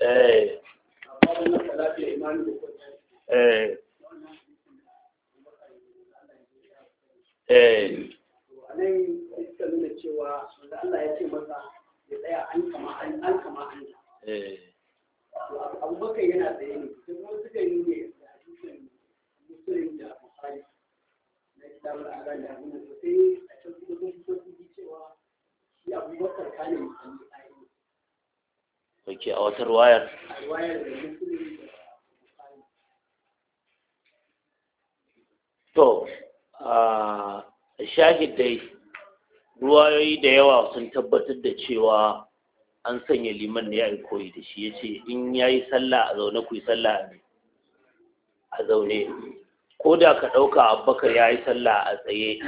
eh eh cewa an sanya liman ne ya yi koyi da shi ya ce in ya yi sallah a zaune ku yi sallah a zaune ko da ka ɗauka abubakar ya yi sallah a tsaye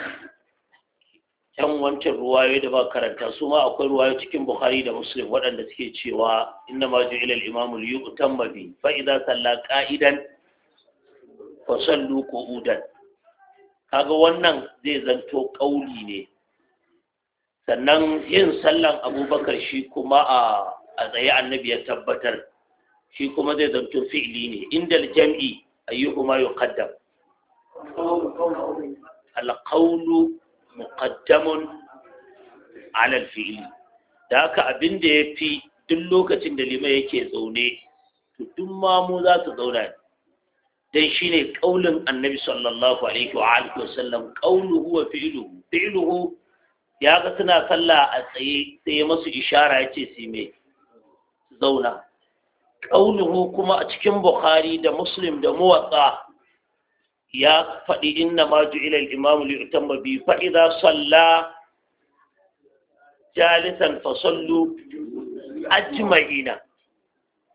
yan wancan ruwayo da ba karanta su ma akwai ruwayo cikin bukhari da muslim waɗanda suke cewa inna ma ji ilal imamu liyutamma mabi, fa idza salla ka'idan fasallu ko udan kaga wannan zai zanto ƙauli ne sannan yin sallan abubakar shi kuma a tsaye annabi ya tabbatar shi kuma zai zanto fi'ili ne inda jam'i ayyuhuma yuqaddam alqawlu muqaddamun ala fili. da haka abin da ya fi duk lokacin da lima yake zaune to duk ma mu za ta zauna ne dan shine kaulin annabi sallallahu alaihi wa alihi wasallam qawlu huwa fi'luhu fi'luhu ya ga suna sallah a tsaye sai ya masu ishara ya ce su mai zauna ƙaunuhu kuma a cikin bukhari da muslim da muwatsa ya faɗi inna ma ju'ila al-imamu li yutamma bi fa idza salla jalisan fa sallu ajma'ina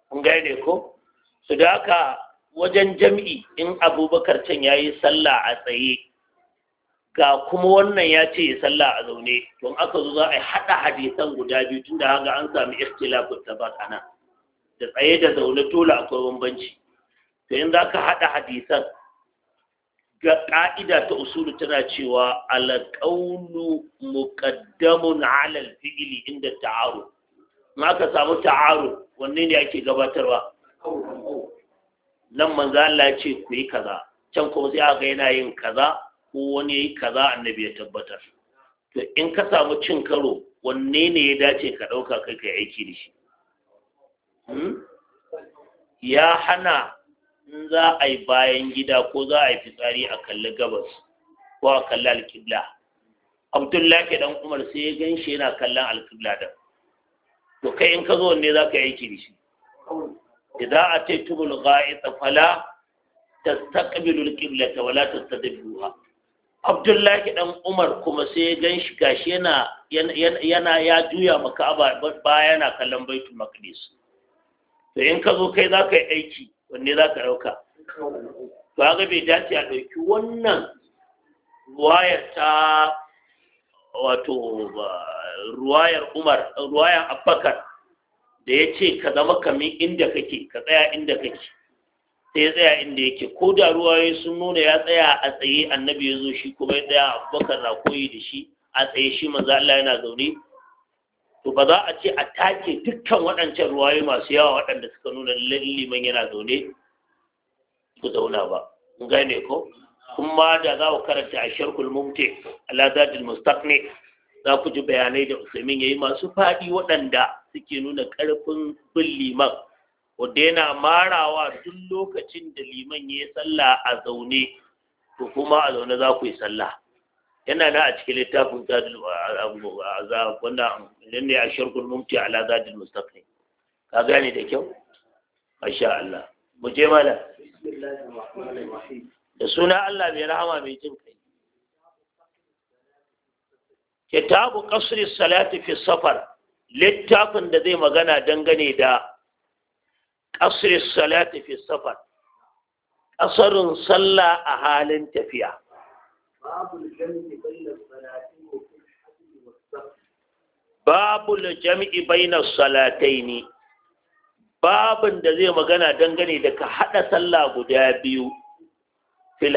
kun gane ko su da haka wajen jam'i in abubakar can yayi sallah a tsaye ga kuma wannan ya ce ya sallah a zaune don aka zo za a haɗa hadisan guda biyu tun da haka an sami ikhtilafut a anan da tsaye da zaune dole akwai bambanci to in za ka haɗa hadisan ga ƙa'ida ta usulu tana cewa alƙaunu muqaddamun ala alfi'li inda ta'aru In aka samu ta'aru wanne ne ake gabatarwa nan manzo Allah ce ku yi kaza can kuma sai aka yana yin kaza ko wani ya yi kaza annabi ya tabbatar to in ka samu cin karo wanne ne ya dace ka ɗauka kai ka aiki da shi hmm? ya hana in za a yi bayan gida ko za a yi fitsari a kalli gabas ko a kalli alƙibla abdullahi dan umar sai ya gan shi yana kallon alƙibla da to kai in ka zo wanne za ka yi aiki da shi idan a ce tubul ta fala tastaqbilu ta wala ta tastadbiruha abdullahi dan umar kuma sai ya gan shi gashi yana yana ya juya maka ba baya yana kallon baitu maqdis to in ka zo kai zaka yi aiki wanne zaka dauka to ga bai dace a dauki wannan ruwayar ta wato ruwayar umar ruwayar abbakar da ya ce ka zama kamin inda kake ka tsaya inda kake sai tsaya inda yake ko da ruwa ruwaye sun nuna ya tsaya a tsaye annabi ya zo shi kuma ya tsaya bakar na koyi da shi a tsaye shi manzo Allah yana zaune to ba za a ce a take dukkan waɗancan ruwaye masu yawa waɗanda suka nuna liman yana zaune ku zauna ba mun gane ko kuma da za ku karanta a sharkul mumti ala mustaqni za ku ji bayanai da usaimin yayi masu faɗi waɗanda suke nuna ƙarfin bin liman ku daina marawa duk lokacin da liman ya yi sallah a zaune to kuma a zaune za ku yi sallah yana na a cikin littafin zadul wanda nan ne a shirkul mumti ala zadul mustaqim ka gane da kyau masha Allah mu je mana da suna Allah mai rahama mai jin kai kitabu qasri salati fi safar littafin da zai magana dangane da ƙasirin salati fi safar ƙasarin sallah a halin tafiya babu jam'i bainar salatai ne babin da zai magana dangane da ka haɗa sallah guda biyu fil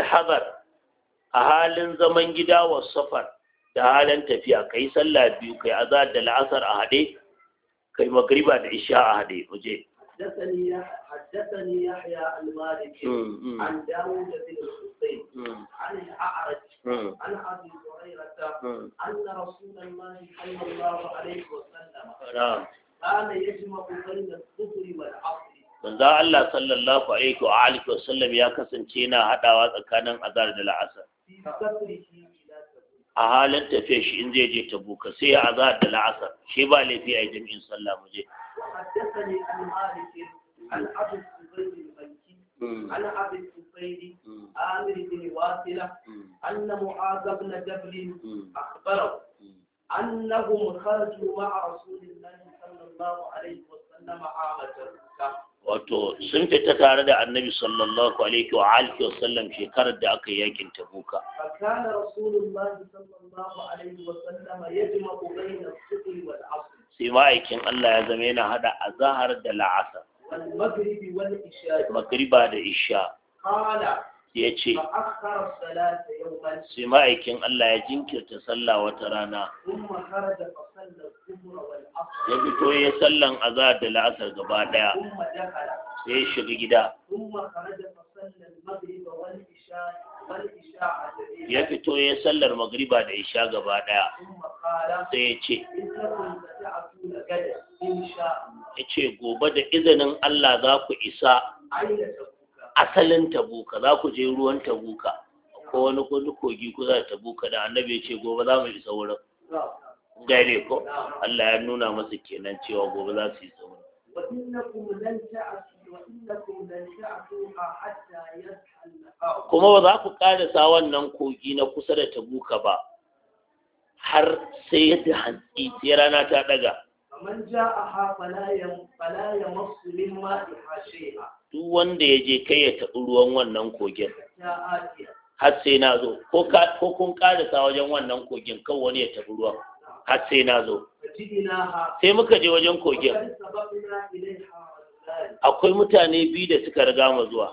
a halin zaman gida wa safar da halin tafiya kai sallah biyu kai azar da la'asar a haɗe kai magriba da isha a haɗe حدثني حدثني يحيى المالكي عن داوود بن الحسين عن الاعرج عن ابي هريره ان رسول الله صلى الله عليه وسلم كان يجمع بين الظهر والعصر manzo Allah sallallahu alaihi wa alihi wasallam ya kasance yana hadawa tsakanin azhar da la'asar a halin tafiya shi in zai je tabuka sai ya azahar da la'asar shi ba laifi a yi jami'in sallah mu je عن أبي الزبير عامر بن واسلة أن معاذ بن جبل أخبره أنهم خرجوا مع رسول الله صلى الله عليه وسلم عام الركة wato sun fita tare da annabi sallallahu alaihi wa alihi wa sallam shekarar da aka yi yakin tabuka kana rasulullahi sallallahu alaihi wa sallam yajma'u baina as-subhi wal 'asr sai ma'aikin Allah ya zama yana hada azhar da la'asar wal maghribi wal isha magriba da isha qala ya ce sai ma'aikin Allah ya jinkirta sallah wata rana ya fito ya sallan azhar da la'asar gaba daya sai ya shiga gida ya fito ya sallar magriba da isha gaba daya sai ya ce ya ce gobe da izinin Allah za ku isa asalin tabuka za ku je ruwan tabuka ko wani wani kogi kusa da tabuka da annabi ya ce gobe za mu isa wurin gane ko Allah ya nuna masa kenan cewa gobe za su isa wurin kuma ba za ku karasa wannan kogi na kusa da tabuka ba har sai da hantsi sai rana ta daga man ja'aha fala ya fala yamassu mimma ihashiha duk wanda ya je kai ya taɓi ruwan wannan kogin har sai na zo ko kun ƙarisa wajen wannan kogin kan wani ya taɓi ruwan har sai na zo sai muka je wajen kogin akwai mutane biyu da suka riga ma zuwa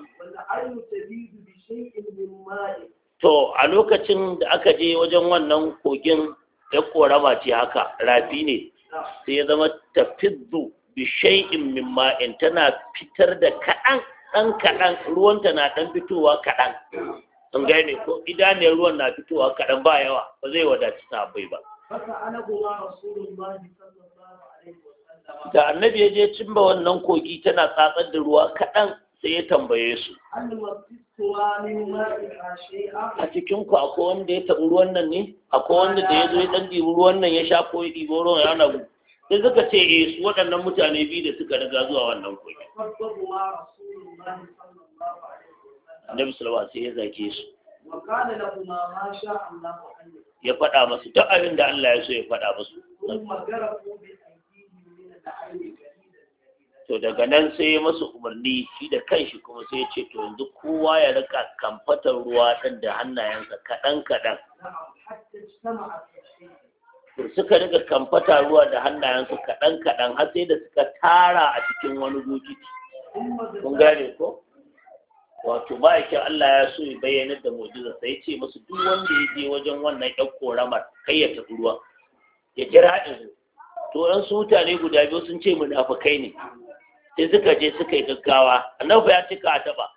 to a lokacin da aka je wajen wannan kogin ya korama ce haka rafi ne sai ya zama tafiddu in min ma'in tana fitar da kaɗan ɗan kaɗan ruwanta na ɗan fitowa kaɗan an gane ko idaniyar ruwan na fitowa kaɗan ba yawa ba zai wadaci sabai ba da annabi ya je cimba wannan kogi tana tsatsar da ruwa kaɗan sai ya tambaye su a cikin ku akwai wanda ya taɓi ruwan nan ne akwai wanda da ya zo ya ɗan ɗibi ruwan nan ya sha ko ya ɗibi ruwan ya nagu sai suka ce eh su waɗannan mutane biyu da suka riga zuwa wannan koyi annabi sallallahu alaihi wasallam ya zake su ya faɗa musu duk abin da Allah ya so ya faɗa masu to daga nan sai ya masa umarni shi da kanshi kuma sai ya ce to yanzu kowa ya rika kamfatar ruwa ɗin da hannayensa kaɗan kaɗan suka riga kamfata ruwa da hannayensu kaɗan kaɗan har sai da suka tara a cikin wani bukiti kun gane ko wato ma'aikin Allah ya so ya bayyana da mu'jiza sai ya ce musu duk wanda ya je wajen wannan ƴan koramar kai ya tafi ruwa ya kira to ɗan su mutane guda biyu sun ce munafukai ne sai suka je suka yi gaggawa annabi ya cika a taɓa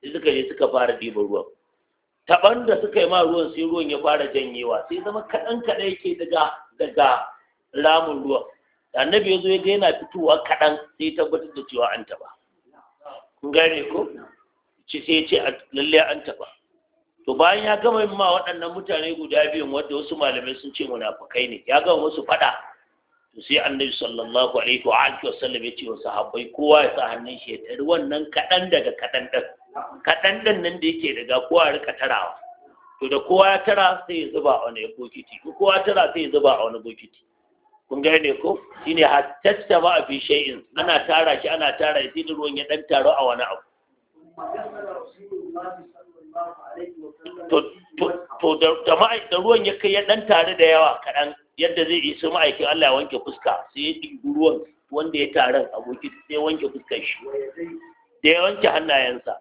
sai suka je suka fara ɗiban ruwan taban da suka yi ma ruwan sai ruwan ya fara janyewa sai zama kaɗan kaɗan yake daga daga ramin ruwan annabi ya zo ya ga yana fitowa kaɗan sai tabbatar da cewa an taɓa kun gane ko ce sai ce lalle an taɓa to bayan ya gama yin ma waɗannan mutane guda biyun wanda wasu malamai sun ce munafukai ne ya gama wasu faɗa to sai annabi sallallahu alaihi wa alihi sallam ya ce wa sahabbai kowa ya sa hannun shi ya tari wannan kaɗan daga kaɗan ɗin kaɗan ɗan nan da yake daga kowa rika tarawa to da kowa ya tara sai ya zuba a wani bokiti ko kowa tara sai ya zuba a wani bokiti kun ne ko shine hatta ba a fi shay'in ana tara shi ana tara shi da ruwan ya dan taro a wani abu to da ruwan ya kai ya dan tare da yawa kaɗan yadda zai yi su ma'aikin Allah ya wanke fuska sai ya ɗibi ruwan wanda ya taron abokin sai wanke fuskar shi da ya wanke hannayensa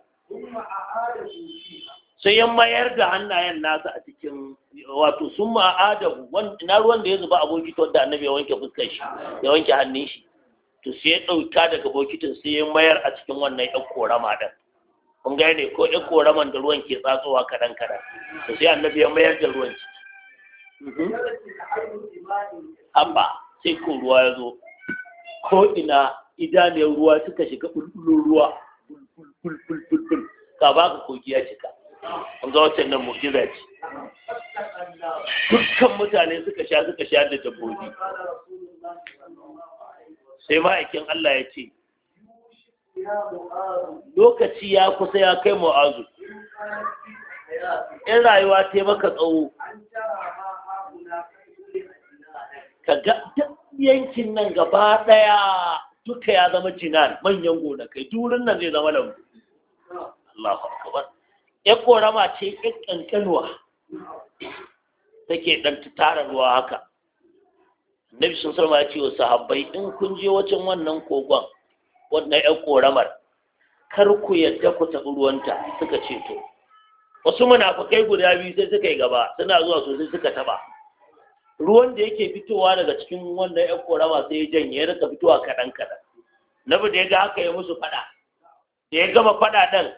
sai ya mayar da hannayen nasa a cikin wato sun ma'adahu na ruwan da ya zuba a bokiti da annabi ya wanke fuskar shi ya wanke hannun shi to sai ya ɗauka daga bokitin sai ya mayar a cikin wannan ƴan korama ɗin kun gane ko ƴan koraman da ruwan ke tsatsowa kaɗan kaɗan to sai annabi ya mayar da ruwan ciki mhm. amma sai ko ruwa ya zo ko ina idaniyar ruwa suka shiga ɗuɗɗun ruwa ful mutane suka da dabbobi sai ma'aikin Allah ya ce lokaci ya kusa ya kai mu'azu rayuwa taimaka tsawo ka nan gaba duka ya zama manyan gonakai nan zai zama Allahu akbar ya korama ce ya kankanuwa take ɗan tara ruwa haka Nabi sun sarma ya ce wa sahabbai in kun je wajen wannan kogon wannan ya koramar kar ku yadda ku taɓi ruwanta suka ce to wasu munafukai guda biyu sai suka yi gaba suna zuwa sosai suka taɓa ruwan da yake fitowa daga cikin wannan ya korama sai ya janye ya rika fitowa kaɗan kaɗan Nabi da ya ga haka ya musu faɗa da ya gama faɗa ɗan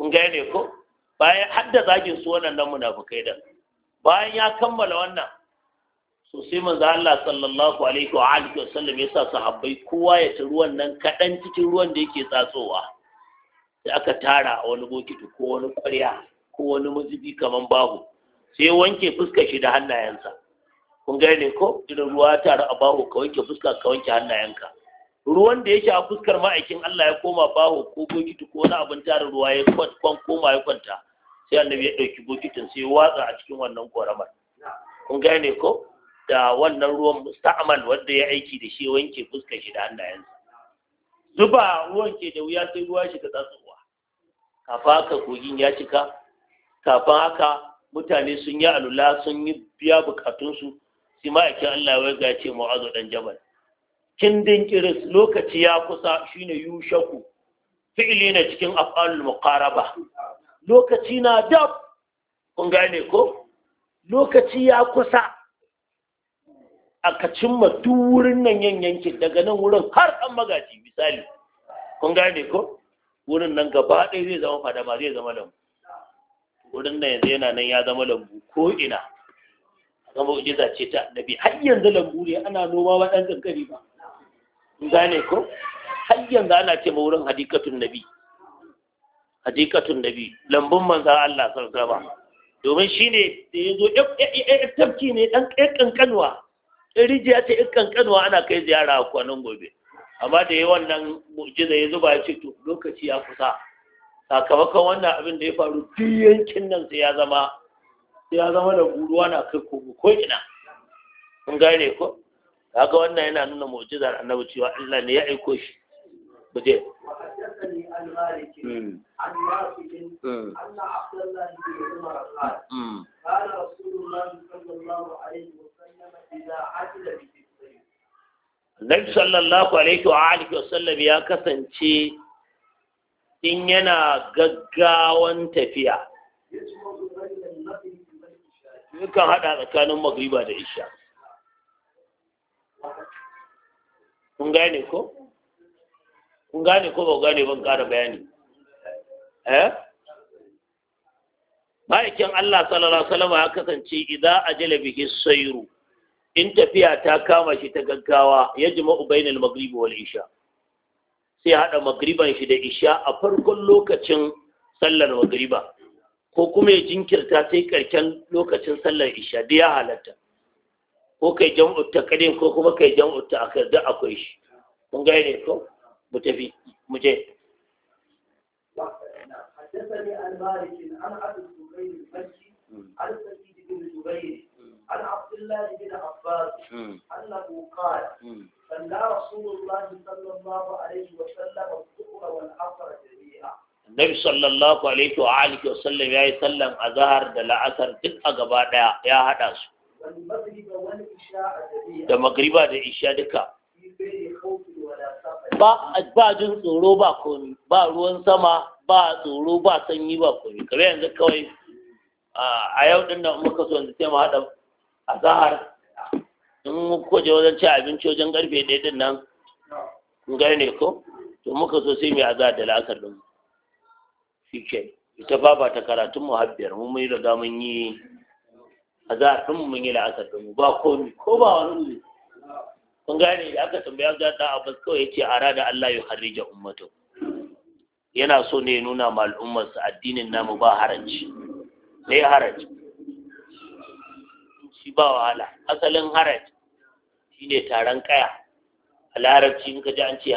kun gane ko bayan hadda zagin su wannan munafukai da bayan ya kammala wannan so sai manzo Allah sallallahu alaihi wa alihi wa sallam ya sa sahabbai kowa ya ci ruwan nan kadan cikin ruwan da yake tsatsowa sai aka tara a wani bokiti ko wani ƙwarya ko wani mazubi kaman babu sai wanke fuska shi da hannayensa kun gane ko irin ruwa tare a babu ka wanke fuska ka wanke hannayenka ruwan da yake a fuskar ma'aikin Allah ya koma baho ko bokiti ko wani abin tara ruwa ya kwan koma ya kwanta sai annabi ya ɗauki bokitin sai ya watsa a cikin wannan ƙoramar. kun gane ko da wannan ruwan musta'mal wanda ya aiki da shi wanke fuskar shi da hannayensa zuba ruwan ke da wuya sai ruwa shi tsatsa ruwa kafin haka kogin ya cika kafin haka mutane sun yi alula sun yi biya bukatunsu sai ma'aikin Allah ya ce mu'azu dan jabal kindin kiris lokaci ya kusa shine yushaku fi'ili na cikin af'al muqaraba lokaci na dab kun gane ko lokaci ya kusa aka cimma duk wurin nan yan daga nan wurin har an magaji misali kun gane ko wurin nan gaba ɗaya zai zama fadama zai zama lambu wurin nan yanzu yana nan ya zama lambu ko ina zama ujiza ce ta nabi har yanzu lambu ne ana noma wa ɗan kankari ba gane ko har yanzu ana ce ma wurin hadikatun nabi hadikatun nabi lambun manzan Allah sarkaba domin shi ne da ya zo tafki ne ɗan ƙanƙanwa rijiya ta ƙanƙanwa ana kai ziyara a kwanan gobe amma da ya wannan mu'jiza ya zuba ya ce to lokaci ya kusa sakamakon wannan abin da ya faru duk yankin nan sai ya zama ya zama da guruwa na kai ko ina kun gane ko kaga wannan yana nuna mu'jizar annabi cewa Allah ne ya aiko shi buje hmm. hmm. Nabi sallallahu alaihi wa alihi wa sallam ya kasance in yana gaggawan tafiya. Yakan haɗa tsakanin magriba da isha. kun gane ko kun gane ko ba gane ban ƙara bayani eh ma'aikin Allah sallallahu alaihi ya kasance idza ajala bihi sayru in tafiya ta kama shi ta gaggawa ya jima'u bainal maghrib wal isha sai haɗa magriban shi da isha a farkon lokacin sallar magriba ko kuma ya jinkirta sai karken lokacin sallar isha da ya halatta ko kai jam'u taqdim ko kuma kai a kai duk akwai shi kun ga ne ko mu tafi mu je عن عبد الله بن عباس انه قال صلى رسول الله صلى الله عليه وسلم الظهر والعصر جميعا Nabi sallallahu alaihi wa wa sallam yayi sallan azhar da la'asar duk a gaba ɗaya ya haɗa su da magriba da isha duka ba jin tsoro ba komi ba ruwan sama ba tsoro ba sanyi ba komi kare yanzu kawai a yau din da muka so yanzu sai mu haɗa a zahar in muka je wajen ci abinci wajen karfe ɗaya din nan kun gane ko to muka so sai mu a zahar da la'asar din shi ke ita ba ba ta karatun mu habbiyar mu mun riga mun yi a za a mun yi la'asar da mu ba komi ko ba wani ne kun gane da aka tambaya za ta abbas kawai yace ara da Allah ya harrija ummatu yana so ne ya nuna ma su addinin namu ba haraji ne haraji shi ba wahala asalin haraji shine taron kaya a larabci in ka ji an ce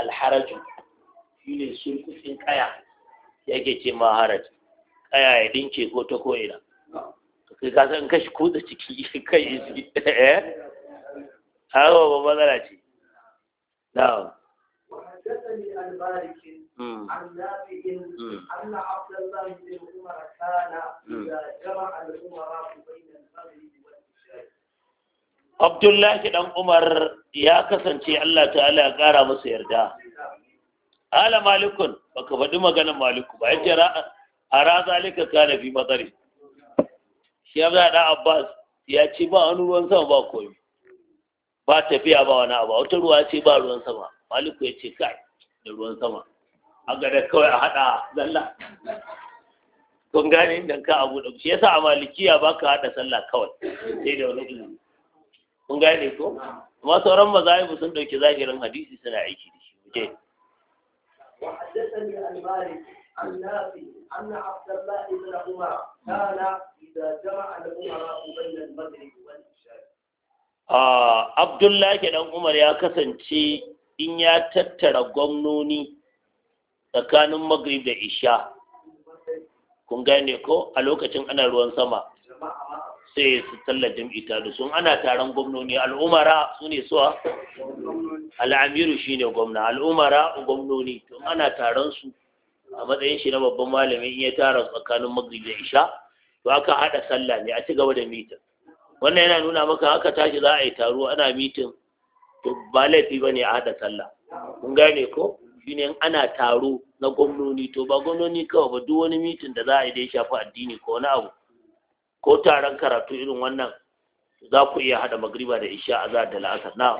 alharaju shine sulkufin kaya yake ce ma haraji kaya ya dinke ko ta ko'ina ka san kashi kuda ciki kai isi eh haro ba ce da Abdullahi dan Umar ya kasance Allah ta'ala ya kara masa yarda Ala malikun baka faɗi maganar maliku ba ya ce zalika kana fi matsari shi ya zaɗa abbas ya ce ba wani ruwan sama ba komi ba tafiya ba wani abu wata ruwa ce ba ruwan sama maliku ya ce kai da ruwan sama a gada kawai a haɗa zalla kun gane inda ka abu da shi yasa a malikiya ba ka haɗa sallah kawai sai da wani ilimi kun gane ko amma sauran mazahibu sun ɗauki zahirin hadisi suna aiki da shi muke أن عبد الله بن عمر كان إذا جمع الأمراء بين المغرب والعشاء Abdullahi Ɗan Umar ya kasance in ya tattara gwamnoni tsakanin magrib da Isha, kun gane ko a lokacin ana ruwan sama sai su talla jam'i da sun ana taron gwamnoni al'umara su ne suwa al'amiru shine gwamna al'umara gwamnoni to ana taron su a matsayin shi na babban malami in ya tara tsakanin maghrib da isha to aka hada sallah ne a ci gaba da mitin wannan yana nuna maka haka tashi za a yi taro ana mitin to ba laifi ba ne a hada sallah kun gane ko shine ana taro na gwamnoni to ba gwamnoni kawai ba duk wani mitin da za a yi da ya shafi addini ko wani abu ko taron karatu irin wannan za ku iya haɗa magriba da isha a da la'asar na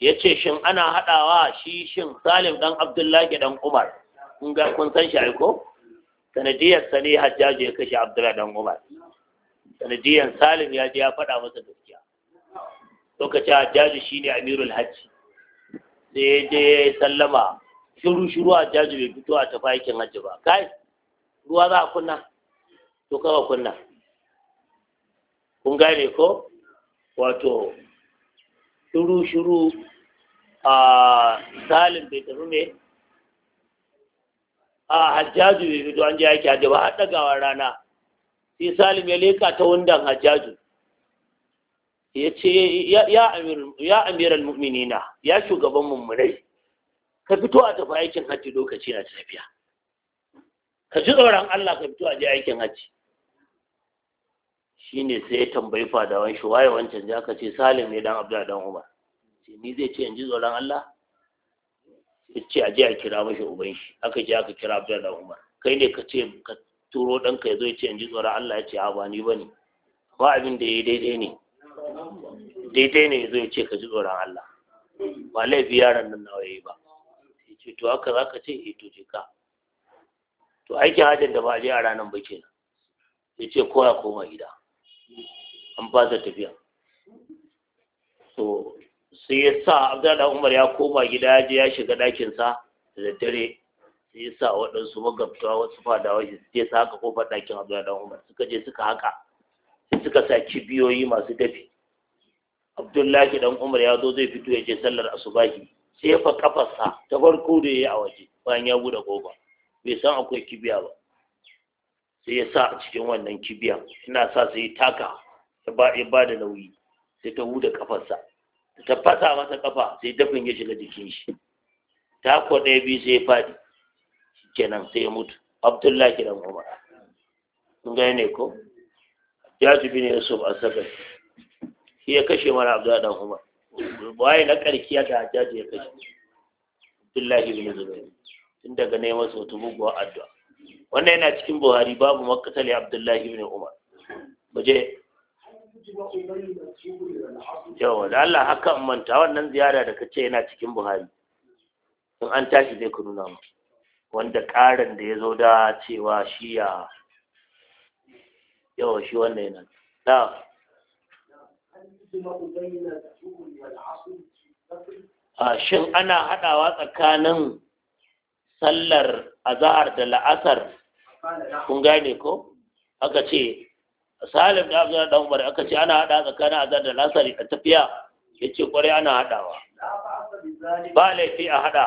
ya ce shin ana haɗawa shi shin salim ɗan abdullahi ɗan umar In ga kun san shi aiko sanadiyarsa ne hajjaji ya kashe abdullahi ɗan umar sanadiyar salim ya je ya faɗa masa gaskiya lokaci hajjaji shine amirul hajji sai ya je ya yi sallama shiru shiru a jaji bai fito a tafakin hajji ba kai ruwa za a kunna to kawa kunna kun gane ko wato shiru shiru a salim bai tafi me a hajjaju bai fito an ji yaki hajji ba har ɗagawa rana sai salim ya leka ta wundan hajjaju ya ce ya amiral mu'minina ya shugaban mummunai ka fito a tafi aikin hajji lokaci na tafiya ka ji tsoron Allah ka fito a je aikin hajji shi ne sai ya tambayi fadawan shi waye wancan ja ka ce salim ne dan abdu'a dan umar ni zai ce in ji tsoron Allah ya ce a je a kira mashi uban shi aka je aka kira abdu'a dan umar kai ne ka ce ka turo ɗanka ya zo ya ce in ji tsoron Allah ya ce a ba ni ba ne ba abin da ya yi daidai ne daidai ne zai ce ka ji tsoron Allah ba laifi yaran nan nawa yi ba sai ce to haka za ka ce e to je ka to aikin hajjin da ba a je a ranar ba kenan ya ce ko ya koma gida an fasa tafiya to sai ya sa abdullahi umar ya koma gida ya je ya shiga ɗakinsa da daddare sai ya sa waɗansu magabta wasu fadawa shi suke sa haka kofar ɗakin abdullahi umar suka je suka haka sai suka sa kibiyoyi masu dafi abdullahi dan umar ya zo zai fito ya je sallar asubahi sai ya fa kafarsa ta farko da ya yi a waje bayan ya bude kofa bai san akwai kibiya ba sai ya sa a cikin wannan kibiya ina sa sai ya taka ya ba da nauyi sai ta huda kafarsa ta fasa masa kafa sai dafin ya shiga jikin shi ta ko ɗaya biyu sai ya faɗi kenan sai ya mutu abdullahi dan umar kun gane ko jaji ne yusuf saka shi ya kashe mana abdullahi dan umar waye na ya ta hajjaji ya kashe abdullahi bin zubair tun daga ne masa wata muguwa addu'a wannan yana cikin buhari babu makasali abdullahi bin umar muje yawa da Allah haka manta wannan ziyara da kace yana cikin buhari in an tashi zai ku nuna mu wanda karin da ya zo da cewa shi ya yawa shi wannan yana ta a shin ana haɗawa tsakanin sallar azahar da la'asar kun gane ko aka ce salim da abdullahi da umar aka ce ana haɗa tsakanin azahar da la'asar a tafiya ya ce kwarai ana haɗawa ba laifi a haɗa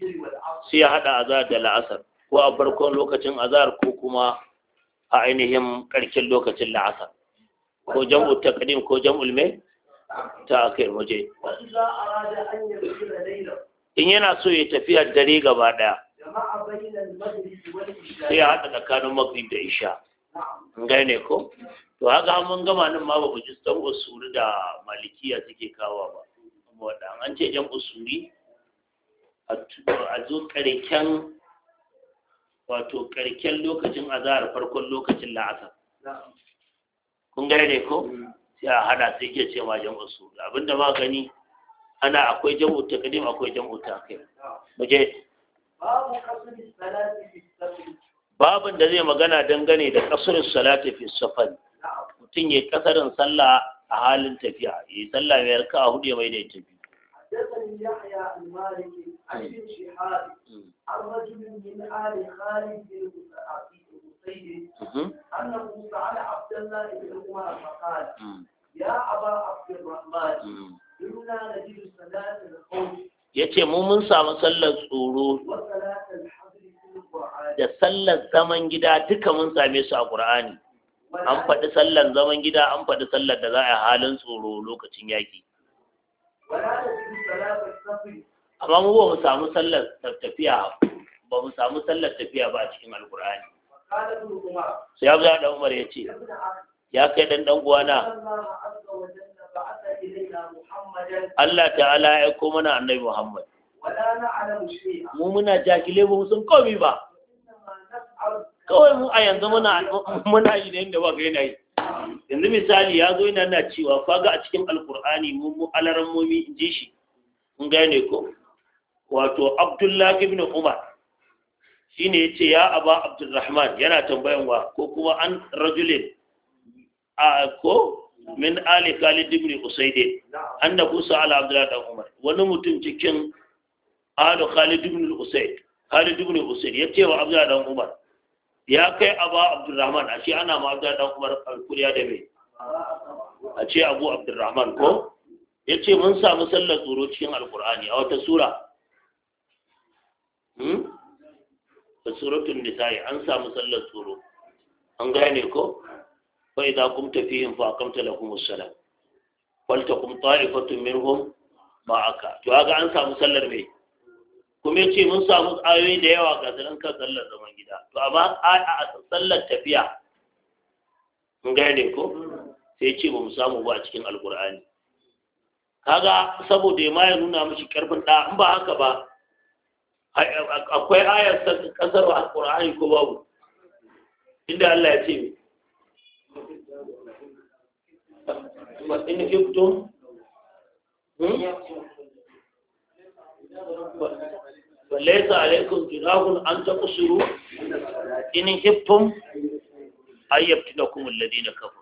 sai ya haɗa azar da la'asar ko a farkon lokacin azar ko kuma a ainihin ƙarshen lokacin la'asar ko jam'u taqdim ko jam'ul mai ta akhir waje in yana so ya tafiya dare gaba daya sai ya haɗa tsakanin maghrib da isha gane ko to haka mun gama nan ma ba ku ji san usuri da malikiya suke kawo ba wadda an ce jam'u suri a zo ƙarken wato ƙarƙen lokacin azahar farkon lokacin la'asar kun gane ne ko mm. sai a hada sai ke ce ma jam'u wasu. abinda ma gani ana akwai jam'u ta kadim akwai jan wuta kai muje babin da zai magana dangane da kasurin salati fi safari mutum ya kasarin sallah a halin tafiya ya yi sallah mai harka a hudu ya mai da حدثني يحيى عن ابن شهاب عن رجل من آل خالد بن أنه سأل عبد الله بن عمر فقال يا أبا عبد الرحمن yace mu mun samu sallar tsoro da sallar zaman gida duka mun same su a Qur'ani an faɗi sallar zaman gida an faɗi sallar da za a yi halin tsoro lokacin yaki amma mu ba mu samu sallar tafiya ba mu samu sallar tafiya ba cikin alkur'ani sai abu da umar ya ce ya kai dan dan uwana Allah ta'ala ya ko mana annabi Muhammad mu muna jahilai ba mu san komai ba kawai mu a yanzu muna muna yi da inda ba ga yanayi yanzu misali ya zo yana na cewa faga a cikin alkur'ani mummu alaran momi in ji shi in gane ko wato abdullahi ibn umar shine ya ce ya aba abdulrahman yana tambayan wa ko kuma an rajule a ko min ali khalid ibn da annabu ala abdullahi dan umar wani mutum cikin ali khalid ibn usayd khalid ibn usayd ya ce wa abdullahi umar ya kai abu abdurrahman a ce ana ma'aza dan umar alkuriya da mai a ce abu abdurrahman ko ya ce mun samu sallar tsoro cikin alkur'ani a wata sura hmm? da suratun nisa'i an samu sallar tsoro an gane ko fa idza kum tafihim fa aqamta lakum as-salat fal taqum ta'ifatun minhum ma'aka to ga an samu sallar mai kuma ce mun samu ayoyi da yawa ga zanen kan sallar zaman gida to amma a sallar tafiya mun gane ko sai ce ba mu samu ba a cikin alkur'ani kaga saboda ya ma ya nuna mashi karfin da in ba haka ba akwai ayar kasar alkur'ani ko babu inda Allah ya ce mi in Fàlẹ́sà àlẹ́kùn jù láàrùn an tó kú ṣúrú, inú hìfún ayẹ̀bì náà kúmù lè dínà kàfà.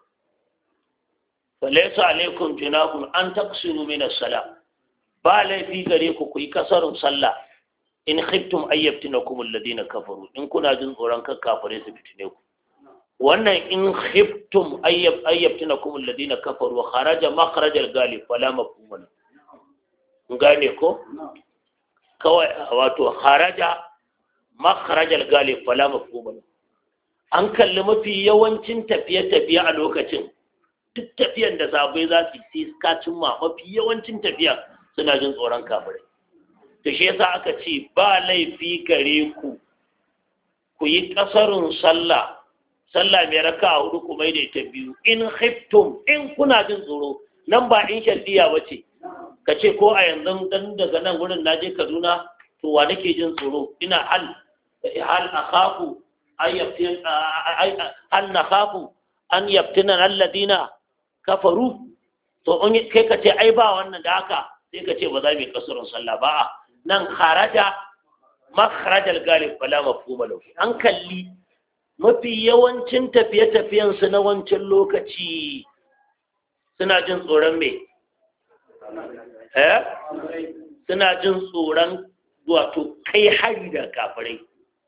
an tó kú ṣúrú mi na gari kò kú yí kásarùn sálà, inú hìfún ayẹ̀bì náà kúmù lè In kuna jin tsoron kan kàfà rẹ̀ sí Wannan in hìfún ayẹ̀bì náà kúmù lè dínà kàfà, wàhálà jà má kàrájà gàlè ko kawai wato haraja makharajal galib fala mafhuma an kalli mafi yawancin tafiye-tafiye a lokacin duk tafiyan da sabai za su yi ka cimma mafi yawancin tafiya suna jin tsoron kafirai to shi yasa aka ce ba laifi gare ku ku yi kasarun sallah sallah mai raka a hudu kuma da ta biyu in khiftum in kuna jin tsoro nan ba in shaddiya ba ce ka ce ko a yanzu dan daga nan wurin na je kaduna to wa nake jin tsoro ina hal hal akhafu hal nakhafu an yaftina alladina kafaru to kai ka ce ai ba wannan da haka sai ka ce ba za mu yi kasurin sallah ba a nan kharaja makharajal galib bala mafhuma lahu an kalli mafi yawancin tafiye-tafiyen su na wancan lokaci suna jin tsoron me Eh? suna jin tsoron wato kai hari da kafirai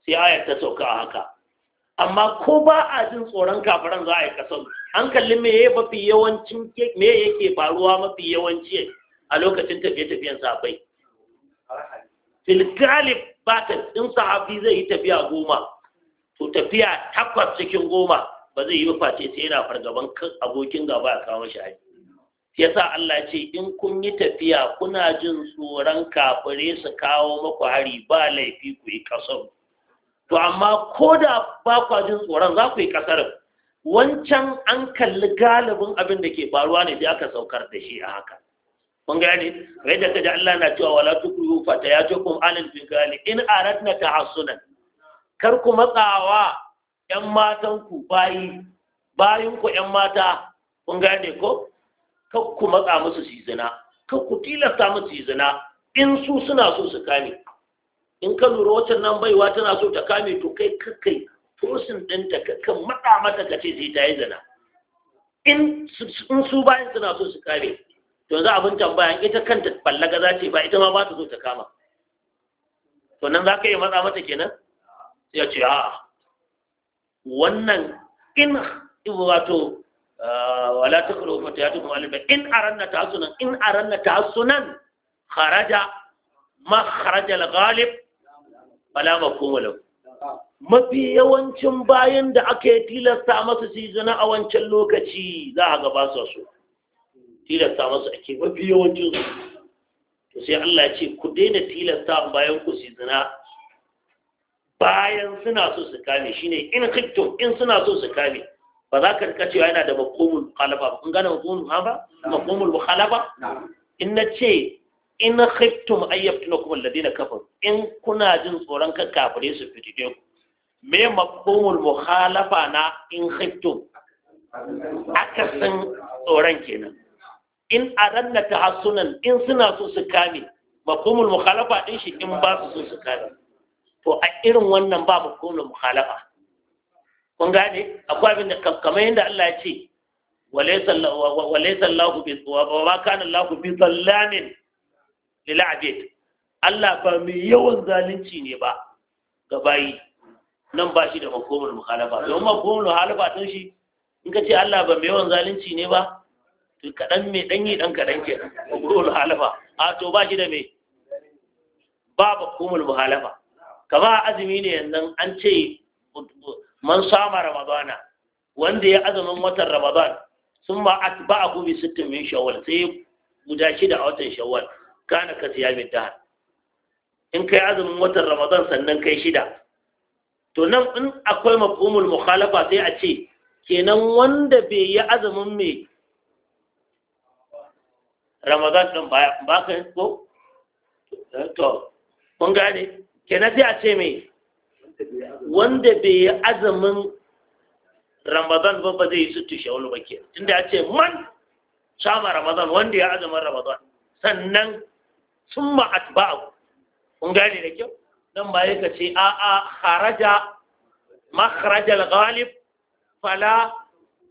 sai aya ta sauka a haka amma ko ba a jin tsoron kafiran za a yi kasan an kalli me yake faruwa mafi yawanci a lokacin tafiye-tafiyen safai filgalib ba ta in sahabi zai yi tafiya goma to tafiya takwas cikin goma ba zai yi face sai yana fargaban abokin gaba a kawo shi yasa Allah ce in kun yi tafiya kuna jin tsoron kafire su kawo maku hari ba laifi ku yi kasar to amma ko da ba kwa jin tsoron za ku yi kasar wancan an kalli galibin abin da ke faruwa ne sai aka saukar da shi a haka kun gane kai da kaji Allah na cewa wala tukrihu alin alal Gali? in aradna tahassunan kar ku matsawa yan matan ku bayi bayin yan mata kun gane ko kar ku matsa musu su yi zina kar ku tilasta musu su zina in su suna so su kame in ka lura waccan nan baiwa tana so ta kame to kai kakai furusin ɗinta kakan matsa mata ka ce sai ta yi zina in su bayan suna so su kame to za abin tambaya ita kanta ballaga za ce ba ita ma ba ta so ta kama to nan za ka yi matsa mata kenan ya ce a wannan in wato wala taqulu fatiyatukum alim in aranna sunan in aranna sunan kharaja ma kharaja al-ghalib ma mafhum lau. mafi yawancin bayan da aka yi tilasta masu zina a wancan lokaci za a gaba su su tilasta masu ake mafi yawancin su to sai Allah ya ce ku daina tilasta bayan ku zina bayan suna so su kame shine in khiftum in suna so su kame ba za ka rika cewa yana da maqumul mukhalafa ba kun gane maqumul mukhalafa maqumul mukhalafa in na ce in khiftum kuma alladhina kafar. in kuna jin tsoron ka kafire su fitide ku me maqumul mukhalafa na in khiftum akasin tsoron kenan in aranna tahassunan in suna so su kame maqumul mukhalafa din shi in ba su so su kame to a irin wannan ba maqumul mukhalafa kun gane akwai abin da kamar yadda Allah ya ce walaysa Allah bi wa ma kana Allah bi sallamin lil abid Allah ba mai yawan zalunci ne ba ga bayi nan ba shi da makomar mukhalafa don makomar mukhalafa tun shi in ka ce Allah ba mai yawan zalunci ne ba to kaɗan mai ɗanyi ɗan kaɗan ke makomar halafa. a to ba shi da mai ba makomar mukhalafa kama azumi ne yanzu an ce man sama ramadana wanda ya azumin watan ramadan sun ma atba'ahu bi sittin min shawwal sai guda shida a watan shawar. kana ka siyamin dahar in kai azumin watan ramadan sannan kai shida to nan in akwai mafhumul mukhalafa sai a ce kenan wanda bai yi azumin mai ramadan din ba ka ko to kun gane kenan sai a ce mai wanda bai yi azumin ramadan ba ba zai yi su shawul ba ke tunda ya ce man sama ramadan wanda ya azumin ramadan sannan sun a kun ne da kyau don ba ka ce a a haraja makharajal ghalib fala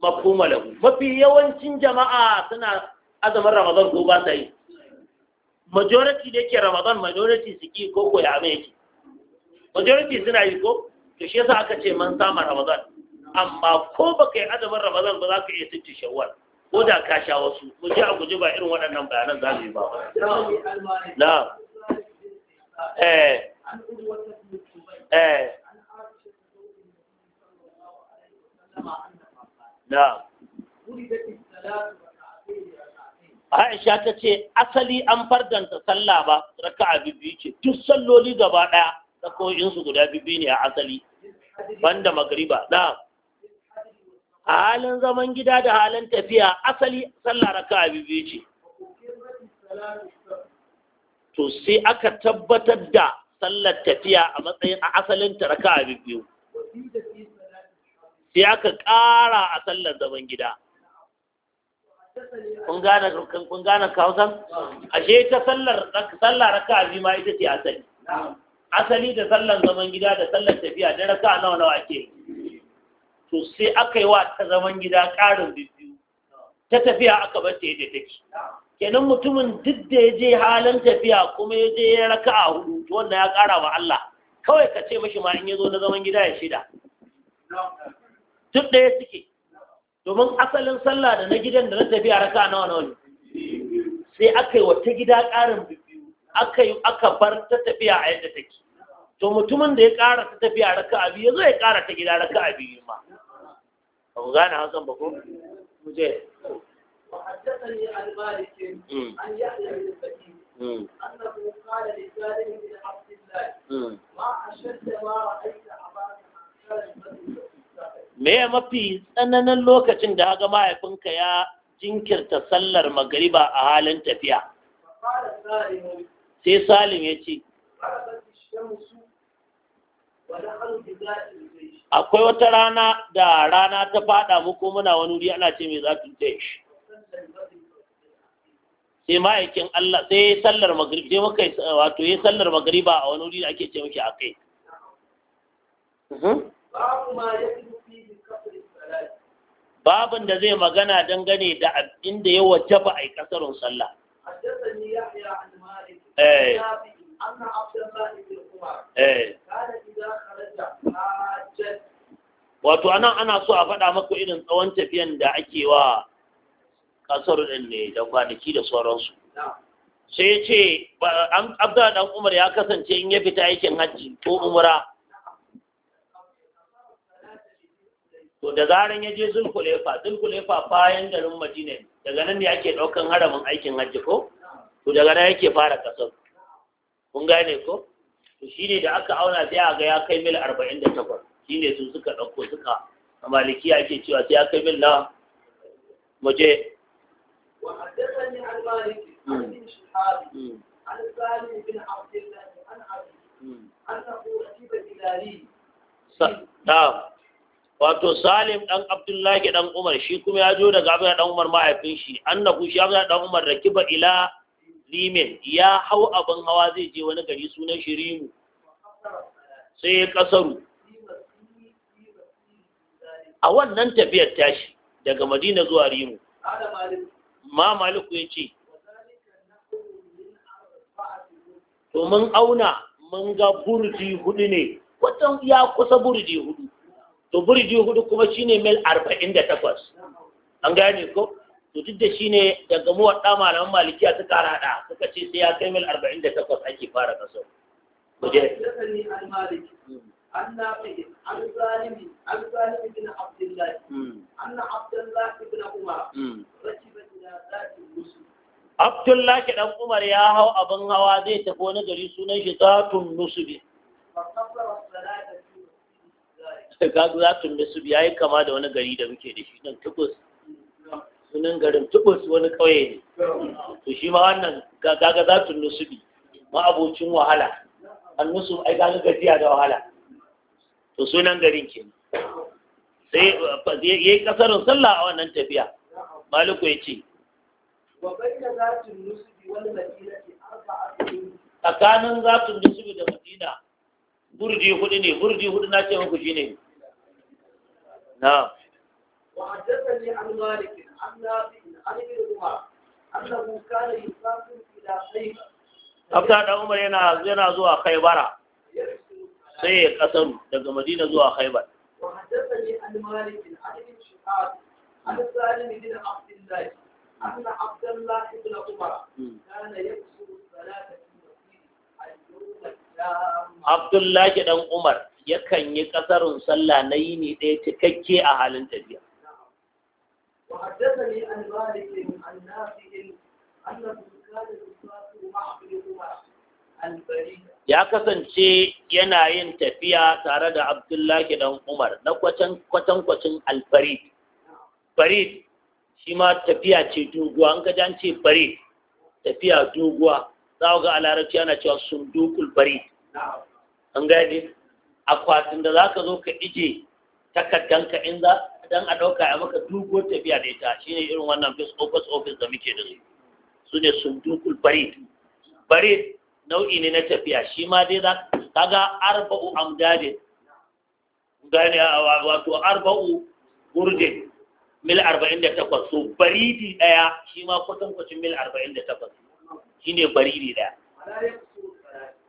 mafhuma lahu mafi yawancin jama'a suna azumin ramadan ko ba sa yi majority da yake ramadan majority su ki koko ya mai yake majority suna yi ko to shi yasa aka ce man sama ramadan amma ko baka yi azumin ramadan ba za ka iya sitti shawwal ko da ka sha wasu ko ji a guji ba irin waɗannan bayanan za mu yi ba na eh eh na Aisha ta ce asali an fardanta sallah ba raka'a biyu ce duk salloli gaba ɗaya tsakoyinsu guda bibi ne a asali banda magriba da? a halin zaman gida da halin tafiya asali sallah raka biyu ce to sai aka tabbatar da sallar tafiya a matsayin a asalin ta raka biyu sai aka ƙara a sallar zaman gida kun gane kawusan ashe ta sallar raka bibi ma ita ce asali asali da sallan zaman gida da sallan tafiya da raka nawa nawa ake to sai aka yi wa ta zaman gida ƙarin biyu ta tafiya aka bar ta yadda take kenan mutumin duk da ya je halin tafiya kuma ya je ya raka a hudu to wannan ya ƙara wa Allah kawai ka ce mashi ma in ya zo na zaman gida ya shida duk ya suke domin asalin sallah da na gidan da na tafiya raka nawa nawa ne sai aka yi wata gida ƙarin biyu aka yi aka bar ta tafiya a yadda take to mutumin da ya ƙara ta tafiya raka abi ya zo ya ƙara ta gida raka abi ma ba ku gane hausan ba ko mu je me ya mafi tsananin lokacin da haga mahaifinka ya jinkirta sallar magariba a halin tafiya sai salim ya ce akwai wata rana da rana ta fada muku muna wani wuri ana ce mai za ta shi sai ma'aikin Allah sai ya sallar magariba, sai muka wato ya sallar magariba a wani wuri da ake ce muke akai mhm. babin da zai magana dangane da inda ya wajaba a yi kasarun sallah Eh. Eh. wato anan ana so a faɗa maku irin tsawon tafiyan da ake wa ƙasar ɗin ne da kwanaki da sauransu sai ce abdullahi dan umar ya kasance in ya fita aikin hajji ko umra to da zaran ya je zulkulefa zulkulefa bayan garin madina daga nan ne ake ɗaukan haramin aikin hajji ko Ku daga nan yake fara kasar kun gane ko to ne da aka auna sai a ga ya kai mil 48 ne su suka dauko suka a maliki ake cewa sai ya kai mil na muje hmm. hmm. hmm. wato salim dan abdullahi dan umar shi kuma ya zo daga abin dan umar mahaifin shi annahu shi abin dan umar rakiba ila limel ya hau abin hawa zai je wani gari sunan Shirimu, sai ya kasaru a wannan tafiyar tashi daga madina zuwa rimu ma maliku ya ce to mun auna mun ga burji hudu ne kwatan ya kusa burji hudu to burji hudu kuma shine mil arba'in da takwas an gane ko to duk da shi ne daga gamuwar ɗan malaman malikiya suka rada suka ce sai ya kai mil arba'in da takwas ake fara kaso. Kuje. أن عن الظالم عن الظالم بن Abdullahi ɗan hmm. hmm. Umar ya hau abin hawa zai tafi wani gari sunan shi Zatun Nusubi. Zatun Nusubi ya yi kama da wani gari da muke da shi nan tukus. sunan garin tubus wani ƙauye ne to shi ma wannan gaga zatun nusubi ma'abocin wahala annusu ai gani gajiya da wahala to sunan garin ke sai ya yi kasarin sallah a wannan tafiya maliku ya ce tsakanin zatun nusubi da madina burji hudu ne burji hudu na ce muku shi ne na Abta ɗan Umar yana zuwa Khaibara sai ya ƙasar daga Madina zuwa Khaibar. Abdullahi ɗan Umar yakan yi ƙasarun sallah na yini ɗaya cikakke a halin tafiya. وحدثني عن مالك عن نافع مع ابن ya kasance yana yin tafiya tare da abdullahi dan umar na kwatankwacin alfarid farid shi ma tafiya ce doguwa an gajan ce farid tafiya doguwa za ga a yana ana cewa sundukul farid an gaji akwatin da za ka zo ka ije takardanka in za dan a ɗauka a maka doguwar tafiya da ita Shi ne irin wannan face office office da muke da su su ne sundukul barid barid nau'i ne na tafiya shi ma dai za kaga arba'u amdadin gane wato arba'u gurdin mil arba'in da takwas so baridi ɗaya shi ma kwacin mil arba'in da takwas shi ne baridi ɗaya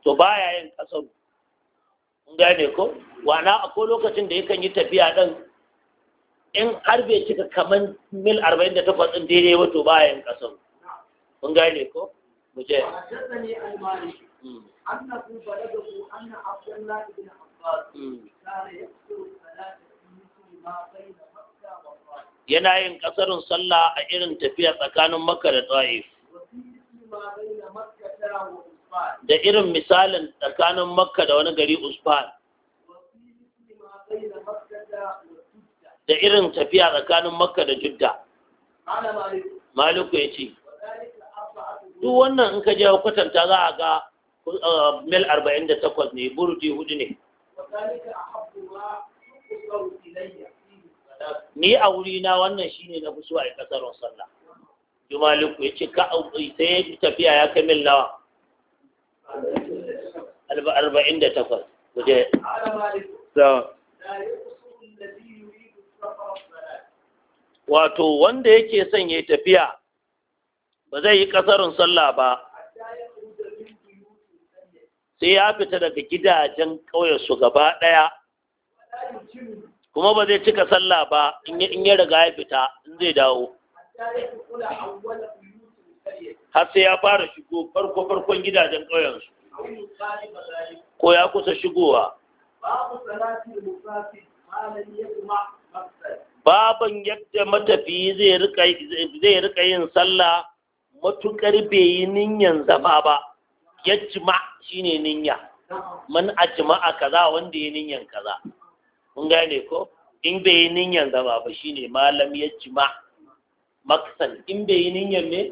to baya yin kasaru gane ko wana akwai lokacin da yakan yi tafiya ɗin in har bai cika kamar mil 48 ɗin daidai wato bayan ƙasar kun gane ko mu je hmm. hmm. yana yin ƙasarin sallah a irin tafiya tsakanin makka da ta'if da irin misalin tsakanin makka da wani gari Usman. da irin tafiya tsakanin makka da judda maluku ya ce duk wannan in ka je kwatanta za a ga uh, mil 48 ne burdi hudu ne ni a wurina wannan shine na fi so a yi kasar sallah jumaliku ya ce ka sai tafiya ya kai mil nawa wato wanda yake son ya tafiya ba zai yi kasarin sallah ba sai ya fita daga gidajen ƙauyensu gaba ɗaya kuma ba zai cika sallah ba in ya riga ya fita in zai dawo har sai ya fara shigo farko farkon gidajen su ko ya kusa shigowa baban yadda matafiyi zai rika yin sallah matukar bai yi ninyan zama ba shi shine ninya man a ka kaza wanda ya ninyan kaza kun gane ko in bai yi ninyan zama ba shine malam jima maksan in bai yi ninyan ne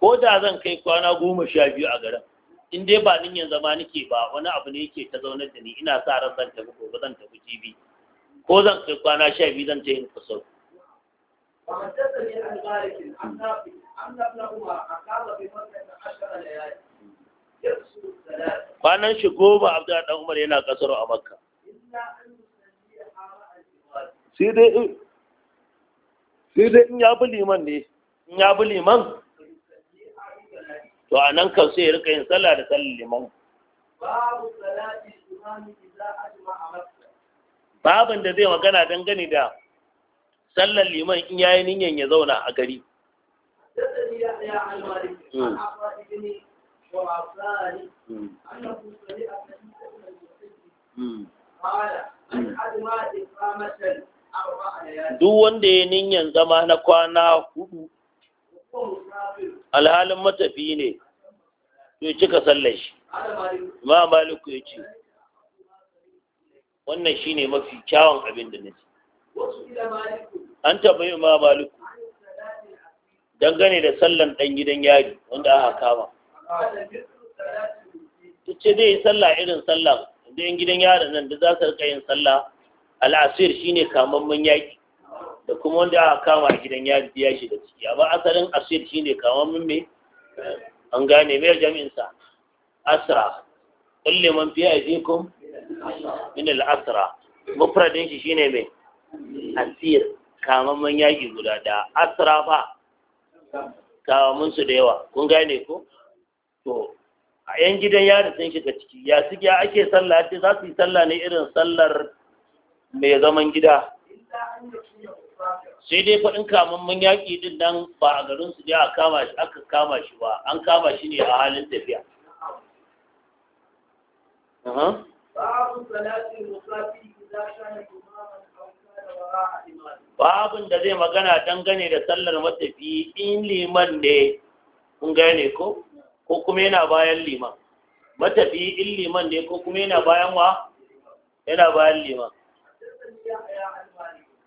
ko da zan kai kwana goma sha biyu a garin in dai ba ninyan zama nake ba wani abu ne yake ta zaunar da ni ina sa ran zan tafi gobe zan tafi jibi ko zan kai kwana sha biyu zan ta yin kusur kwanan shi goma abu da umar yana kasar a makka sai dai in ya bi liman ne in ya bi liman to a nan kan sai ya rika yin sallah da sallar liman babin da zai magana dangane da sallar liman in yayi niyan ya zauna a gari hmm. hmm. hmm. duk wanda ya niyan zama na kwana hudu alhalin matafi ne ya cika sallar shi ma maliku ya ce wannan shi ne mafi kyawun abin da nake an taɓa yi ma maliku dangane da sallan ɗan gidan yari wanda aka kama ta ce zai yi sallah irin sallah da yan gidan yaron nan da za su rika yin sallah al'asir ne kamamman yaki da kuma wanda aka kama a gidan ya biya shi da ciki amma asalin asir shine min me an gane mai jami'in sa asra kullu man fi aydikum min al asra mufradin shi shine me asir kama man yaki guda da asra ba kawamin su da yawa kun gane ko to a yan gidan da sun shiga ciki ya suke ake sallah ce za su yi sallah ne irin sallar mai zaman gida sai dai faɗin kamammun yaƙi din nan ba a garin su a kama shi aka kama shi ba an kama shi ne a halin tafiya babin da zai magana dangane da sallar matafi in liman ne kun gane ko ko kuma yana bayan liman matafi in liman ne ko kuma yana bayan wa yana bayan liman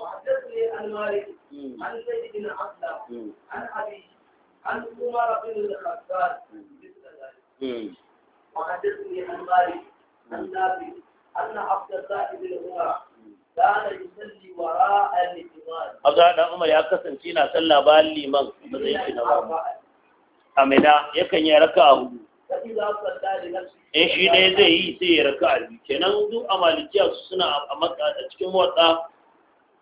وحدثني عن مالك عن سيد بن عن ابي عن عمر بن الخطاب مثل ذلك وحدثني عن مالك عن نافع ان عبد الله بن عمر Aga ɗan Umar ya kasance na sallah bayan liman da zai fi na wani. Amina yakan yi raka a hudu. In shi zai yi sai ya raka a biyu. Kenan duk a malikiya suna a cikin watsa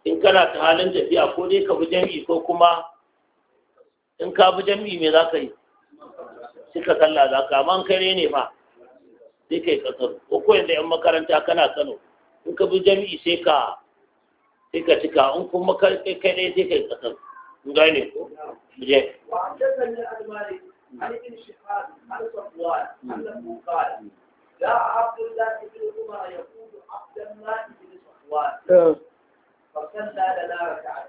in kana ta halin tafiya ko dai ka bi jami'i ko kuma in ka bi jami'i me za ka yi ka sallah za ka amma kai ne fa sai kai kasar ko ko yanzu yan makaranta kana Kano in ka bi jami'i sai ka sai ka cika in kuma kai kai ne sai kai kasar in gane ko je Yeah.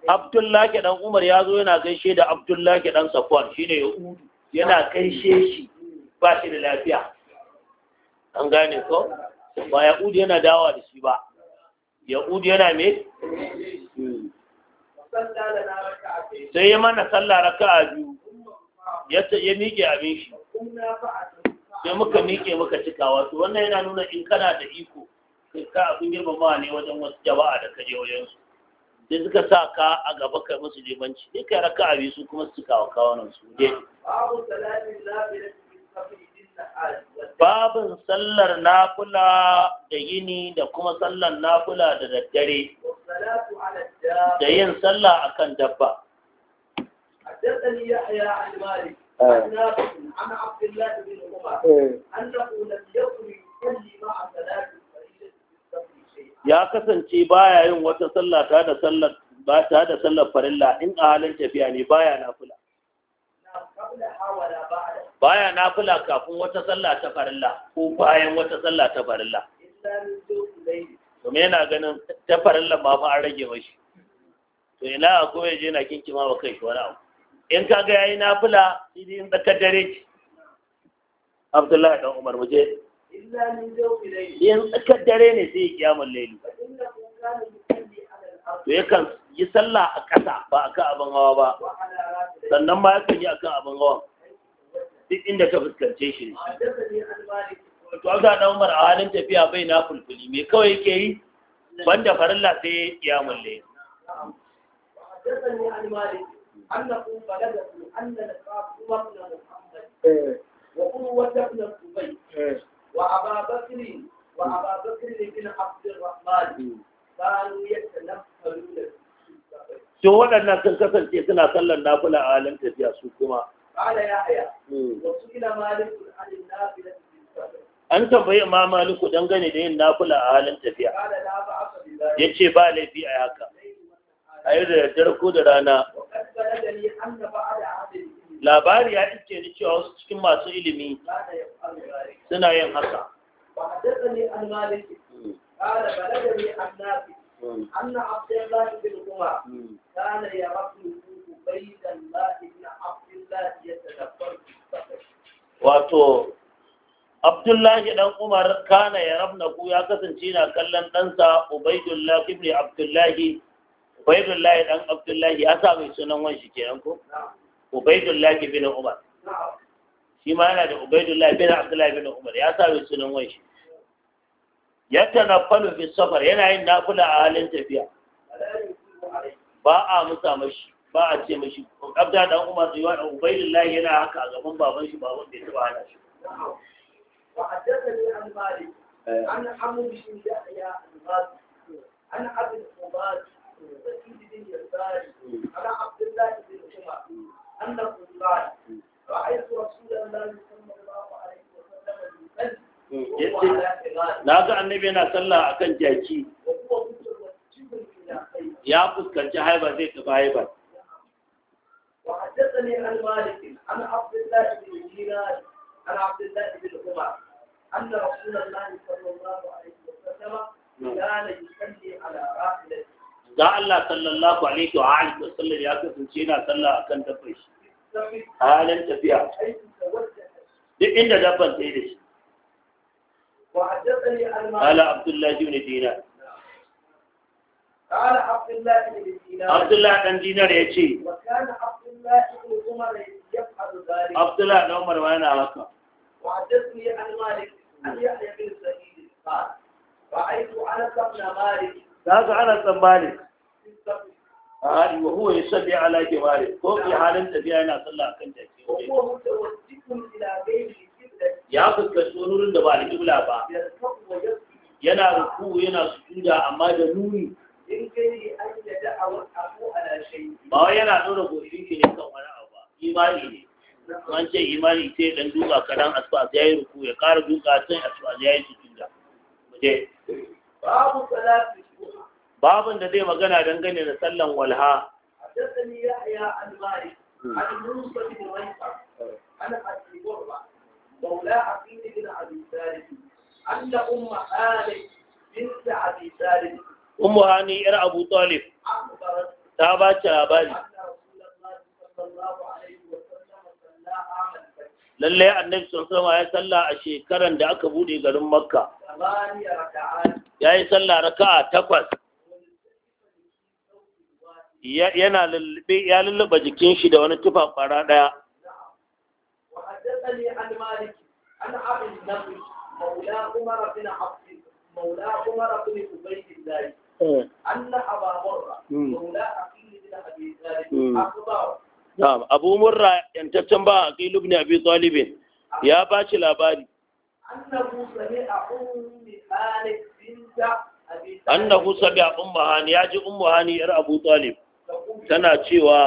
Abdullahi dan Umar ya zo yana gaishe da Abdullahi dan Safwan shine ya udu yana gaishe shi ba shi da lafiya. An gane ko? Ba ya udu yana dawa da shi ba. Ya udu yana me? Sai ya mana sallah raka'a biyu. Ya ya miƙe abin shi. Sai muka miƙe muka cika wasu, wannan yana nuna in kana da iko kai ka abin girmamawa ne wajen wasu jama'a da kaje wajen su. sai suka sa ka a gaba kai musu limanci sai kai raka a su kuma su cika wa kawanan su dai babin sallar nafula da yini da kuma sallar nafula da daddare da yin sallah akan dabba عن عبد الله بن عمر لم يكن يصلي مع ya kasance baya yin wata sallah ta da sallar ba ta da sallar farilla in a halin tafiya ne baya nafila baya nafila kafin wata sallah ta farilla ko bayan wata sallah ta farilla kuma yana ganin ta farilla ma fa an rage mashi to ina ko ya je na kinkima wa kai wani abu in kaga yayi nafila idan tsakar dare ki Abdullahi dan Umar muje in tsakar dare ne sai ya kiyamun laili to yakan yi sallah a ƙasa ba a kan abin hawa ba sannan ma kan yi a kan abin hawa duk inda ka fuskance shi to ga dan Umar a halin tafiya bai na fulfuli me kawai yake yi banda farilla sai ya kiyamun laili وأبا بكر وأبا بكر بن عبد الرحمن كانوا يتنفلون to waɗannan sun kasance suna sallar nafila a halin tafiya su kuma qala yahya hmm. wasu ila malik an nafila an tambayi ma maliku dangane da yin nafila a halin tafiya Ya ce ba laifi a yaka. a yi da daddare ko da rana labari ya ce ni cewa wasu cikin masu ilimi suna yin haka wato Abdullahi dan Umar kana ya rabna ku ya kasance na kallon ɗansa Ubaidullah ibn Abdullahi Ubaidullahi dan Abdullahi ya sa mai sunan wanshi kenan ko ubaidullahi bin umar shi ma yana da ubaidullahi bin abdullahi bin umar ya sa mai sunan wai shi ya tanaffalu fi safar yana yin nafila a halin tafiya ba a musa mashi ba a ce mashi abda dan umar zuwa da ubaidullahi yana haka a gaban baban shi baban bai taba hana shi وحدثني عن مالك عن حمد بن يحيى الغازي عن عبد القباد سيد بن يسار عن عبد Abdullahi bin عمر na ga annabi yana sallah kan jaki ya fuskanci haiba zai tafi haiba وحدثني عبد الله بن عمر أن رسول الله صلى الله عليه وسلم كان يصلي على راحلته da Allah sallallahu alaihi wa alihi wasallam ya kasance yana sallah akan dabbar shi halin tafiya duk inda dabban sai da shi قال عبد الله بن دينار قال عبد الله بن دينار عبد الله بن دينار يجي وكان عبد الله بن عمر يفعل ذلك عبد الله بن عمر وحدثني عن مالك عن a hali wa huwa ya sabi ala kibari ko fi halin tafiya yana sallah kan jaki ya fuskanci wani wurin da ba da kibla ba yana ruku yana sujuda amma da nuni ba wai yana ɗora goshi ke kan wani abu ba imani ne an ce imani sai dan duka kadan asfas ya yi ruku ya ƙara duka sai asfas ya yi sujuda babu salatu babin da zai magana dangane da sallan walha مولى عقيل بن ابي ثالث ta ba labari lalle annabi sallallahu alaihi ya salla a shekaran da aka bude garin makka ya yi salla raka'a takwas yana lullube ya lullube jikin shi da wani tufa kwara daya abu murra yantaccen ba a kilub ne a bi ya ba ci labari annahu sami abun muhani ya ji un muhani yar abu talib tana cewa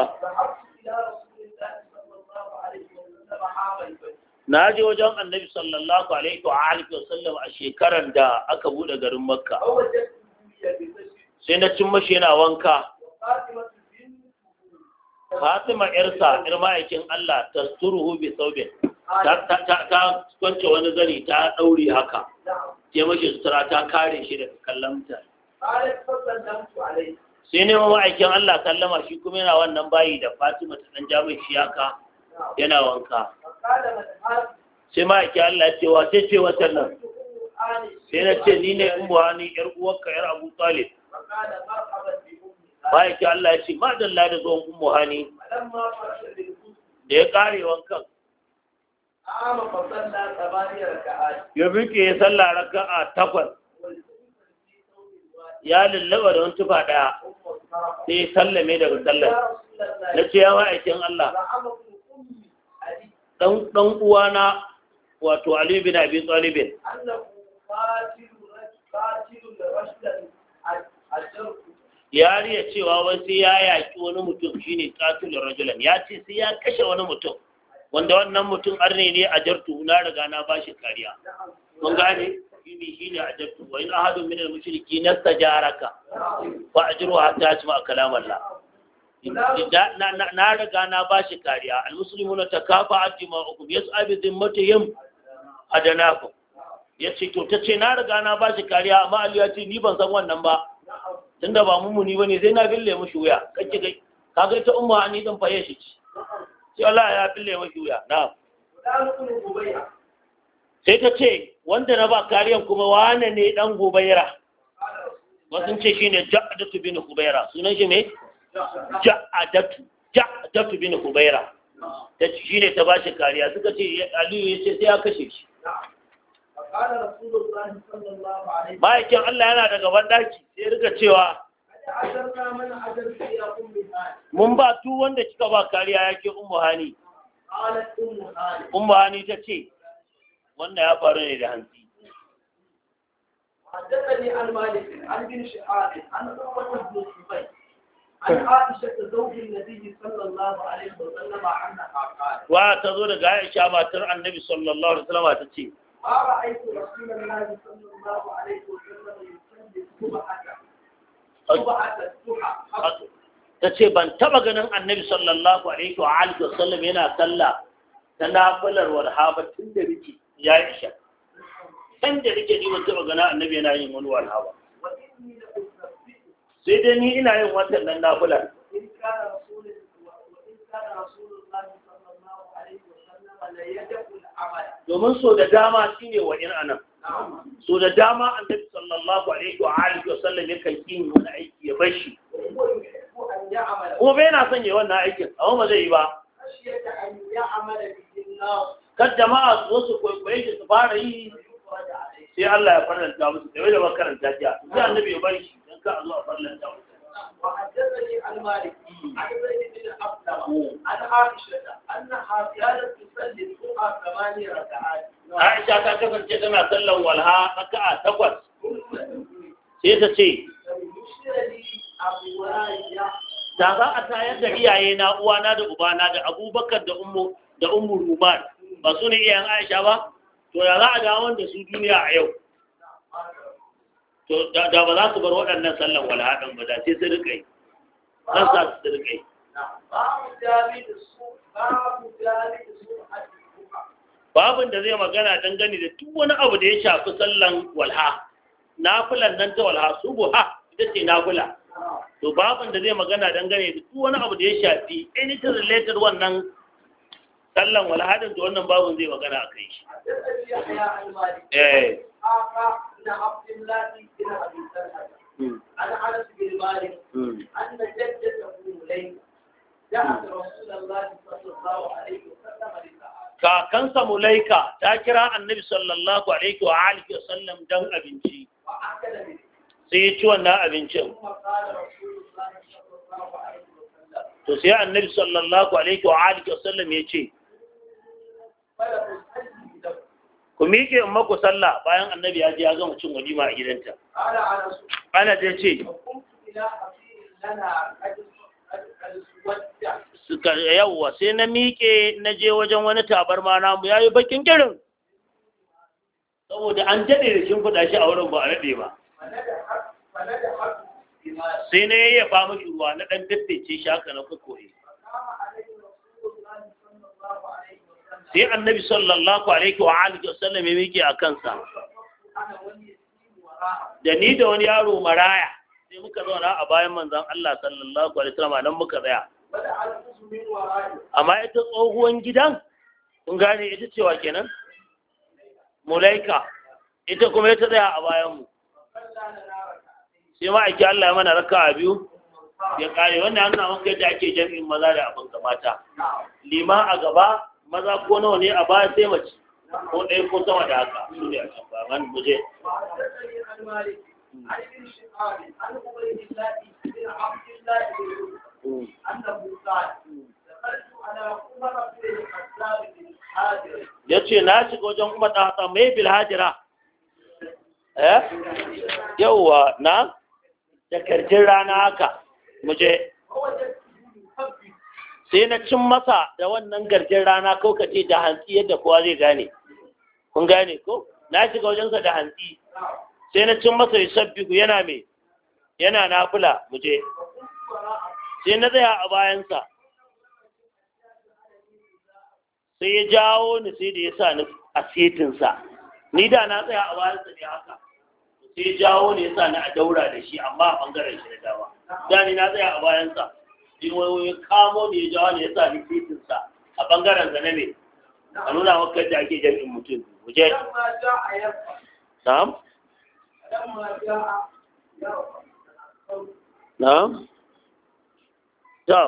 na je wajen annabi sallallahu alaihi wa alihi wasallam a shekarar da aka bude garin makka sai na cin mashi yana wanka fatima yarsa yar ma'aikin allah ta suruhu bi saubin ta kwance wani zani ta ɗauri haka ke mashi sutura ta kare shi daga kallon mutane sai neman ma'aikin Allah sallama shi kuma yana wannan bayi da Fatima ta ɗan jami'in shi yaka yana wanka sai ma'aikin Allah ya ce wa sai ce wata nan sai na ce ni ne buwa ni yar uwarka yar Abu Talib ma'aikin Allah ya ce ma dalla da zuwan buwa ni. da ya kare wankan ya miƙe sallah raka'a takwas ya lullaba da wani tufa ɗaya sai ya sallame daga sallar na ce yawa aikin Allah ɗan uwana wato alibin bin tsalibin Ya yariya cewa wasu ya yaƙi wani mutum shine katilin rajulan ya ce sai ya kashe wani mutum wanda wannan mutum arne ne a jartu na riga na bashi kariya mun gane ne shine jabtu wa in ahadun min al-mushriki nastajaraka fa ajru hatta a kalam Allah na riga na bashi kariya al-muslimuna takafa ajma'ukum yas'a bi dhimmatihim Ya yace to tace na riga na bashi kariya amma Ali ya ce ni ban san wannan ba tunda ba mumuni bane sai na bille mushi wuya kake kai kaga ta umma ni dan faye shi sai Allah ya bille mushi wuya na'am sai ta ce wanda na ba kariyan kuma wane ne dan gobaira wasu ce shine ja'adatu bin hubaira sunan shi me ja'adatu ja'adatu bin hubaira ta shine ta bashi kariya suka ce aliyu ya ce sai ya kashe shi ma'aikin Allah yana daga bandaki sai rika cewa mun ba tu wanda kika ba kariya yake ummu hani ummu hani ta ce wannan ya faru ne da hantsi حدثني عن مالك عن بن شهاب عن عروة بن الزبير عن عائشة زوج النبي صلى الله عليه وسلم عنها قالت وتزور عائشة ما ترى النبي صلى الله عليه وسلم تتي ما رأيت رسول الله صلى الله عليه وسلم يصلي الصبح ta ce ban taba ganin annabi sallallahu alaihi wa alihi wasallam yana sallah ta nafilar warha ba tun da rike ya isha ɗan da rike ni wata magana a annabi yana yin wani wala ba sai dai ni ina yin wannan nan nafila domin so da dama shine wa in anan so da dama annabi sallallahu alaihi wa alihi wa sallam kan yi wani aiki ya bashi. kuma bai na son wannan aikin amma ba zai yi ba خشية أن يعمل به الناس kar jama'a su zo su kwaikwaye shi su fara yi sai Allah ya farlanta musu da wai bakaran jajiya sai annabi ya bari shi dan ka a zo a farlanta وحدثني عن مالك عن زيد بن أسلم عن عائشة أنها كانت تصلي الضحى ثماني ركعات. عائشة تكفر كما سلم ولها ركعة تقوس. سيدتي. مشير لي أبوايا da za a tayar da iyaye na na da ubana da abubakar da umu da umu ruman ba su ne iyayen aisha ba to ya za a dawo da su duniya a yau to da ba za su bar waɗannan sallan wala haɗin ba da sai su rika yi zan sa su rika babin da zai magana dangane da duk wani abu da ya shafi sallan walha nafilan nan ta walha su buha ita ce nafila to babin da zai magana dangane da duk wani abu da ya shafi anything related wannan sallan wal hadin da wannan babin zai magana a kai shi eh hmm. Hmm. kakansa mulaika ta kira annabi sallallahu alaihi wa alihi wa sallam dan abinci sai ya ci wannan abincin to sai annabi sallallahu alaihi wa alihi wasallam ya ce ku miƙe in maku sallah bayan annabi ya je ya gama cin walima a gidanta ana ta ce suka yawwa sai na miƙe na je wajen wani tabarma namu ya yi bakin kirin saboda an daɗe da shimfiɗa shi a wurin ba a rade ba sai na ya ba mashi ruwa na ɗan daddace shi haka na kakkoye sai annabi sallallahu alaihi wa alihi sallam ya miƙe a kansa da ni da wani yaro maraya sai muka zauna a bayan manzan Allah sallallahu alaihi wasallam nan muka tsaya amma ita tsohuwan gidan kun gane ita cewa kenan mulaika ita kuma ita tsaya a bayan mu sai ma ake Allah ya mana raka biyu ya kare wannan an nuna maka yadda ake jami'in maza da abin ga mata lima a gaba maza ko nawa ne a baya sai mace ko ɗaya ko sama da haka su ne a can ba man muje ya ce na shiga wajen kuma ɗan hatsa mai bilhajira eh yauwa na da rana haka mu je sai na cin masa da wannan garjin rana ko ka ce da hantsi yadda kowa zai gane kun gane ko na shiga wajensa da hantsi sai na cin masa yusabbihu yana mai yana nafila mu je sai na tsaya a bayansa sai ya jawo ni sai da ya sa ni a setinsa ni da na tsaya a bayansa ne haka sai jawo ne yasa na daura da shi amma a bangaren shi na dama dani na tsaya a bayansa in wani kamo ne ya jawo ne ya sa ni titinsa a bangaren sa na me a nuna maka da ake jami'in mutum muje na'am na'am to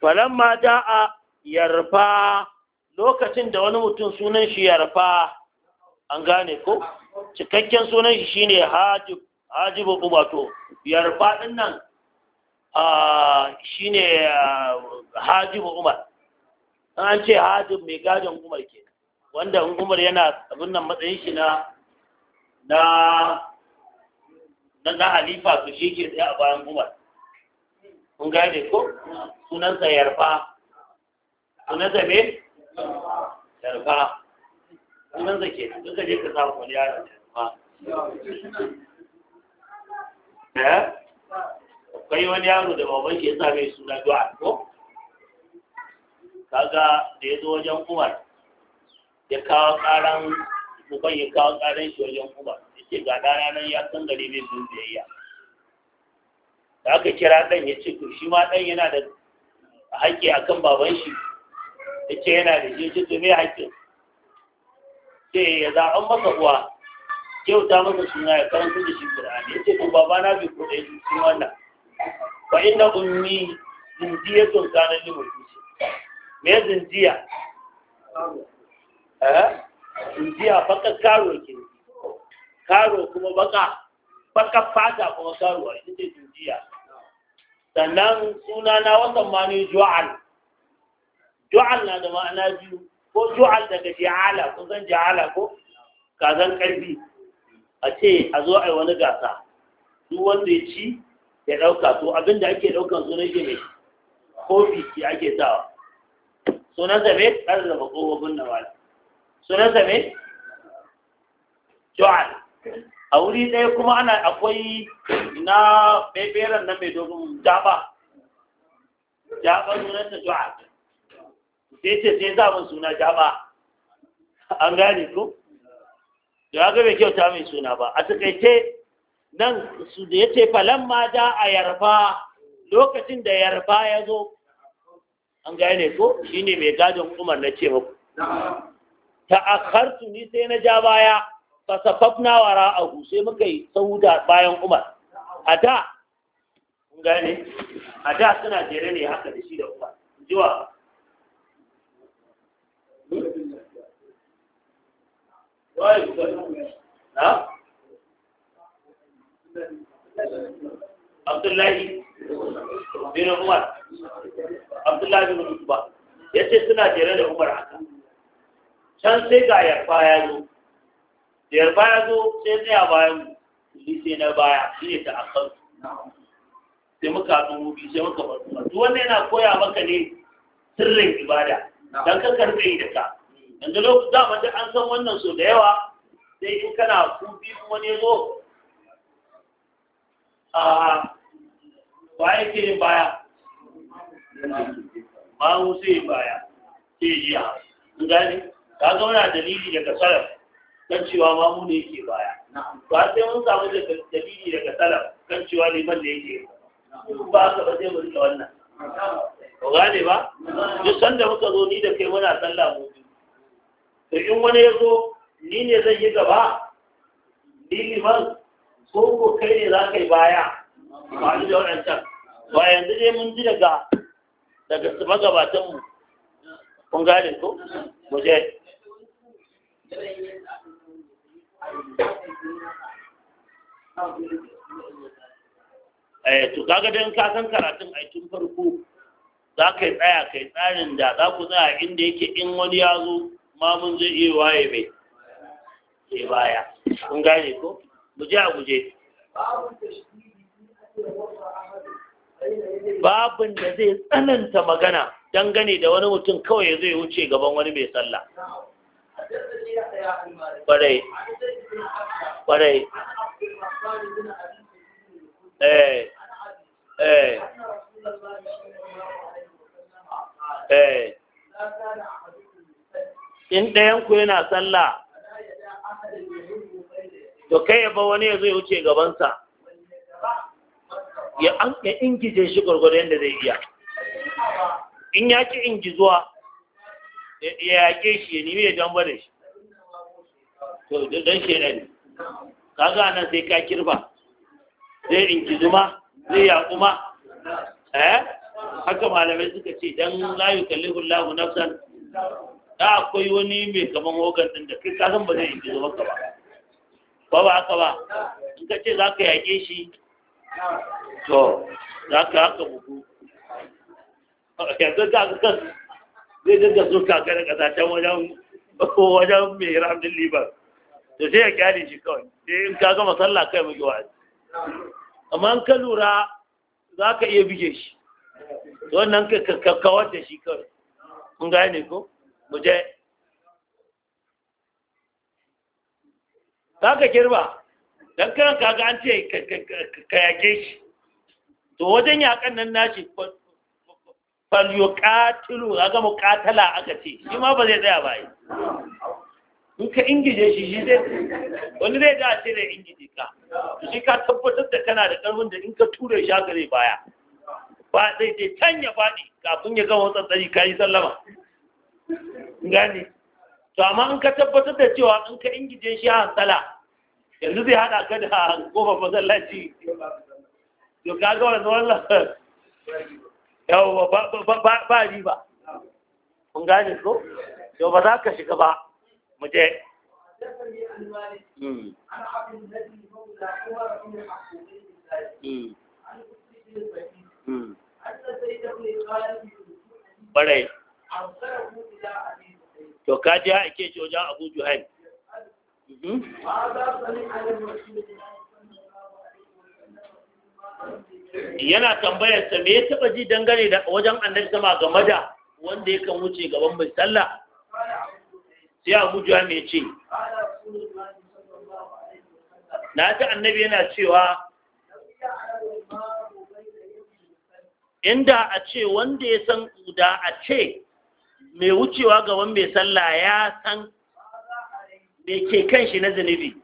falamma da'a yarfa lokacin da wani mutum sunan shi yarfa an gane ko cikakken sunan shi shine hajib hajib wato yarba fadin nan shine hajib umar an ce hajib mai gadon umar ke wanda umar yana abin nan matsayin shi na na na halifa su shi ke tsaye a bayan umar kun gane ko sunansa yarba sunansa me sunan sa ke je ka samu wani yaron da ma eh kai wani yaro da baban shi ya sa mai suna du'a ko kaga da ya zo wajen umar ya kawo karan uban ya kawo karan shi wajen umar ya ce ga dana nan ya san gari mai sun biyayya da aka kira Dan ya ce to shi ma Dan yana da haƙƙi akan baban shi ya ce yana da shi ya to me haƙƙin sai ya zaɓan masa uwa kyauta masa suna ya karanta da shi Qur'ani yace to baba na bi ko dai cikin wannan fa inna ummi zindiyatun kana li mutisi me zindiya eh zindiya baka karo ke karo kuma baka baka fata kuma karo ita ce zindiya sannan suna na wasan ma ne ju'al ju'al na da ma'ana biyu ko ju'al daga ji'ala kun san ji'ala ko kazan karfi a ce a zo a yi wani gasa duk wanda ya ci ya ɗauka to abinda ake ɗaukan sunan shi ne kofi ki ake sawa sunan sa me ƙarfafa ƙofofin na wala sunan sa me ju'al a wuri ɗaya kuma ana akwai na ɓeɓeren na mai dogon jaba jaba sunan sa ju'al sai ce sai za mun suna jaba an gane ko ya ga kyau kyauta mai suna ba a takaice nan su da ya ce falan ma da a yarba lokacin da yarba ya zo an gane ko shine mai gadon umar na ce muku ta akhartu ni sai na ja baya fa safafna wara'ahu sai muka yi sauda bayan umar a da an gane a da suna jere ne haka da shi da umar jiwa na abdullahi bin umar abdullahi bin utba ya ce suna jere da umar haka can sai ga yarfa ya zo da yarfa ya zo sai tsaya bayan lise na baya shi ne ta akan sai muka haɗu biyu sai muka faru duk wannan yana koya maka ne sirrin ibada don ka karɓe da ka yanzu lokacin dama da an san wannan so da yawa sai in kana kufi wani zo a bayan kirin baya ba mu sai baya ji jiya in gani ka zauna dalili daga salaf kan cewa ma mu ne ke baya ba sai mun samu dalili daga salaf kan cewa ne ban da yake ba ka ba sai mu wannan ba gane ba duk sanda muka zo ni da kai muna sallah mu to in wani ya zo ni ne zan yi gaba ni liman ko ko kai ne za ka yi baya ba ni da waɗancan ba yanzu dai mun ji daga daga magabatanmu kun gane ko mu je eh to kaga dan ka san karatun ai tun farko za ka yi tsaya ka yi tsarin da za ku tsaya inda yake in wani ya zo mun zai iya waye mai ke baya kun gane ko mu a guje babin da zai tsananta magana dangane da wani mutum kawai zai wuce gaban wani mai sallah ƙwarai ƙwarai eh eh eh in ɗayan ku yana sallah to kai ya ba wani ya zai wuce gabansa ya an ya ingije shi gwargwado yadda zai iya in ya ci ingizuwa ya yaƙe shi ya nemi ya jamba da shi to don shi ne kaga nan sai ka kirba zai ingizu ma zai yaƙu ma eh haka malamai suka ce don layu yukallifu Allahu nafsan da akwai wani mai kaman hogan din da kai kasan ba zai yi gizo maka ba ba ba haka ba in ka ce za ka yaƙe shi to za ka haka buku yanzu ka ga kan zai dinga so ka da kasashen wajen wajen mai ramin liban to sai ya kyale shi kawai sai in ka gama sallah kai muke wa'azi amma in ka lura za ka iya bige shi wannan ka kawar da shi kawai kun gane ko mu je za ka girba don karan kaga an ce ka yake shi to wajen yakan nan nashi falyo katilu kaga ga aka ce shi ma ba zai tsaya ba yi in ka ingije shi shi zai wani zai da ce da ingije ka shi ka tabbatar da kana da karfin da in ka ture shi haka zai baya ba zai ce can ya faɗi kafin ya gama tsantsari, ka yi sallama gani to amma in ka tabbatar da cewa in ka ingije shi a sala yanzu zai hada ka da kofar masallaci yau ka ga wannan wannan yau ba riba kun gane ko ba za ka shiga ba mu je Barai. Hmm. Hmm. Hmm. to ka je ake ce wajen abu mhm. yana tambayar sa me ya taba ji dangane da wajen annabi sama game da wanda ya kan wuce gaban mai sallah sai abu juhail me ce na ji annabi yana cewa inda a ce wanda ya san guda a ce mai wucewa gaban mai sallah ya san mai ke kan shi na zunubi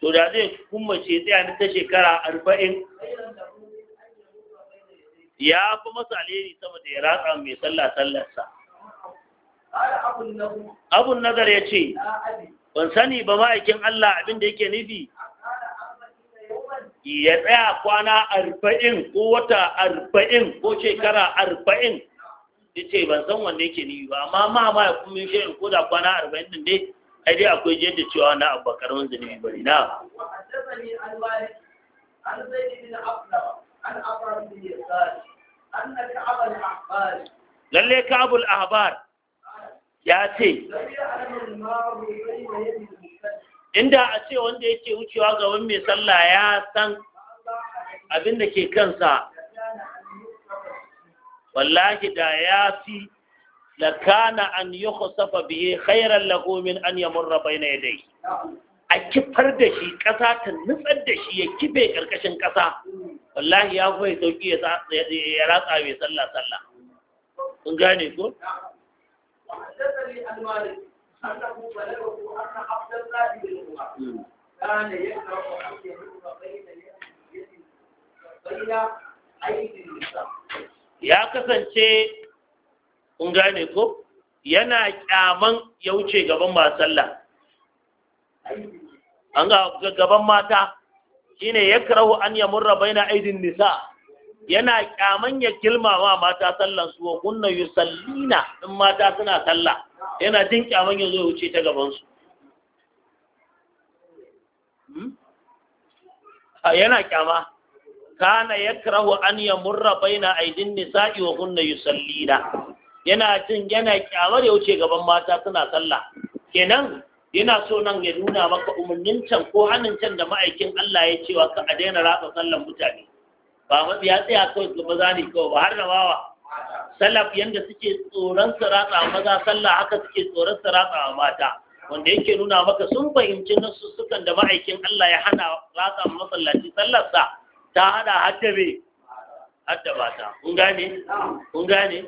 to da zai kuma kummace tsaya ta shekara arba'in ya fi masa alheri sama da ya ratsa mai sallah sallarsa abun nazar ya ce ban sani ba ma'aikin Allah abinda yake nufi ya tsaya kwana arba'in ko wata arba'in ko shekara arba'in ce ban san wanne yake ni ba amma ma ma ya kuma shi ko da kwana 40 din dai ai dai akwai da cewa na abba wanda zunubi bari na lalle kabul ahbar ya ce inda a ce wanda yake wucewa ga wani mai sallah ya san abin da ke kansa wallahi da ya fi lakana an yi kusafa biye khairan lahu min an yamurra bayna yadayhi a kifar da shi ƙasa ta nutsar da shi ya kibe ƙarƙashin ƙasa wallahi ya fi sauki ya ratsa mai sallah sallah kun gane ko ya kasance kun gane ko yana kyaman ya wuce gaban masu sallah an ga gaban mata shine ya karahu an ya murra baina aidin nisa yana kyaman ya kilmawa mata sallan su wa kunna yusallina in mata suna sallah yana jin kyaman ya zo wuce ta gaban su hmm? yana kyama kana yakrahu an yamurra baina aidin nisa'i wa kunna yusallina yana jin yana kyawar ya wuce gaban mata suna sallah kenan yana so nan ya nuna maka umarnin can ko hannun can da ma'aikin Allah ya cewa ka a daina ratsa sallan mutane ba matsi ya tsaya kawai ga maza ne kawai ba har da bawa salaf yanda suke tsoron su ratsa maza sallah haka suke tsoron su ratsa mata wanda yake nuna maka sun fahimci sukan da ma'aikin Allah ya hana ratsa masallaci sallarsa ta hada hadda me hadda ta kun gane kun gane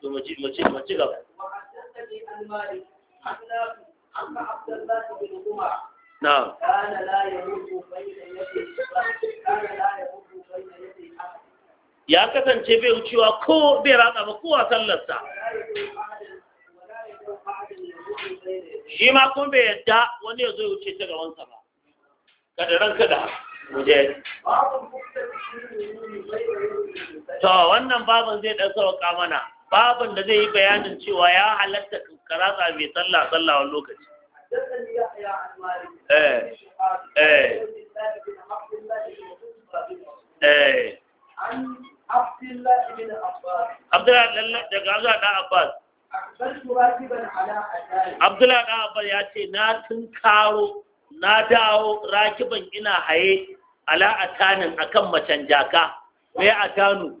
to mace ci mace ga na ya gaba bai wucewa ko bai ratsa ba kowa sallarsa shi ma kun bai yadda wani ya zo ya wuce ta gabansa ba kada ranka da mu je to wannan babin zai dan sauka mana babin da zai yi bayanin cewa ya halatta karatsa bi sallah sallah wani lokaci eh eh eh Abdullahi bin Abbas. Abdullahi daga Abdullahi dan Abbas. Abdullahi da Abbas ya ce na tun karo na dawo rakiban ina haye ala atanin akan macen jaka me atanu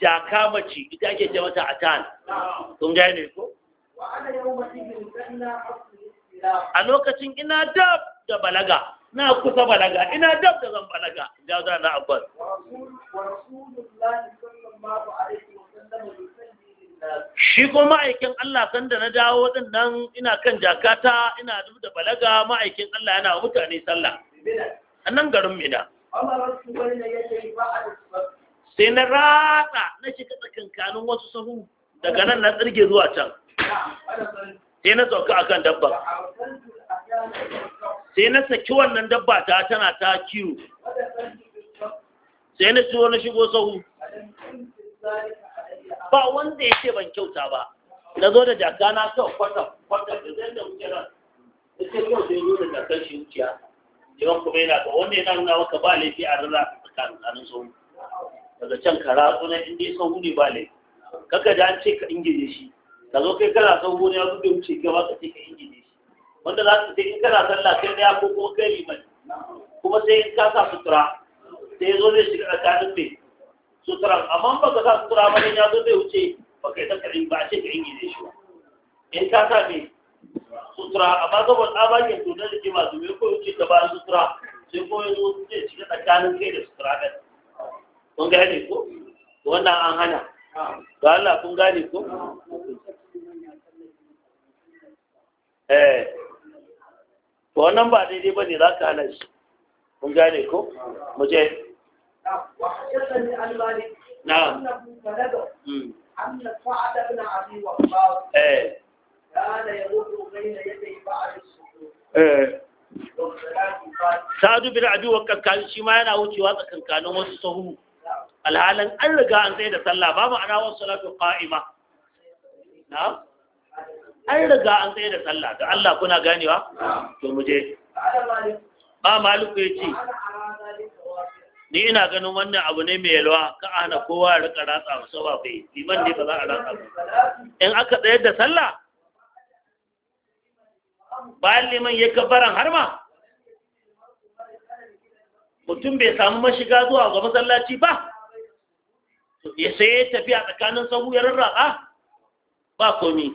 jaka mace ita ake ce mata atan kun ne ko a lokacin ina dab da balaga na kusa balaga ina dab da zan balaga ja za na abbas shi ko ma'aikin Allah sanda na dawo din nan ina kan jakata ina dab da balaga ma'aikin Allah yana mutane sallah a nan garin mina sai na ratsa na shiga tsakankanin wasu sahu daga nan na tsirge zuwa can sai na sauka kan dabba sai na saki wannan dabba ta tana ta kiwo sai na shigo na shigo sahu ba wanda ya ce ban kyauta ba na zo da jaka na kyau kwata kwata da zai da wuce ran. da ke kyau sai zo da jakar shi wuciya Yawan kuma yana ga wanda yana nuna maka ba laifi a rana a tsakanin sahu daga can ka ratsu na inda sahu ne ba laifi kaka da an ce ka ingije shi ka zo kai kana son ne ya buɗe wuce kai ba ka ce ka ingije shi wanda za ka sai in kana sallah kai ɗaya ko kuma kai liman kuma sai in ka sa sutura sai ya zo zai shiga tsakanin mai suturan amma ba ka sa sutura ba ne ya zo zai wuce ba kai ta karin ba a ce ka ingije shi ba in ka sa mai sutura amma saboda da ke masu mai ko da bayan sutura sai ko zai tsakanin kai da sutura ɗin kun gane ko wannan an hana ga Allah kun gane ko eh to wannan ba daidai ba ne za ka hana shi kun gane ko mu je eh. sa'adu bin abi wakkakkan shi ma yana wucewa tsakankanin wasu sahu alhalin an riga an tsaye da sallah ba ma'ana wasu salatu fa'ima. na an riga an tsaye da sallah da Allah kuna ganewa to mu je ba maluku ya ce ni ina ganin wannan abu ne mai yalwa ka ana kowa ya rika ratsa musawa bai liman ne ba za a ratsa ba in aka tsayar da sallah bayan liman ya kafaran har ma mutum bai samu mashiga zuwa ga masallaci ba ya sai ya tafi a tsakanin sahu ya rarraba ba komi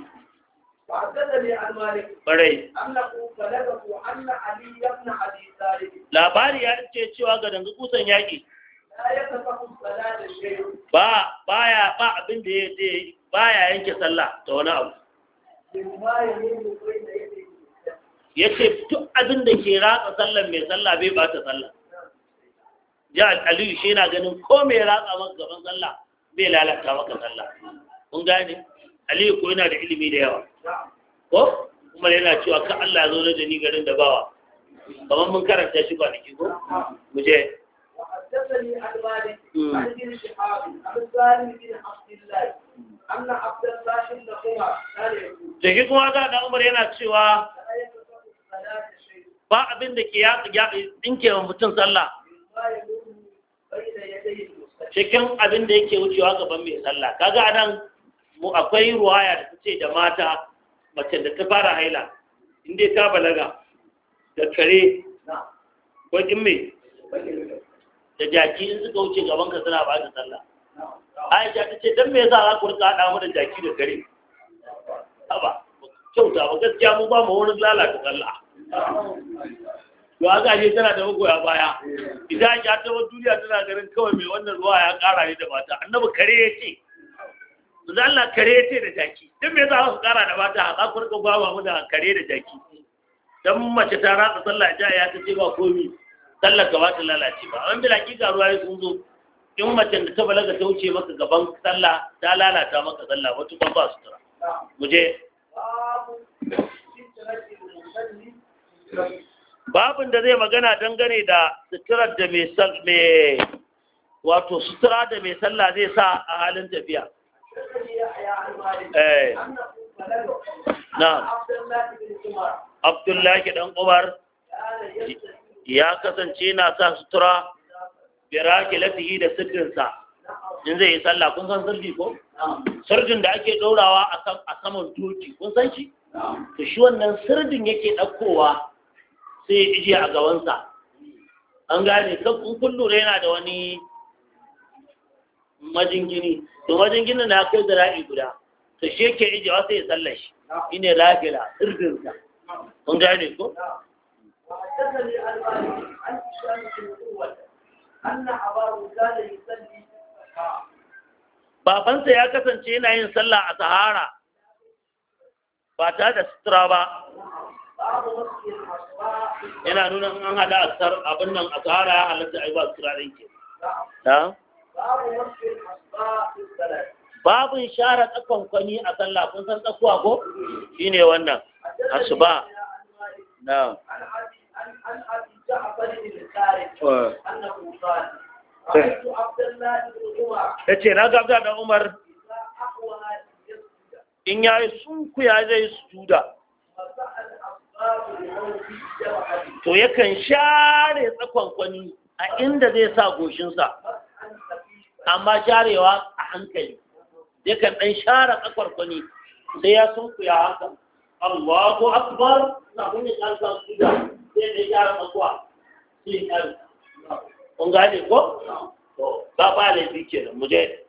barai labari ya ce cewa ga dangu kusan yaƙi ba baya ba abin da ya yanke sallah ta wani abu ya ce duk abin da ke ratsa sallan mai sallah bai ba ta sallah jihar aliyu shi yana ganin ko mai ratsa maka gaban sallah bai lalata maka sallah kun gane aliyu ko yana da ilimi da yawa ko kuma yana cewa ka allah zo da ni garin da bawa kamar mun karanta shi kwanaki ko mu je حدثني عن مالك hmm. عن ابن شهاب cewa. ba abin da ke ya dinke wa mutum sallah cikin abin da yake wucewa gaban mai sallah kaga nan, mu akwai ruwaya da ce da mata mace da ta fara haila inda ta balaga da kare bakin mai da jaki in suka wuce gaban ka suna ba da sallah aisha ta ce don me yasa za ku rika haɗa mu da jaki da kare haba kyauta ba gaskiya mu ba mu wani lalata sallah to haka ne tana da magoya baya idan ya taba duniya tana garin kawai mai wannan ruwa ya kara ne da mata annabi kare ya ce da Allah kare ya ce da jaki don me za su kara da mata a kafin ka gwaba mu da kare da jaki dan mace ta ratsa sallah ja ya ta ce ba komi sallar gaba ta lalace ba an bila kika ruwa ya sun zo in mace da ta balaga ta wuce maka gaban sallah ta lalata maka sallah wata ban ba sutura mu je babin da zai magana dangane da suturar da mai wato sutura da mai sallah zai sa a halin tafiya eh. na abdullahi dan umar ya kasance na sa sutura biraki lafihi da sirdinsa in zai yi sallah kun san sirdi ko sirdin da ake ɗaurawa a saman doki kun san shi to shi wannan sirdin yake ɗaukowa sai ya ijiya a gabansa an gane kan kun lura yana da wani majingini to majingini na kai da ra'i guda to shi yake ijiya sai ya sallar shi shine rafila irdinsa an gane ko babansa ya kasance yana yin sallah a sahara ba ta da sutura ba yana nuna an hada asar abin nan a tsara ya halatta a yi ba su ranar ke babu babin shara tsakon kwani a sallah kun san tsakuwa ko ne wannan ba na ya ce na gabda da umar in yayi sunkuya zai su juda to yakan share tsakonkwani a inda zai sa goshinsa amma sharewa a hankali yakan ɗan share tsakonkwani sai ya ya haka Allahu akbar na kuma ya sa su sai da ya tsakwa sai ya kun gane ko ba ba da shi kenan mu je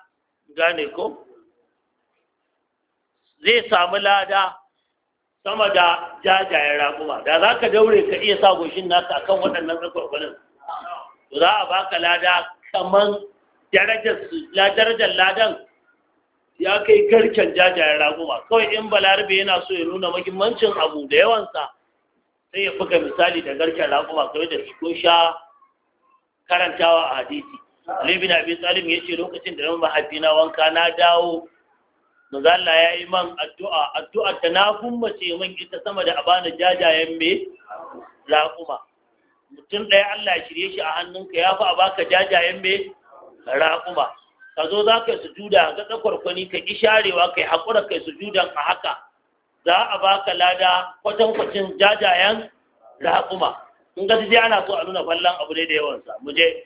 gane ko zai samu lada sama da jajayen raƙuma da za ka daure ka iya sa goshin naka kan waɗannan tsakwarkwanin za a baka lada kaman darajar ladan ya kai garken jajayen raguma. kawai in balarabe yana so ya nuna mahimmancin abu da yawansa sai ya fuka misali da garken raguma, kawai da shi sha karantawa a hadisi Ali bin abin ya ce lokacin da na mahaifi na wanka na dawo Mazalla ya yi man addu'a, addu'a ta na gummace man ita sama da abana jajayen mai raƙuma. Mutum ɗaya Allah shirye shi a hannunka ya fi a ka jajayen mai raƙuma. Ka zo za ka yi sujuda ga tsakwarkwani ka ƙi sharewa ka yi haƙura ka yi sujudan a haka. Za a baka lada kwatankwacin jajayen raƙuma. In ga ana so a nuna fallon abu ne da yawansa. Mu je.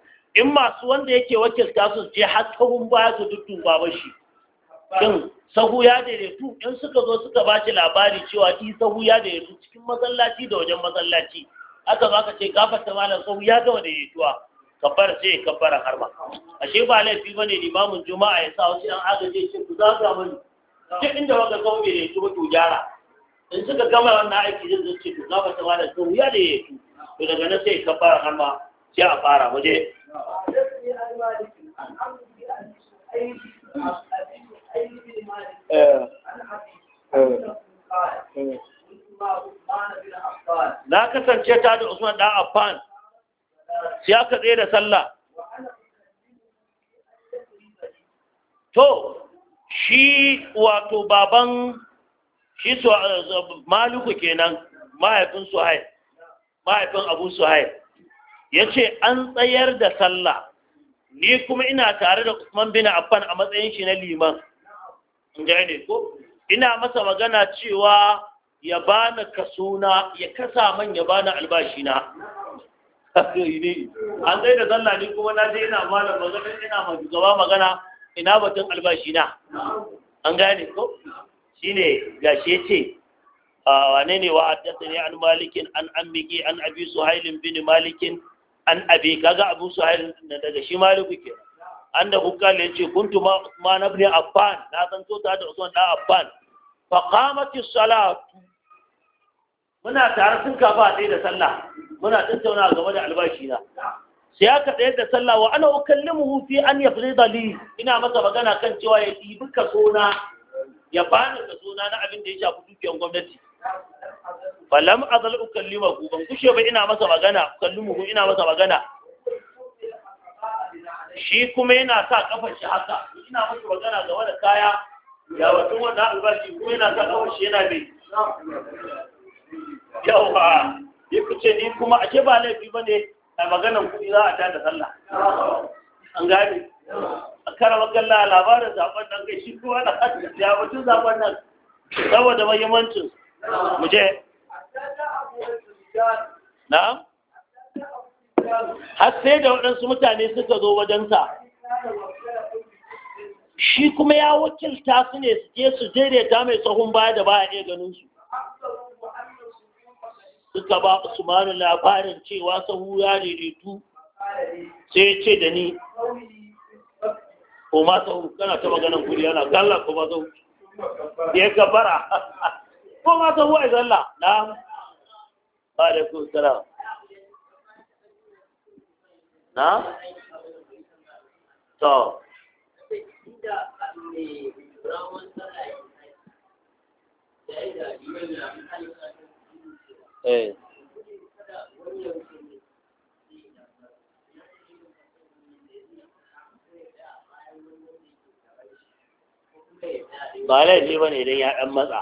in masu wanda yake wakilta su je har sahun baya su dudduba shi. ɗin sahu ya daidaitu in suka zo suka ba shi labari cewa ɗi sahu ya daidaitu cikin masallaci da wajen masallaci aka zo aka ce gafarta malam sahu ya gama daidaituwa kabbar sai kabbara har ma ashe ba laifi ne limamin juma'a ya sa wasu yan agaje ce ku zaga mani duk inda wanda kawo bai daidaito ba to gyara in suka gama wannan aiki zai zo ce ku gafarta malam sahu ya daidaitu to daga nan sai kabbara har ma sai a fara waje Na kasance ta da Usman ɗan Affan, sai aka tsaye da sallah. To, shi wato baban shi maluku kenan mahaifin suhail mahaifin abu Suhaib. ya ce an tsayar da sallah ni kuma ina tare da Usman bin Affan a matsayin shi na liman ne ko ina masa magana cewa ya bani kasuna ya kasa man ya bani albashina an tsayar da sallah ni kuma na je ina malam magana ina gaba magana ina batun albashina an gane ko shine gashi yace ah, wane ne wa ne an malikin an ammiki an abi suhailin bin malikin an abi kaga abu suhail daga shi maliku ke an da kuka ya ce kuntu ma na bin affan na san to ta da usman da affan fa qamat as-salat muna tare sun kafa dai da sallah muna tattauna game da albashi na sai aka tsayar da sallah wa ana ukallimuhu fi an yafrida li ina masa magana kan cewa ya dibi kaso na ya bani kaso na na abin da ya shafi dukiyar gwamnati falam azal ukallimahu ban kushe ba ina masa magana ukallimuhu ina masa magana shi kuma yana sa kafar shi haka ina masa magana ga da kaya ya wato wanda albashi kuma yana sa kafar shi yana bi yawa ya kuce ni kuma ake ba laifi ba ne a maganan kuɗi za a tada sallah an gane a kara magana labarin zaben nan kai shi kuma na hajji ya wato zaben nan saboda mahimmancin mu je na'am har sai da waɗansu mutane suka zo wajensa shi kuma ya wakilta su ne su je su daidaita mai tsohon baya da baya iya ganin suka ba usmanu labarin cewa sahu ya daidaitu sai ya ce da ni o ma sahu kana ta maganan kuri yana galla ko ma sahu ya gabara ko ma sahu a na? Ba da alaikum salam Na? to Eh. ba laifi ba ne idan ya ɗan matsa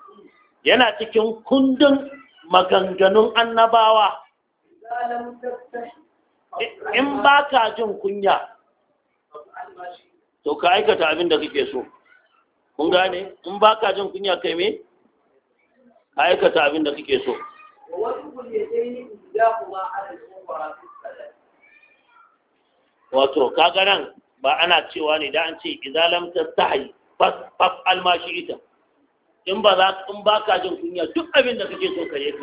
yana cikin kundin maganganun annabawa in ba ka jin kunya to ka aikata abin da kake so kun gane in ba ka jin kunya kai me ka aikata abin da kake so wato ga nan ba ana cewa ne da an ce izalam ta sahi fas almashi ita in ba za in ba ka jin kunya duk abin da kake so ka kai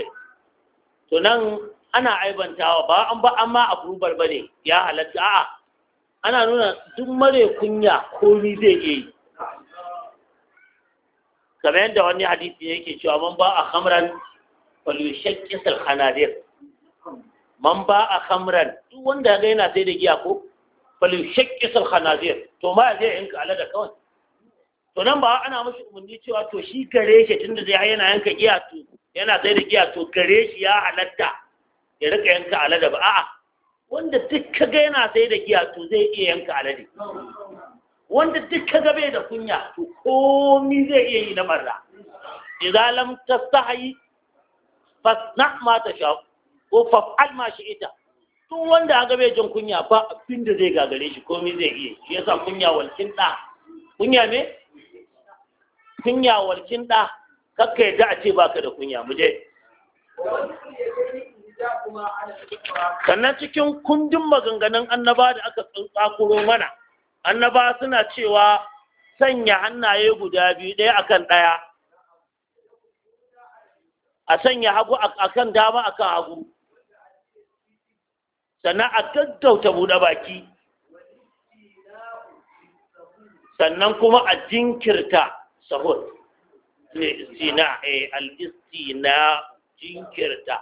to nan ana aibantawa ba an ba amma a ba bane ya halatta a'a ana nuna duk mare kunya komi zai iya yi kamar yadda wani hadisi yake cewa man ba a hamran falushakkis alhanadir man ba a hamran duk wanda ga yana sai da giya ko falushakkis alhanadir to ma zai ka alada kawai to nan ba ana musu umarni cewa to shi gare shi tunda zai yana yanka giya to yana sai da giya to gare shi ya halatta ya rika yanka alade ba a'a wanda duk kaga yana sai da giya to zai iya yanka alade wanda duk kaga bai da kunya to komi zai iya yi na marra idza lam tasahi fasna ma ta sha ko fa'al ma shi ita. tun wanda aka bai jin kunya ba abin da zai gagare shi komi zai iya shi yasa kunya walkin da kunya ne kunya walkin ɗa kakka yadda a ce baka da kunya mu je sannan cikin kundin maganganun annaba da aka tsakuro mana annaba suna cewa sanya hannaye guda biyu ɗaya akan ɗaya a sanya hagu akan dama akan hagu sannan a gaggauta buɗe baki sannan kuma a jinkirta sahur ne istina eh, al-istina jinkirta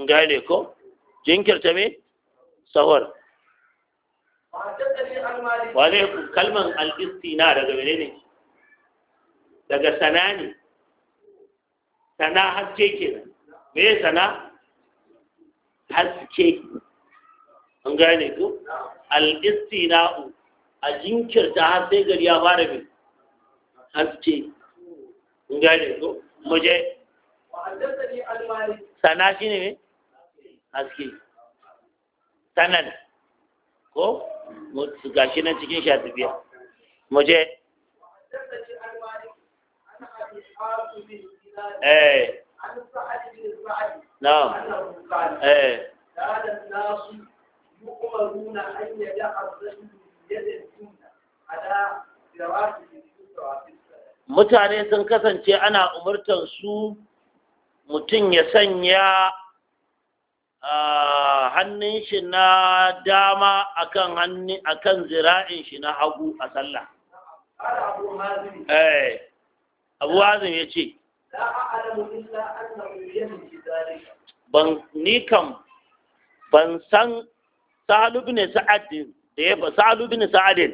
ngale ko jinkirta me sahur wale kalman al-istina daga menene daga sana ne sana haske ke me sana haske ngale gane ko al-istina'u a jinkirta har sai gari ya fara bin haske in gane ko muje sana shi ne haske sanan ko shi nan cikin shatibiya muje eh na'am eh يؤمرون أن يدع الرجل على في mutane sun kasance ana umurtar su mutum ya sanya hannun shi na dama akan hannu akan zira'in shi na hagu a sallah eh, abu hazin ya ce ban ni kam ban san salubin bin sa'adin da ya ba salubin bin sa'adin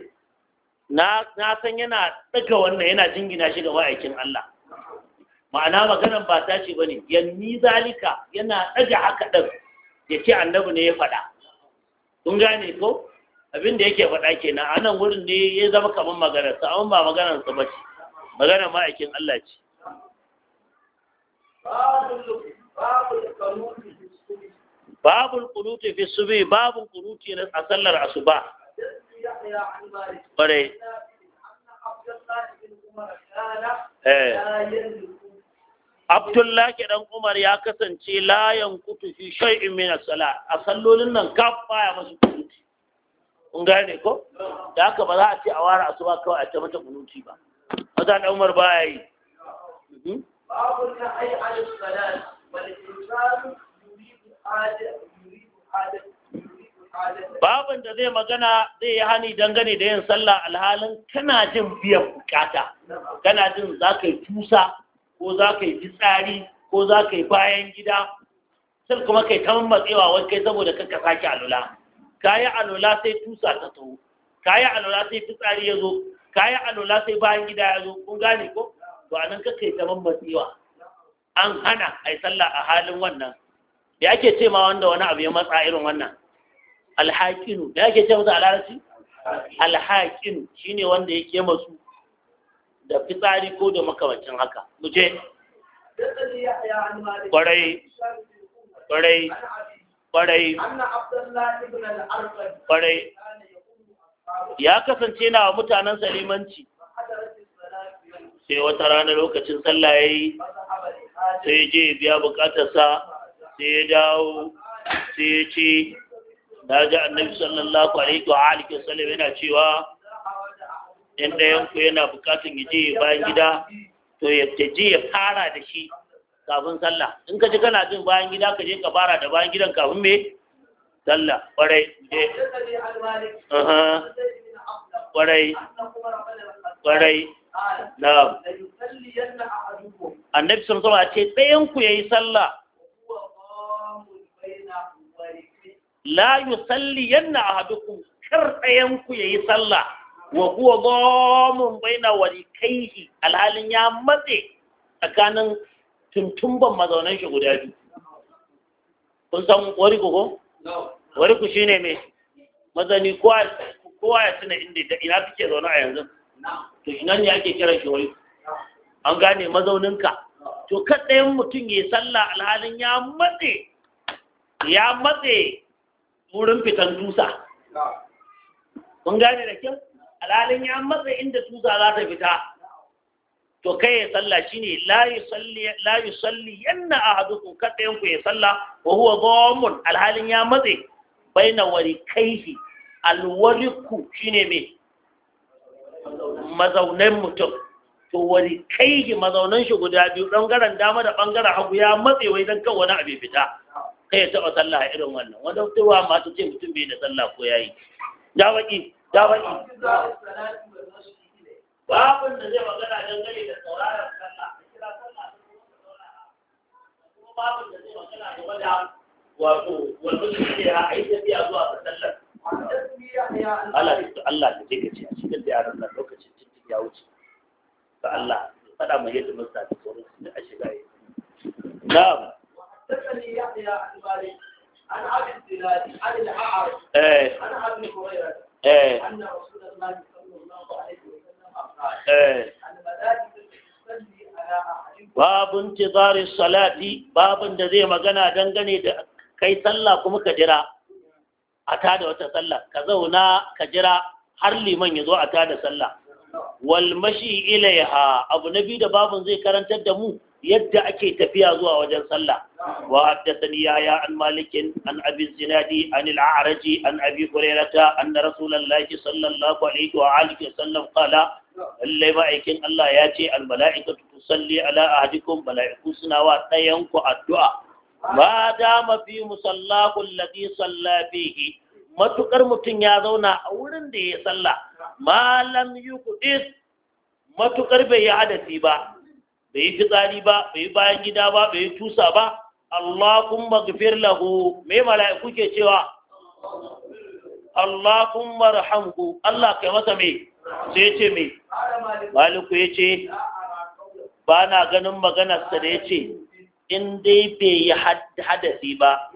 na san yana ɗaga wannan yana jingina shi ga ma'aikin Allah ma'ana maganan ba ta ce bane yanni zalika yana ɗaga haka ɗin ya ce annabi ne ya faɗa kun gane ko abin da yake faɗa kenan a nan wurin ne ya zama kamar sa amma ba sa ba ce maganar ma'aikin Allah ce babul qunuti fi subi babul qunuti a sallar asuba ƙwarai Abdullahi dan Umar ya kasance layan kutu fi shay'in min as-sala a sallolin nan kaf baya masu kunuti kun gane ko da haka ba za a ce a ware asuba kawai a ta mata kunuti ba Maza da Umar baya yi mhm. babu ta ai al-salat wal insanu yuridu hada yuridu hada babin da zai magana zai yi hani dangane da yin sallah alhalin kana jin biyan bukata kana jin za ka yi tusa ko za ka yi fitsari ko za ka yi bayan gida sai kuma kai ta matsewa wani kai saboda kanka sake alula kayi alula sai tusa ta taho kayi alula sai fitsari ya zo kayi alula sai bayan gida ya zo kun gane ko to anan ka kai ta matsewa an hana a yi sallah a halin wannan da ake ce ma wanda wani abu ya matsa irin wannan alhaƙinu da yake ce masa alarasi alhaƙinu shine wanda yake masu da fitsari ko da makamacin haka muje je ƙwarai ƙwarai ƙwarai ya kasance na mutanen salimanci sai wata rana lokacin sallah ya yi sai je biya bukatarsa sai ya dawo sai ya ce da ji annabi sallallahu alaihi wa alihi wasallam yana cewa in ɗayan yanku yana bukatun ya je bayan gida to ya je ya fara da shi kafin sallah in ka ji kana jin bayan gida ka je ka fara da bayan gidan kafin me sallah kwarai je kwarai kwarai na annabi sallallahu alaihi wa ce ɗayan ku yayi sallah la Salli, yanna a kar ɗayan ku yayi sallah wa huwa dhamun baina shi alhalin ya matse tsakanin tuntumban mazaunan shi guda biyu kun san wari ku ko wari ku shine me mazani kowa ya tuna inda ta ina suke zaune a yanzu to shi nan ne ake kiran shi wari an gane mazauninka to kaɗayan mutum ya yi sallah alhalin ya matse ya matse wurin fitan tusa kun gane da kyau Al'alin ya matsa inda tusa za ta fita to kai ya salla shi ne yusalli salli yanna ahadukum kadayan ku ya salla wa huwa gomun alhalin ya matse baina warikaihi alwariku ne me mazaunan mutum to wari kai mazaunan shi guda biyu ɓangaren dama da ɓangaren hagu ya matse wai don kan wani abu fita kai ya taɓa sallah a irin wannan wanda wa masu ce mutum bai da sallah ko yayi da baki da baki babun da zai dangane da sauraron a yi zuwa Allah ta ce a cikin da yaran lokacin ya wuce ga Allah faɗa mai yadda musta da sauransu da a shiga yi na'am Babin cibari salati, babin da zai magana dangane da kai sallah kuma ka jira a ta wata sallah, ka zauna ka jira har Liman ya zo a ta da sallah. Walmashi ilaiha abu na biyu da babun zai karantar da mu yadda ake tafiya zuwa wajen sallah wa haddathani yahya an malikin an abi zinadi an al an abi hurairata anna rasulullahi sallallahu alaihi wa alihi wasallam qala ma'aikin Allah ya ce al mala'ikatu tusalli ala ahadikum mala'iku suna wa dayan ku addu'a ma dama fi musallahu alladhi salla matukar mutum ya zauna a wurin da ya sallah malam yuqdis matukar bai yi hadasi ba bai yi fitsari ba bai yi bayan gida ba bai yi tusa ba Allahumma gafir lahu me mala'iku ke cewa Allahumma rahamhu Allah kai masa me sai ce me maliku ya ce ba na ganin maganarsa da ya ce in dai bai yi hadasi ba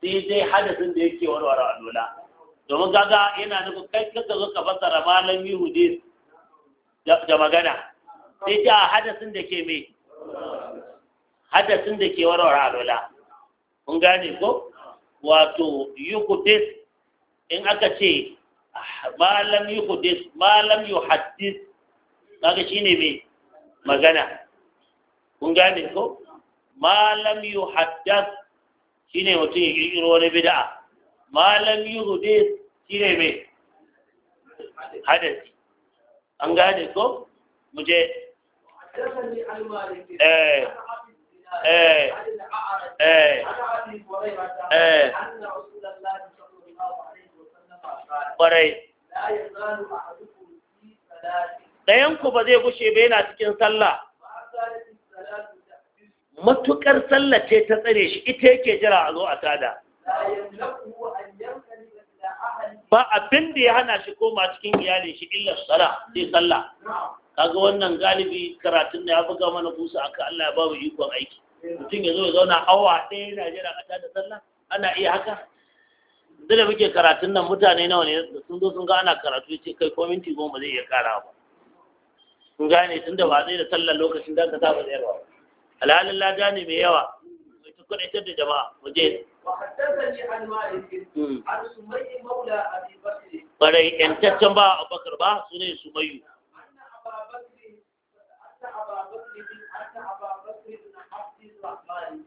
sai dai hadasin da yake warware alola domin gaga yana nufin kai kaka zo ka fassara malami hudis da magana sai ta hadasin da ke mai hadasin da ke warware alola kun gane ko wato yukudis in aka ce malam yukudis malam yuhaddis kaga shine mai magana kun gane ko malam yuhaddas shine mutum ya kirkiro wani bid'a malam yuhde shine mai hadasi an gane ko mu je eh eh, eh, eh. ɗayanku ba zai gushe ba yana cikin sallah matuƙar sallace ta tsare shi ita yake jira a zo a tada ba abin da ya hana shi koma cikin iyalin shi illa tsara sai sallah kaga wannan galibi karatun da ya buga mana kusa aka Allah ya babu ikon aiki mutum ya zo ya zauna awa ɗaya yana jira a tada sallah ana iya haka duk da muke karatun nan mutane nawa ne sun zo sun ga ana karatu ce kai ko minti goma zai iya kara ba sun gane tunda ba zai da sallah lokacin da ka saba zai ba alhalin lada ne mai yawa mai ita da jama'a waje Barai ‘yantaccen ba a bakar ba su ne su mayu.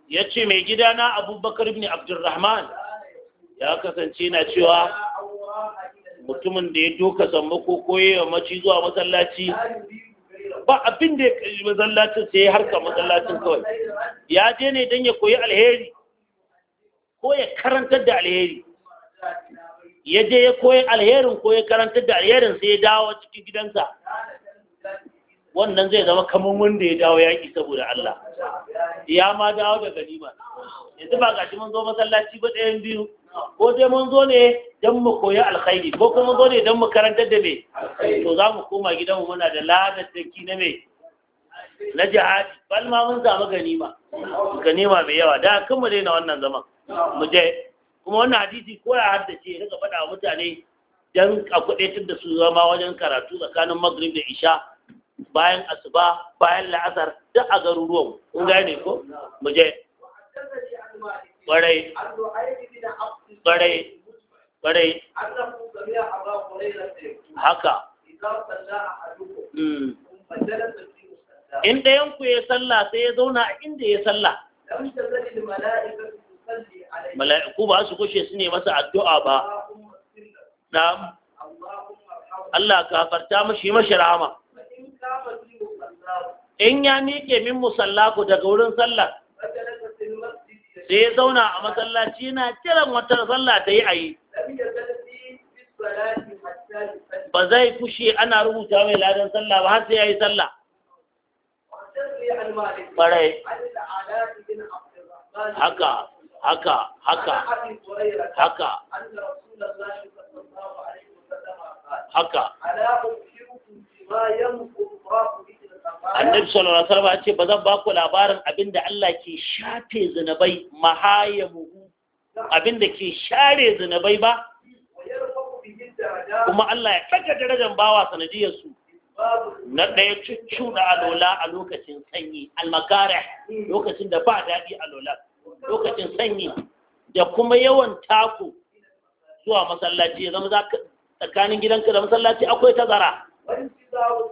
Ya ce mai gida na abubakar ibn abdurrahman ya kasance na cewa mutumin da ya doka sammako ko maci zuwa masallaci ba abin da ya masallacin sai harka masallacin kawai ya je ne don ya koyi alheri ko ya karantar da alheri ya je ya koyi alherin ko ya karantar da alherin sai ya dawo cikin gidansa wannan zai zama kamar wanda ya dawo yaƙi saboda Allah ya ma dawo da ganima yanzu ba gashi mun zo masallaci ba ɗayan biyu ko dai mun zo ne don mu koyi alkhairi ko kuma mun zo ne don mu karantar da me to za mu koma gidanmu muna da ladattaki na me na jihadi bal ma mun zama ganima ganima mai yawa da kan mu daina wannan zaman mu je kuma wannan hadisi ko ya haddace ya faɗa wa mutane dan a da su zama wajen karatu tsakanin magrib da isha bayan asuba bayan la'asar duk a garuruwan kun gane ko mu je ƙwarai ƙwarai ƙwarai haka hmm. in ɗayan ku ya sallah sai ya zauna a inda ya sallah mala'iku ba su kushe su ne masa addu'a ba na Allah ka farta mashi mashi rahama in ya miƙe min musallaku daga wurin sallah sai ya zauna a masallaci na kiran wata sallah ta yi a yi ba zai kushe ana rubuta mai ladan sallah ba har sai ya yi sallah ɓarai haka haka haka haka haka annabi sallallahu alaihi wasallam ya ce ba zan ba ku labarin abinda Allah ke shafe zinabai mahayamu abinda ke share zinabai ba kuma Allah ya daga darajar bawa sanadiyar su na ɗaya da alola a lokacin sanyi almakara lokacin da ba daɗi alola lokacin sanyi da kuma yawan taku zuwa masallaci ya zama tsakanin gidanka da masallaci akwai tazara sannan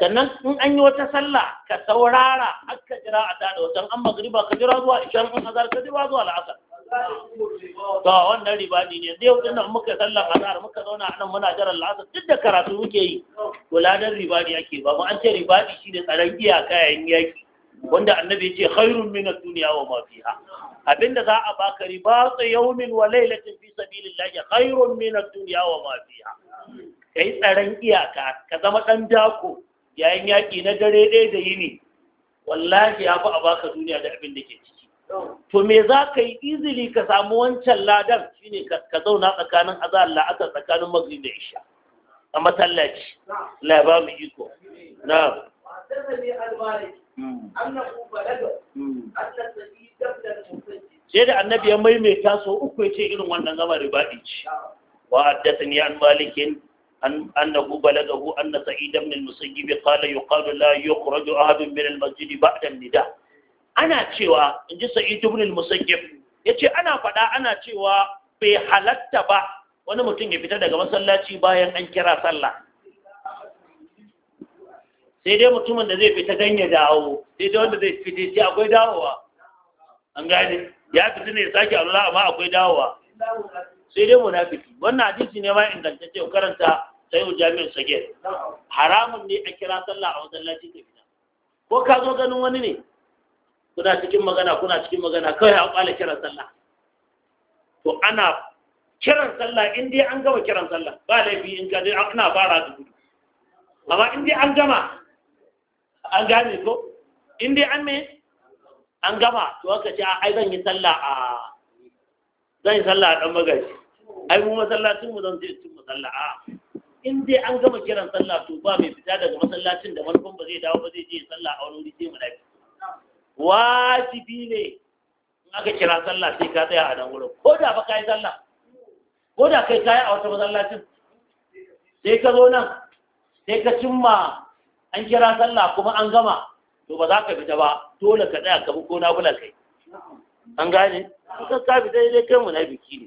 in an yi wata sallah ka saurara har ka jira a tada wajen an magriba ka jira zuwa ishan in azar ka jira zuwa la'asar to wannan riba ne ne zai wajen nan muka sallar azhar muka zauna nan muna jiran la'asar duk da karatu muke yi to ladan riba ne ake ba mu an ce riba ne ne tsaron iyaka yayin yaki wanda annabi ya ce khairun min ad-dunya wa ma fiha abinda za a baka riba yawmin wa lailatin fi sabilillahi khairun min ad-dunya wa ma fiha ka yi tsaron iyaka ka zama ɗan jako yayin yaƙi na dare ɗaya da yini wallahi ya fi a baka duniya da abin da ke ciki to me za ka yi izini ka samu wancan ladan shine ka zauna tsakanin azahar la'asar tsakanin maghrib da isha a masallaci la ba mu iko na sai da annabi ya maimaita so uku ya ce irin wannan gama ribaɗi ce wa haddasa ni an malikin أنه بلغه أن سعيد بن المسيب قال يقال لا يخرج أحد من المسجد بعد النداء أنا cewa إن ji sa'idu ibn al-musayyib yace ana faɗa ana cewa bai halatta ba wani mutum ya fita daga masallaci bayan sai dai mutumin da zai fita dan ya dawo sai dai wanda zai fita sai akwai dawowa an gane ya fita ne sake Allah amma akwai dawowa sai dai munafiki wannan hadisi ne ma ingantacce karanta sai jami'in sagir haramun ne a kira sallah a masallaci ta fita ko ka zo ganin wani ne kuna cikin magana kuna cikin magana kawai a kwala kiran sallah to ana kiran sallah in dai an gama kiran sallah ba laifi in ka dai ana fara da gudu amma in dai an gama an gane ko in dai an me an gama to aka ce ai zan yi sallah a zan yi sallah a dan magaji ai mu masallacin mu zan je cikin a in dai an gama kiran sallah to ba mai fita daga masallacin da manufan ba zai dawo ba zai je sallah a wani wuri sai munafi wajibi ne in aka kira sallah sai ka tsaya a nan wurin ko da ba kai sallah ko da kai kai a wata masallacin sai ka zo nan sai ka cimma an kira sallah kuma an gama to ba za ka fita ba dole ka tsaya ka bi ko na bula kai an gane ka ka fita dai kai biki ne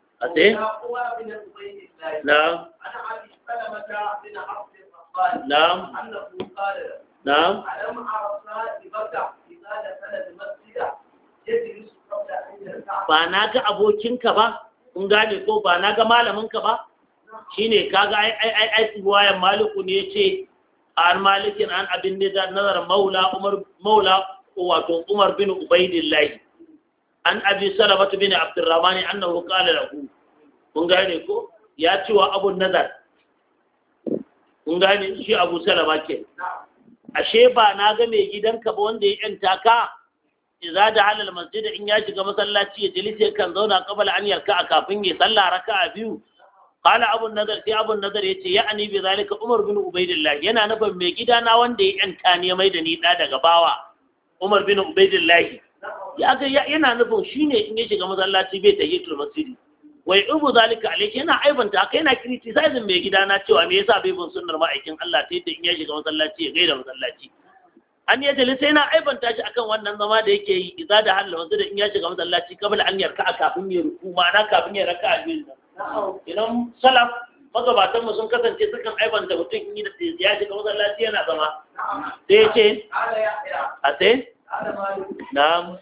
أتي نعم نعم نعم ba na ga abokinka ba kun gane ko ba na ga malaminka ba shine kaga ai ai ai ai wayan maliku ne a an malikin an abin da nazar maula umar maula wato umar bin ubaidillahi an abi salamatu bin abdurrahman annahu qala lahu kun gane ko ya ci wa abun nazar kun gane shi abu salama ke ashe ba na ga mai gidanka ba wanda ya yanta ka idza da halal masjid in ya shiga masallaci ya jilise kan zauna qabla an yarka a kafin ya salla raka'a biyu qala abu nazar sai abu nazar yace ani bi zalika umar bin ubaidillah yana nufin mai gidana wanda ya yanta ne mai da ni da daga bawa umar bin ubaidillah yana nufin shine in ya shiga masallaci bai yi masjidi Wai ubu zalika alayhi yana aibanta haka yana criticizing mai gida na cewa me yasa bai bin sunnar ma'aikin Allah ta yadda in ya shiga masallaci ya gaida masallaci an yi tali sai na aibanta shi akan wannan zama da yake yi idza da halla wanzu da in ya shiga masallaci kabla an yarka a kafin ya ruku ma'ana kafin ya raka a biyu idan salaf magabatan mu sun kasance sukan aibanta mutum in ya shiga masallaci yana zama sai ya ce a sai na'am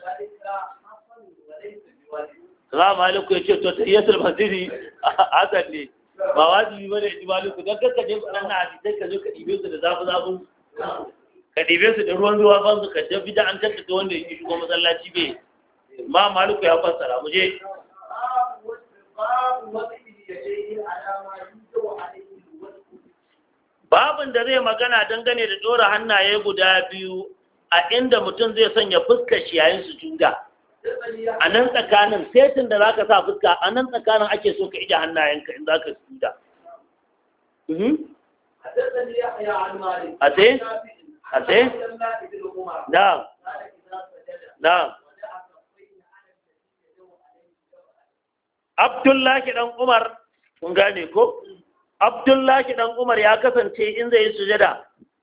Imam Maliku ya ce to ta iya tahiyatul masjidi Hassan ne ba wajibi ba ne Maliku dan kanka je dan na hadisai ka zo ka dibe su da zafi zafin ka dibe su da ruwan ruwa ban su ka dabi da an tattata wanda ya shigo masallaci be Ma Maliku ya fassara mu je babin da zai magana dangane da ɗora hannaye guda biyu a inda mutum zai sanya fuskar shi yayin sujuda a nan tsakanin setin da zaka sa fuska a nan tsakanin ake so ka ije hannayenka in zaka ka mhm. a te a te da da Abdullahi dan Umar kun gane ko Abdullahi dan Umar ya kasance in zai yi sujada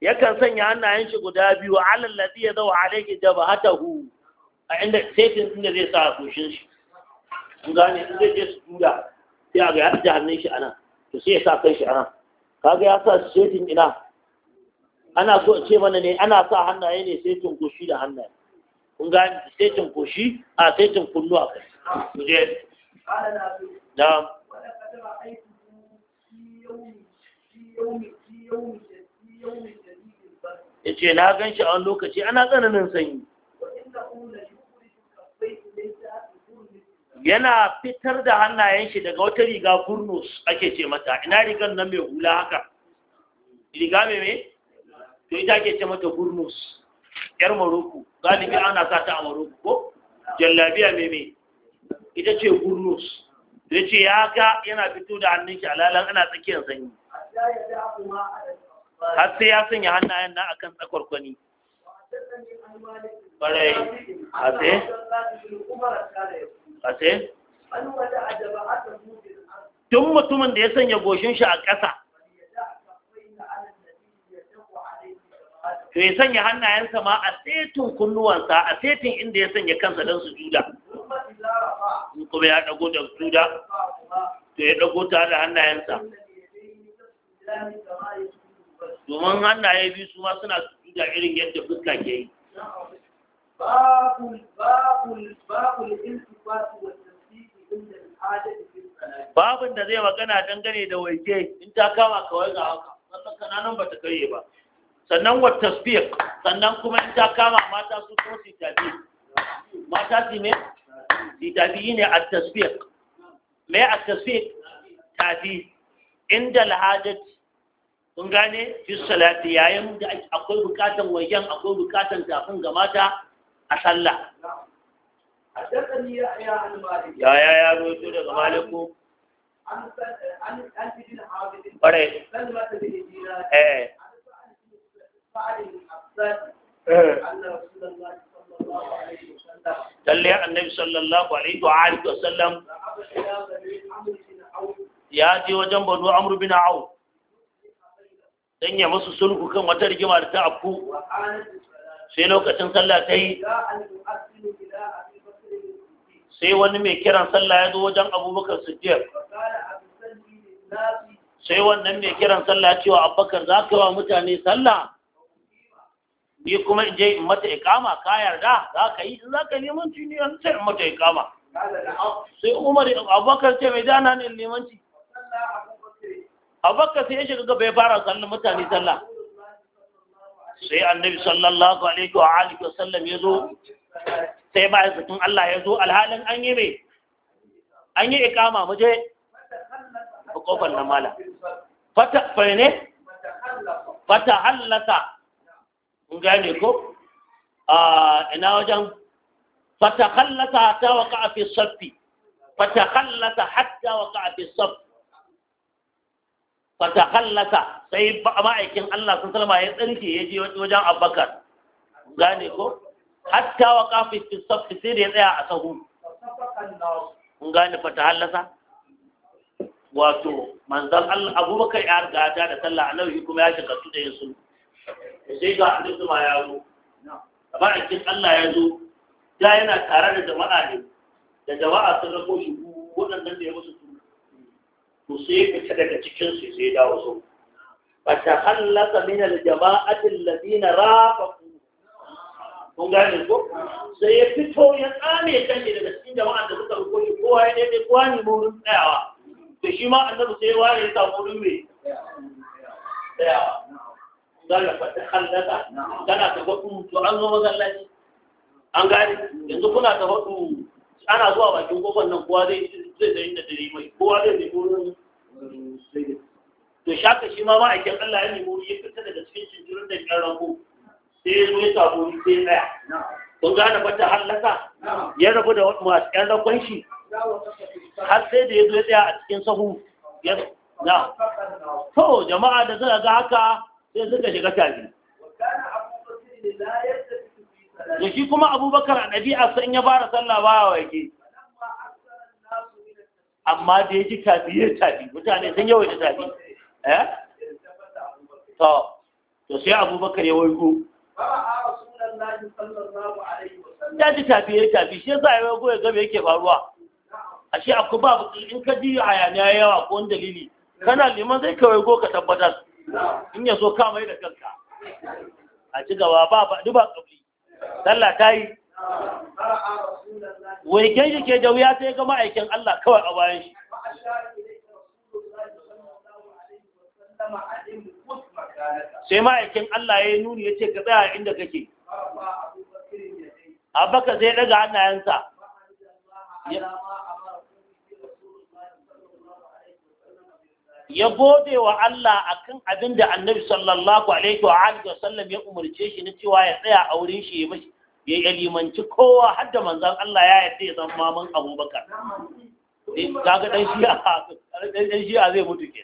yakan sanya hannayen shi guda biyu alal ladhi yadaw alayhi jabhatahu a inda setin inda zai sa kushin shi an gane in zai je su duda sai a ga ya ji hannun shi ana to sai ya sa kai shi ana kaga ya sa setin ina ana so ce mana ne ana sa hannaye ne setin kushi da hannaye kun gane setin kushi a setin kullu a kai je da Thank you. ya ce na gan shi a wani lokaci ana tsananin sanyi yana fitar da hannayen shi daga wata riga kurnus ake ce mata ina rigar nan mai hula haka riga mai mai to ita ake ce mata kurnus yar maroko galibi ana sa ta a maroko ko jallabiya mai mai ita ce kurnus da ce ya ga yana fito da hannun shi alalan ana tsakiyar sanyi har sai ya sanya hannayen na akan tsakwarkwani ƙwarai a sai a sai tun mutumin da ya sanya goshin shi a ƙasa to ya sanya hannayensa ma a setin kunnuwansa a setin inda ya sanya kansa don su juda kuma ya ɗago da juda to ya ɗago ta da hannayensa domin hannaye biyu su ma suna da irin yadda fuska ke yi babin da zai magana dangane da waje in ta kama kawai ga haka sannan kananan ba ta karye ba sannan wa tasbih sannan kuma in ta kama mata su ko su tabi mata su ne su yi ne a tasbih me a tasfiyar? Tafi. inda alhajat kun gane fi salati yayin da akwai bukatan wajen akwai bukatan tafin ga mata a sallah ya ya ya roto daga maliku ƙware eh annabi sallallahu alaihi wa sallam ya je wajen banu amru bin auf dan ya musu sulhu kan wata rigima da ta afku sai lokacin sallah ta yi sai wani mai kiran sallah ya zo wajen abubakar siddiq sai wannan mai kiran sallah cewa abubakar za ka wa mutane sallah ni kuma in je in mata ikama ka yarda za ka yi in za ka neman ne an in mata ikama sai umar abubakar ce mai dana ne limanci abubakar sai ya shiga gaba ya fara sannan mutane sallah sai annabi sallallahu alaihi wa alihi wa sallam ya zo sai ba zikin Allah ya zo alhalin an yi mai an yi ikama muje a kofar na mala fata ne fata hallata in gane ko a ina wajen fata hallata ta waka a fi saffi fata hallata hatta waka a fi saffi fata hallasa sai ma'aikin Allah sun salama ya tsarki ya je wajen abbakar gane ko hatta wa kafin fisafi sai da ya tsaya a sahu kun gane fata hallasa wato manzan Allah abubakar ya riga ta da sallah nauyi kuma ya shiga su da yin sun sai ga annabi ma ya zo ma'aikin Allah ya zo ya yana tare da jama'a ne da jama'a sun rago shi waɗannan da ya musu to sai ta daga cikin su sai dawo so fa takhallasa min al-jama'ati alladhina rafaqu kun gane ko sai ya fito ya tsame kan daga cikin jama'a da suka ruko shi kowa ya dai kowa ne wurin tsayawa to shi ma annabi sai ya ware ta wurin me tsayawa daga fa takhallasa kana ta gudu to an zo masallaci an gane yanzu kuna ta hudu ana zuwa bakin kofar nan kowa zai zai da da dare mai kowa zai nemo wurin to shaka shi ma ma'aikin Allah ya nemo ya fita daga cikin shinjirin da kan rango sai ya zo ya sai ni sai tsaya kun gane fata hallaka ya rabu da masu ƴan rakon shi har sai da ya zo ya tsaya a cikin sahu ya na to jama'a da suka ga haka sai suka shiga tafi da shi kuma abubakar a ɗabi'a sun ya fara sallah ba wa yake amma da ya ji tafi ya tafi mutane sun yawai da tafi eh to to sai abubakar ya waigo ya ji tafi ya tafi shi yasa ya waigo ya gaba yake faruwa ashe akwai babu in ka ji hayaniya yawa ko wani dalili kana liman zai ka waigo ka tabbatar in ya so ka mai da kanka a ci gaba ba ba duba kabli sallah ta yi waiken shi ke da wuya sai ga ma'aikin Allah kawai a bayan shi sai ma'aikin Allah ya yi nuni ya ce ka tsaya inda kake abaka sai daga hannayensa ya gode wa Allah akan abin da annabi sallallahu alaihi wa alihi wasallam ya umarce shi na cewa ya tsaya a wurin shi ya ya limanci kowa har da manzon Allah ya yarda ya zama maman Abubakar eh, kaga dan shi dan shi zai mutu ke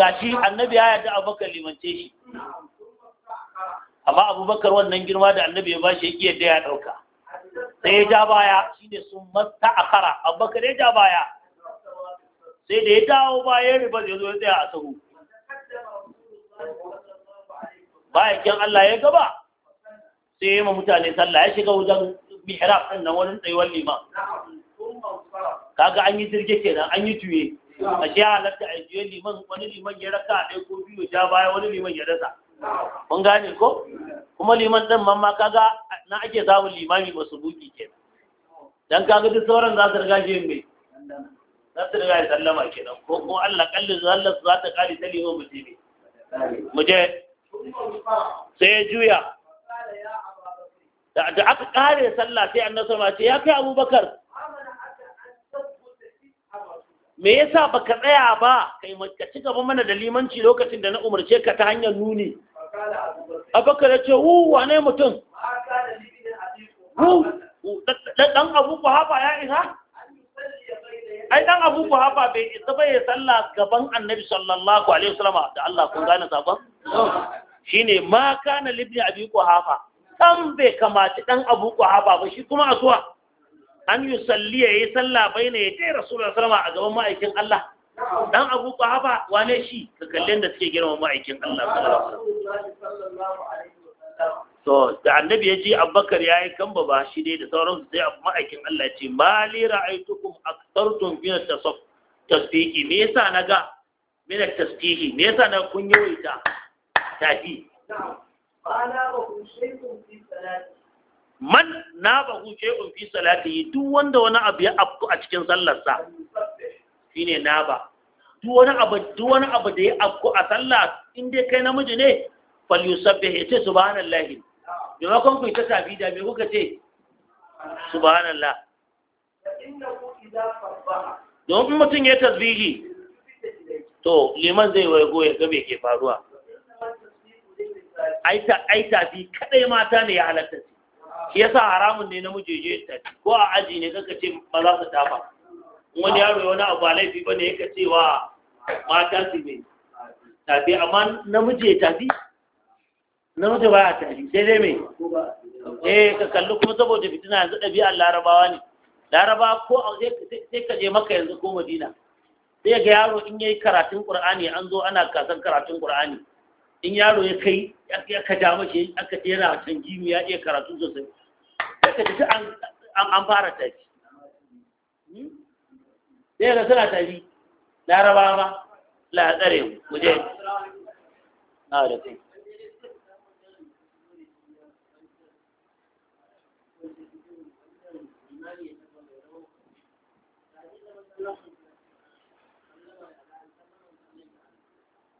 gashi annabi ya yarda Abubakar limance shi amma Abubakar wannan girma da annabi ya bashi yake yadda ya dauka sai ya ja baya shine sun masta akara Abubakar ya ja baya sai da ya dawo ba ya riba ya zo ya tsaya a sahu bayan kyan Allah ya gaba sai ya ma mutane sallah ya shiga wajen mihrab ɗin nan wani tsayuwar liman kaga an yi zirge kenan an yi tuye a shi halatta a tuye liman wani liman ya raka a ɗaya ko biyu ja baya wani liman ya rasa kun gane ko kuma liman ɗin mamma kaga na ake samun limami masu buki kenan dan kaga duk sauran za su riga shi mai za su riga ya sallama kenan ko ko Allah kallin zallar za ta kare ta liman mutumi mu je sai ya juya da aka kare sallah sai annabi sallallahu ce ya kai Abubakar me yasa baka tsaya ba kai ka ci gaba mana da limanci lokacin da na umarce ka ta hanyar nuni abubakar ya ce wu wane mutum dan abu ku haɓa ya isa ai dan abu ku hafa bai isa bai sallah gaban annabi sallallahu alaihi wasallama da Allah kun gane sabon shine ma kana libni abi ku hafa dan bai kamata dan abu ku hafa ba shi kuma asuwa an yi salli ya yi sallah bai ya ce rasulullah sallama a gaban ma'aikin Allah dan abu ku hafa wane shi ka kallon da suke girma ma'aikin Allah sallallahu alaihi wasallam to da annabi ya ce abubakar ya yi kamba ba shi dai da sauransu sai ma'aikin Allah ce ma li ra'aytukum aktartum min tasfiqi me yasa naga min tasfiqi me yasa na kun yawaita tafi man na ba ku shay'un fi salati duk wanda wani abu ya afku a cikin sallarsa shine na ba duk wani abu duk wani abu da ya afku a sallah in dai kai namiji ne ya ce subhanallahi maimakon ku yi ta tafi da me kuka ce subhanallah don mutum ya tasbihi to liman zai waigo ya gabe ke faruwa ai tafi kadai mata ne ya halatta su shi yasa haramun ne na je tafi ko a aji ne kaka ce ba za su tafa wani yaro ya wani abu laifi ba ne yaka cewa mata su ne tafi amma namiji ya tafi namiji ba a tashi sai dai mai eh ka kalli kuma saboda fitina yanzu ɗabi'ar larabawa ne laraba ko sai ka je maka yanzu ko madina sai ga yaro in yayi karatun qur'ani an zo ana kasan karatun qur'ani in yaro ya kai aka ja mashi aka yana can gimi ya iya karatu sosai aka ji an fara tafi hmm? sai ga suna tafi larabawa la tsare mu je na da kai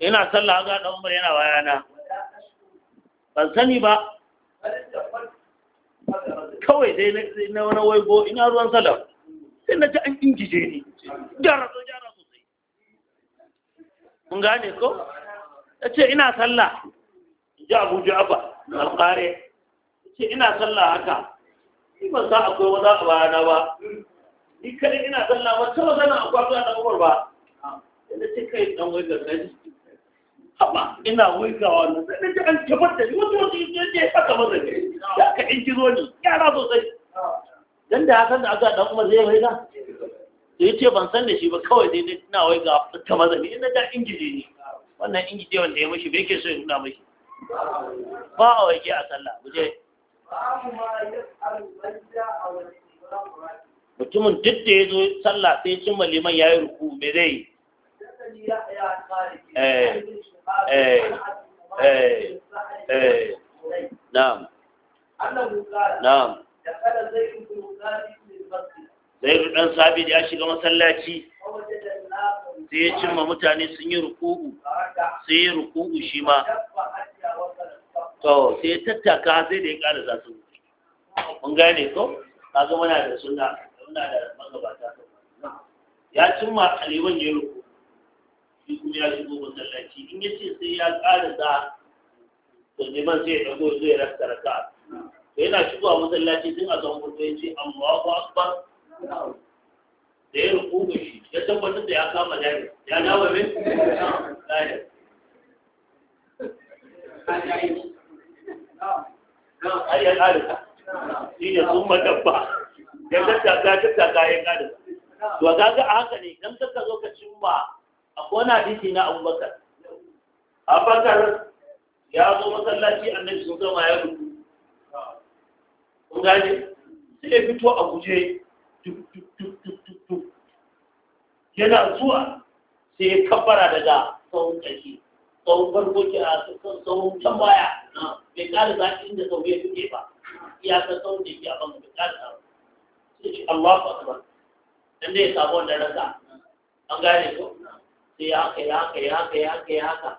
ina sallah ga dan umar yana bayana ban sani ba kawai dai na wani waibo ina ruwan sallah sai na ji an ingije ni gyara zo gyara sosai mun gane ko ya ce ina sallah ji abu ja'afa alƙare ce ina sallah haka ni ban sa akwai wata a bayana ba ni kadai ina sallah wata wata na akwai a ɗan ba na ce kai dan wai ga kai haba ina waigawa na sai da an tabar da ni wato wato ya ce haka maza zai ya ka in kiro ni yara sosai dan da hakan da aka dan umar zai waiga Ya ce ban san da shi ba kawai dai dai ina waiga ta maza ni ina da ingiji ne wannan ingiji wanda ya mishi bai ke so ya nuna mishi ba a waige a sallah guje mutumin duk da ya zo sallah sai cimma liman ya yi ruku me zai yi نعم نعم zai ɗan sabi da ya shiga masallaci sai ya cimma mutane sun yi ruku'u sai ya ruku'u shi ma to sai ya tattaka sai da ya ƙara za su wuce mun gane ko ka ga muna da suna da magabata ya cimma aliman ya ruku shi ya shigo masallaci in ya ce sai ya ƙara da to neman sai ya ɗago zai rasta raka to yana shigowa masallaci tun a zama mutu ya ce Allahu Akbar da ya rufu ga shi ya tabbatar da ya kama lahir ya dawo min lahir har ya ƙarisa shi ne sun madabba ya tattaka tattaka ya ƙarisa to ga a haka ne idan ka lokacin ka akwai wani hadisi na abubakar abubakar ya zo masallaci annabi sun gama ya rubu kun gane sai ya fito a guje duk yana zuwa sai ya kabbara daga tsawon ƙarshe tsawon farko ke a tsawon can baya bai ƙara zaƙi inda sau ya fice ba iyakar tsawon da ke a bangu bai ƙara zaƙi sai ce Allah ba ta ba dai ya samu wannan raka an gane ko sai ya haka ya haka ya haka ya haka ya haka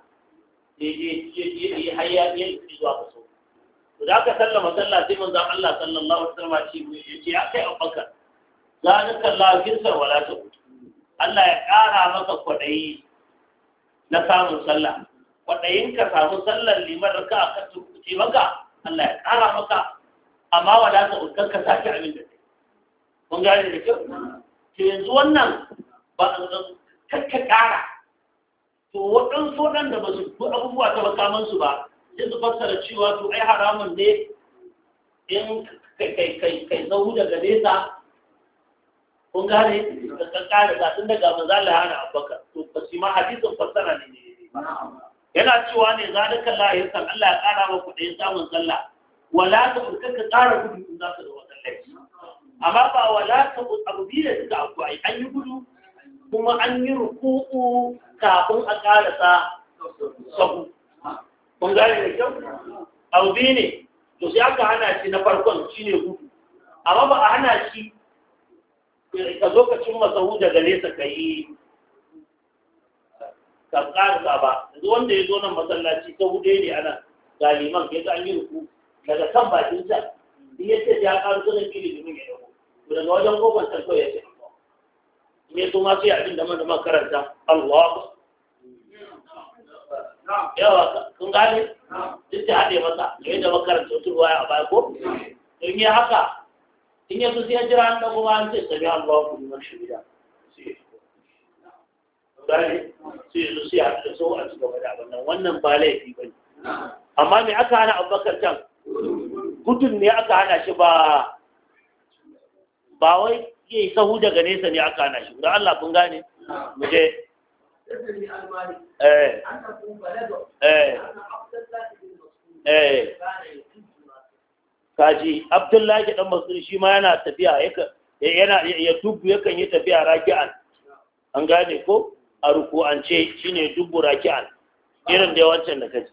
sai je je zuwa kaso to da aka sallama sallah sai manzon Allah sallallahu alaihi wasallam ce mu yace ya kai Abubakar zalika la ginsar wala ta Allah ya ƙara maka kwaɗayi na samun sallah kwaɗayin ka samu sallar liman raka a kan maka Allah ya ƙara maka amma wala ta ukan ka sake abin da kai kun gane da kyau to yanzu wannan ba kakka ƙara to waɗansu waɗanda ba su abubuwa ta makamansu ba sai su fassara cewa to ai haramun ne in kai kai kai zahu daga nesa kun gane ka ƙara ga tun daga maza lahana abubakar to ba su ma hadisin fassara ne yana cewa ne zalika la yasan Allah ya ƙara wa kuɗi kuɗin samun sallah wala ta ka ƙara kuɗi in za ka zo laifi. amma ba wala ta abu biyu da suka abu ai an yi gudu kuma an yi rukuku kafin a ƙarasa sabu kun gane da kyau aubi ne to sai aka hana shi na farkon shi ne gudu amma ba a hana shi ka zo ka cimma sahu daga nesa ka yi ka ƙarasa ba yanzu wanda ya zo nan masallaci ta hudu ne ana galiman ya ga an yi ruku daga kan bakin can in ya ce ya ƙarasa sunan ilimin domin ya dago daga wajen kofar tarko ya ce me su ma sai abin da man da karanta Allah yawa kun gane duk da haɗe masa da makaranta tun ruwa a baya ko in yi haka in su sai jira an da kuma an ce sami Allah ku liman shirya gane sai su sai haɗu da sau a su gaba da wannan wannan ba laifi ba ne amma me aka hana abubakar can gudun ne aka hana shi ba ba wai yi sahu daga nesa ne aka hana shi da Allah kun gane mu je eh eh eh kaji abdullahi dan masud shi ma yana tafiya yana ya dubu yakan yi tafiya raki'an an gane ko a shi shine dubu raki'an irin da yawancin da kaji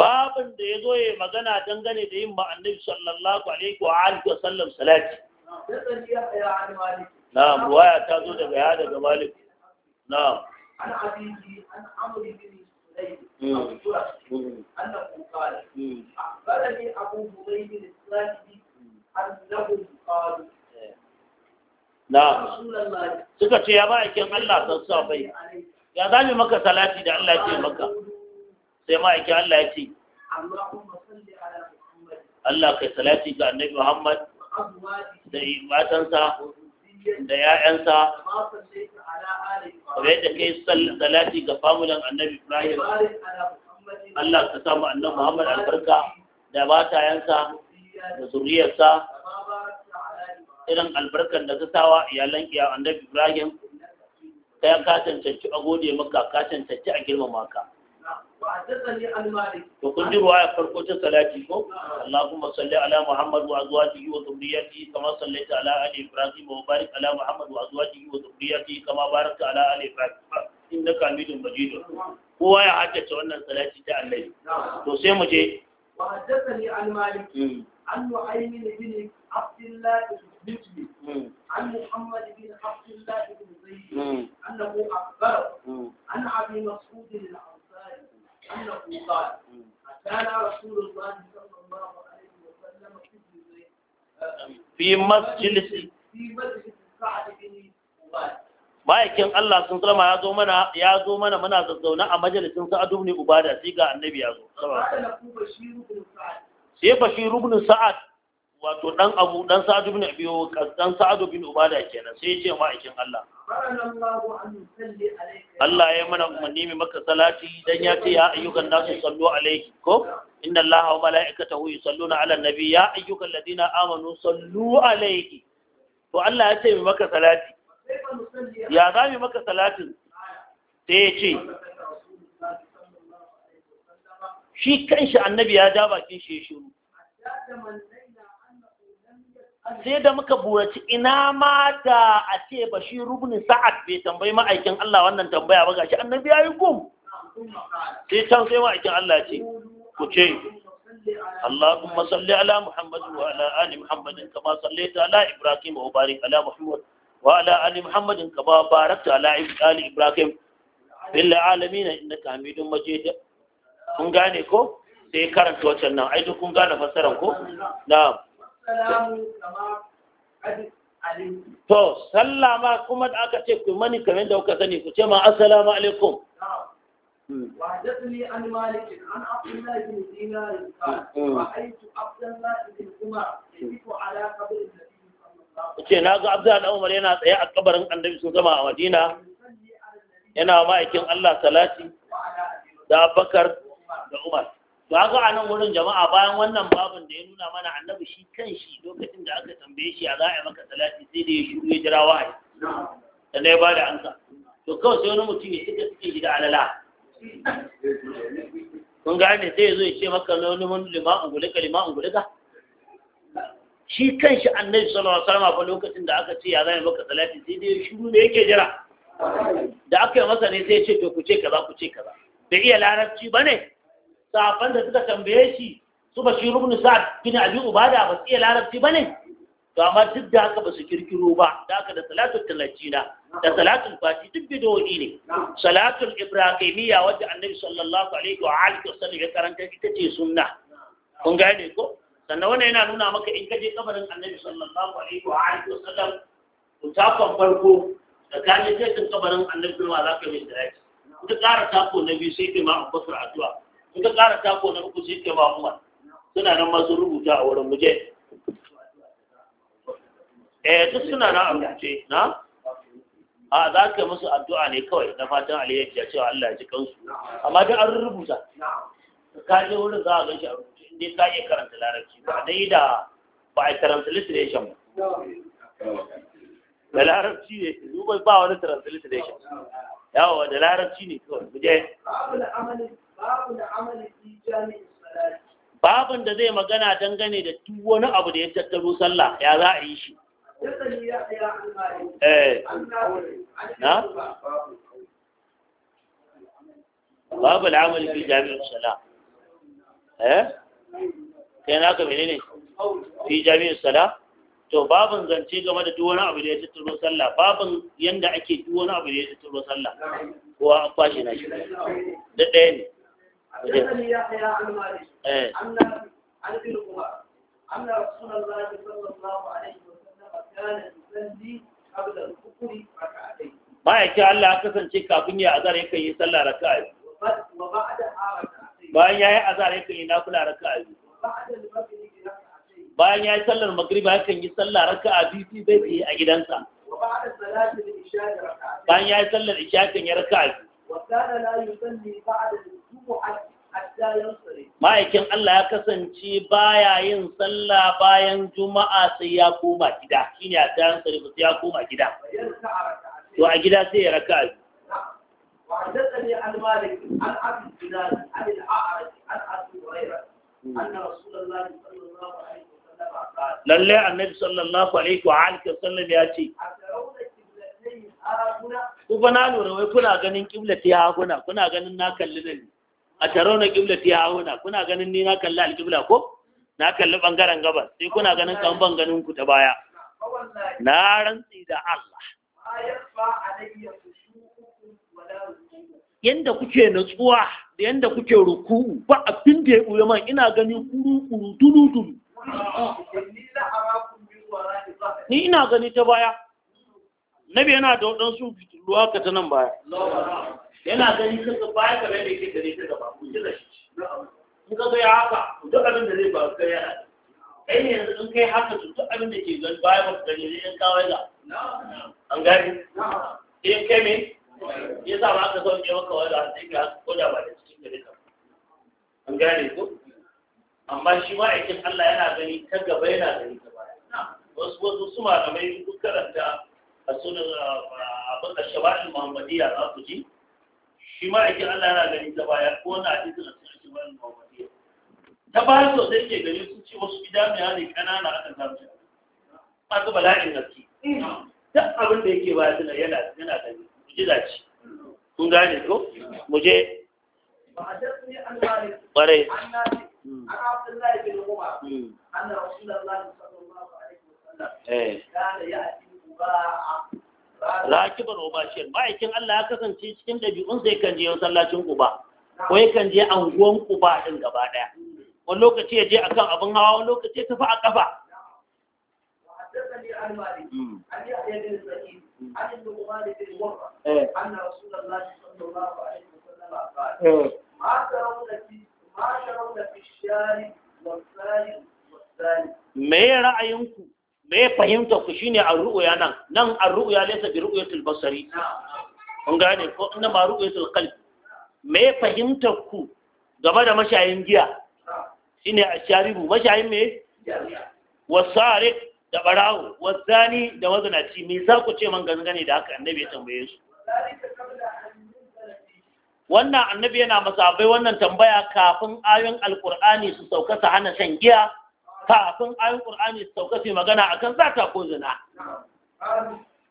babin da ya zo ya magana dangane da yin ma'annabi sallallahu alaihi wa alihi wa sallam salati na'am ruwaya ta zo daga ya daga malik na'am an abiji an amri bin Na suka ce ya ba a kyan Allah bai ya zami maka salati da Allah ke maka. sai ma'aikin Allah ya ce Allah kai salati ga annabi Muhammad da matansa da ‘ya'yansa kamar yadda kai salati ga famulan annabi Ibrahim Allah ka samu annabi Muhammad albarka da matayensa da zuriyarsa irin albarkar da ta sawa iyalan iya annabi Ibrahim kai katin cancanci a gode maka katin cancanci a girmama ka to kun ji ruwaya farko ta salati ko Allahumma salli ala Muhammad wa azwajihi wa dhurriyyatihi kama sallaita ala ali Ibrahim wa barik ala Muhammad wa azwajihi wa kama barakta ala ali Ibrahim Majid kowa ya haddace wannan salati ta Annabi to sai mu je wa al-Malik an bin hmm. Abdullah hmm. hmm. bin في مسجد في ma'aikin Allah sun zama ya zo mana ya zo mana muna zazzauna a majalisin Sa'ad ibn Ubada sai ga Annabi ya zo sai Bashir ibn Sa'ad wato dan abu dan sa'ad ibn abi waqas dan sa'ad ibn ubada kenan sai ya ce ma'aikin Allah Allah ya mana umarni mai maka salati dan ya ce ya ayyukan nasu sallu alayhi ko inna Allah wa mala'ikatahu yusalluna ala nabi ya ayyukan ladina amanu sallu alayhi to Allah ya ce mai maka salati ya za mai maka salatin sai ya ce shi kanshi annabi ya ja bakin shi ya shiru sai da muka buwaci ina ma da a ce ba shi rubni sa'ad bai tambayi ma'aikin Allah wannan tambaya ba Ga shi annabi ya yi gum sai can sai ma'aikin Allah ce ku ce Allah Allahumma salli ala Muhammadu wa ala ali Muhammad kama sallaita ala Ibrahim wa barik ala Muhammad wa ala ali Muhammad kama barakta ala ali Ibrahim bil alamin innaka maje majid kun gane ko sai karanta wannan ai duk kun gane fassaran ko na'am To, sallah kuma da aka ce ku mani kamar da kuka sani ku ce ma assalamu alaikum. وحدثني عن مالك عن عبد الله بن دينار قال رايت عبد الله بن عمر يقف على قبر النبي صلى الله عليه وسلم. ce na ga Abdullahi Umar yana tsaye a kabarin Annabi sun zama a Madina yana ma'aikin Allah salati da da Umar. Ba ga a wurin jama'a bayan wannan babin da ya nuna mana annabi shi kan shi lokacin da aka tambaye shi a za a yi maka salati sai da ya shiru ya jira ai sannan ya ba da ansa to kawai sai wani mutum ya cika cikin gida alala kun gane sai ya zo ya ce maka wani wani lima ungulika lima ungulika shi kan shi annabi sallallahu alaihi wasallam fa lokacin da aka ce ya yi maka salati sai da ya shiru ne yake jira da aka yi masa ne sai ya ce to ku ce kaza ku ce kaza bai iya larabci bane Safan da suka tambaye shi su ba shi rubnu sa'ad bin abi ubada ba tsiye larabci bane to amma duk da haka ba su kirkiro ba da haka da salatul talatina da salatul fati duk bidoyi ne salatul ibrahimiyya wadda annabi sallallahu alaihi wa alihi wa sallam ya karanta ita ce sunna kun gane ko sannan wannan yana nuna maka in kaje kabarin annabi sallallahu alaihi wa alihi wa sallam to farko da kaje kabarin annabi ma za ka yi da yaki duk ƙara tako na biyu sai kai ma a addu'a ka ƙara tako na uku su ke ba kuma suna nan masu rubuta a wurin muje eh duk suna nan a rubuce na a za ka musu addu'a ne kawai na fatan alheri ya cewa Allah ya ji kansu amma duk an rubuta ka je wurin za a gan shi a rubuce inda ka iya karanta larabci ba dai da ba a translation ba da larabci ne duba ba wani translation yawo da larabci ne kawai muje babin da zai magana dangane da duk wani abu da ya tattaro sallah ya za a yi shi eh. na? babu al'amali fi jami'in sallah eh kai na ka menene fi jami'in sallah to babin zance game da duk wani abu da ya tattaro sallah babin yanda ake duk wani abu da ya tattaro sallah kowa an kwashe na shi da ɗaya ne حدثني يحيى Allah ya kasance kafin ya azar yi sallah raka a Bayan bayan yi azar yi nafila raka'a bayan yi sallar magriba kan yi sallah raka'a biyu bai yi a gidansa bayan ya yi sallar isha kan yi raka'a biyu ma'aikin Allah ya kasance baya yin sallah bayan juma'a sai ya koma gida ne a tayan sai ya koma gida to a gida sai ya raka a وحدثني عن مالك عن ابي الزناد wa الاعرج عن ابي هريره na lura wai kuna ganin kibla ta haguna kuna ganin na kalli ni. a tarauna qiblati hauna kuna ganin ni na kalli alqibla ko na kalli bangaren gabas sai kuna ganin kan banganin ku ta baya na rantsi da Allah yanda kuke natsuwa da yanda kuke ruku ba abin da ya buya man ina gani kuru kuru tulu tulu ni ina gani ta baya Na biya na da waɗansu fitulluwa ka ta nan baya yana gani ta gaba ya kamar da ke gani ta gaba ku ji shi in ka zai haka duk abin da zai ba ka yana kai ne yanzu in kai haka su duk abin da ke gani baya ba gani ne yan kawai da an gani in kai me ya sa ba ka zauke maka wani a cikin haka ko da ba da cikin gari ka an gane ko amma shi ma'aikin Allah yana gani ta gaba yana gani ta baya wasu wasu su mai duk karanta a sunan abin da shaba'in muhammadiyya za ku ji shi ma ake Allah yana gani ta baya ko wannan hadisin a cikin shi wannan ta baya sosai ke gani sun ce wasu gida mai hali kanana aka samu shi masu bala'in gaske duk abin da yake baya suna yana yana gani mujiza ce kun gane ko muje ƙwarai عن da rakibar obashir ma'aikin Allah ya kasance cikin ɗabi'un sai kan je masallacin Quba ko kan je anguwan din gaba ɗaya. wani lokaci ya je akan abin hawa wani lokaci ya tafi a ƙafa. me ra'ayinku me fahimta ku shine ar ru'uya nan nan ar ru'uya laysa bi ru'yatil basari kun gane ko inna ma ru'yatul qalbi me fahimta ku game da mashayin giya shine asharibu mashayin me wasariq da barawo wazani da wazanaci me za ku ce man gangane da haka annabi ya tambaye su wannan annabi yana bai wannan tambaya kafin ayoyin alqur'ani su sauka su hana shan giya kafin ayin ƙur'ani su saukace su magana a kan zata ko zina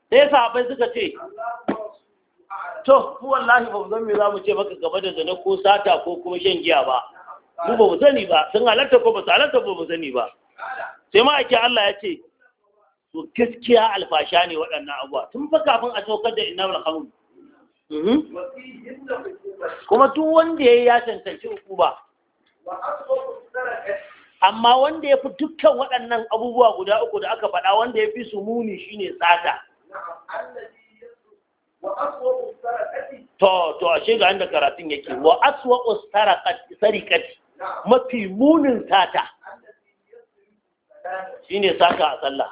sai sahabai suka ce to mu wallahi ba mu mai me za mu ce maka gaba da zina ko sata ko kuma shan giya ba mu ba mu sani ba sun halatta ko ba su halatta ba mu sani ba sai ma Allah ya ce to gaskiya alfasha ne waɗannan abuwa tun fa kafin a saukar da inna alhamdu mhm. kuma duk wanda ya yi ya cancanci ba. amma wanda ya fi dukkan waɗannan abubuwa guda uku da aka faɗa wanda ya fi su muni shi tsada to to ashe ga inda karatun yake wa aswa sarikati mafi munin sata shine sata a sallah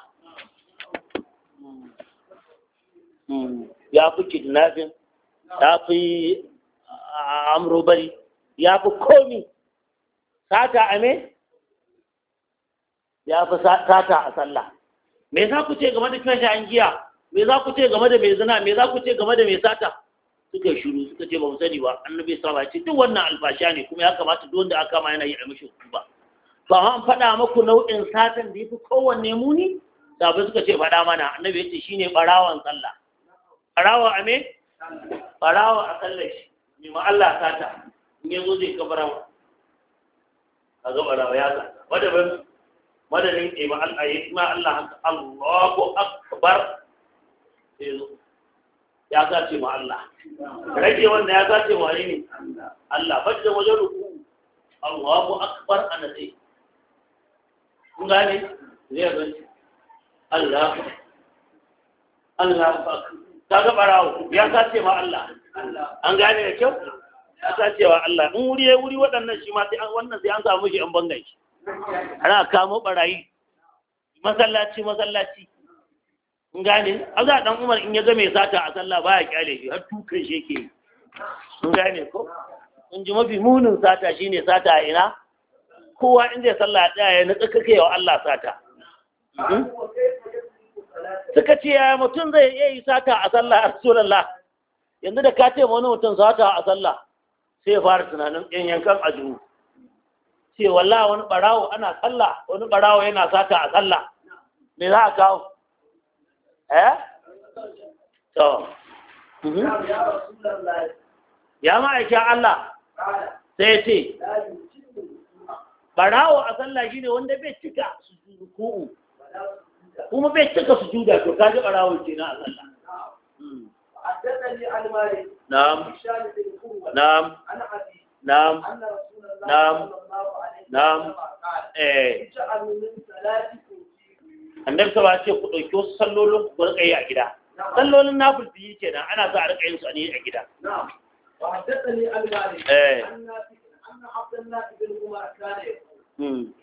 hmm. ya fi kidnafin, ya fi amrobari ah, ya fi komi sata a me ya fi sata a sallah me za ku ce game da kan shayin giya me za ku ce game da mai zina me za ku ce game da mai sata suka shiru suka ce ba mu sani ba annabi sallallahu alaihi duk wannan albasha ne kuma ya kamata duk wanda aka kama yana yi almishi ba ba amma an faɗa muku nau'in satan da yafi kowanne muni sabai suka ce faɗa mana annabi shi shine barawan sallah barawa a me barawa a sallar shi me ma Allah sata in yazo zai ka barawa kaga barawa ya sata wanda ba madadin ɗaya ba Allah ya ma Allah haka Allahu akbar ya zace ma Allah rage wanda ya zace ma ne Allah da wajen ruku Allahu akbar a dai kun gane zai ga Allah Allah ka ga barawo ya zace ma Allah an gane da kyau ya zace wa Allah in wuri ya wuri waɗannan shi ma sai wannan sai an samu shi an bangan shi ana kamo barayi masallaci masallaci in gane aza dan umar in ya ga mai sata a sallah baya kyale shi har tukan shi yake in gane ko in ji mafi munin sata shine sata a ina kowa in zai sallah daya ya na tsakake wa Allah sata hmm? suka ce ya mutum zai iya yi sata a sallah a yanzu da ka ce wani mutum sata a sallah sai ya fara tunanin yan yankan ajiyu ce walla wani barawo ana sallah wani barawo yana sata a sallah me za a kawo eh to mhm. ya ma'aikin Allah sai ce barawo a sallah shi ne wanda bai cika su ku'u kuma bai cika su juda to kaji barawo ke na Allah hmm. na'am na'am نعم نعم نعم eh annabi sallallahu ce ku ɗauki wasu sallolin ku rika yi a gida sallolin na fulfi kenan ana za a su a ne a gida eh hmm.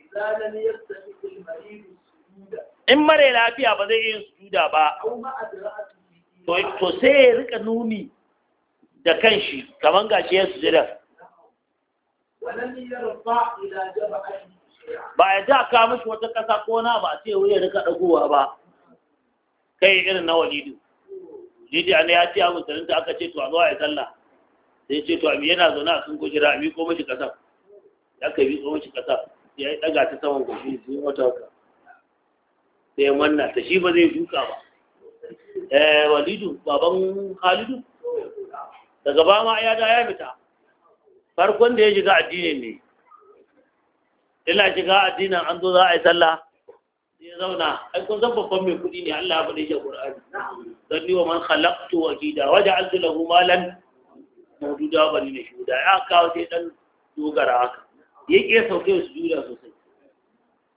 in mara lafiya ba zai yin sujuda ba to sai ya rika nuni da kanshi kamar gashi ya sujudar ba ya ja ka mishi wata ƙasa ko na ba sai ce wuri rika ɗagowa ba kai irin na walidu jiji ne ya ce a da aka ce to a zuwa ya sallah sai ce to abi yana zaune a sun kujira abi ko shi ƙasa ya ka bi ko shi ƙasa ya yi ɗaga ta saman gobe sai wata wata sai manna ta shi ba zai duka ba eh walidu baban halidu daga ba ma ya da ya fita farkon da ya shiga addinin ne ila shiga addinin an zo za a yi sallah ya zauna ai kun san babban mai kuɗi ne Allah ya faɗi shi a Qur'ani dan ni wa man khalaqtu wajida wa ja'altu lahu malan mawduda bani ne shuda ya kawo sai dan dogara haka ya ke sauke su juda sosai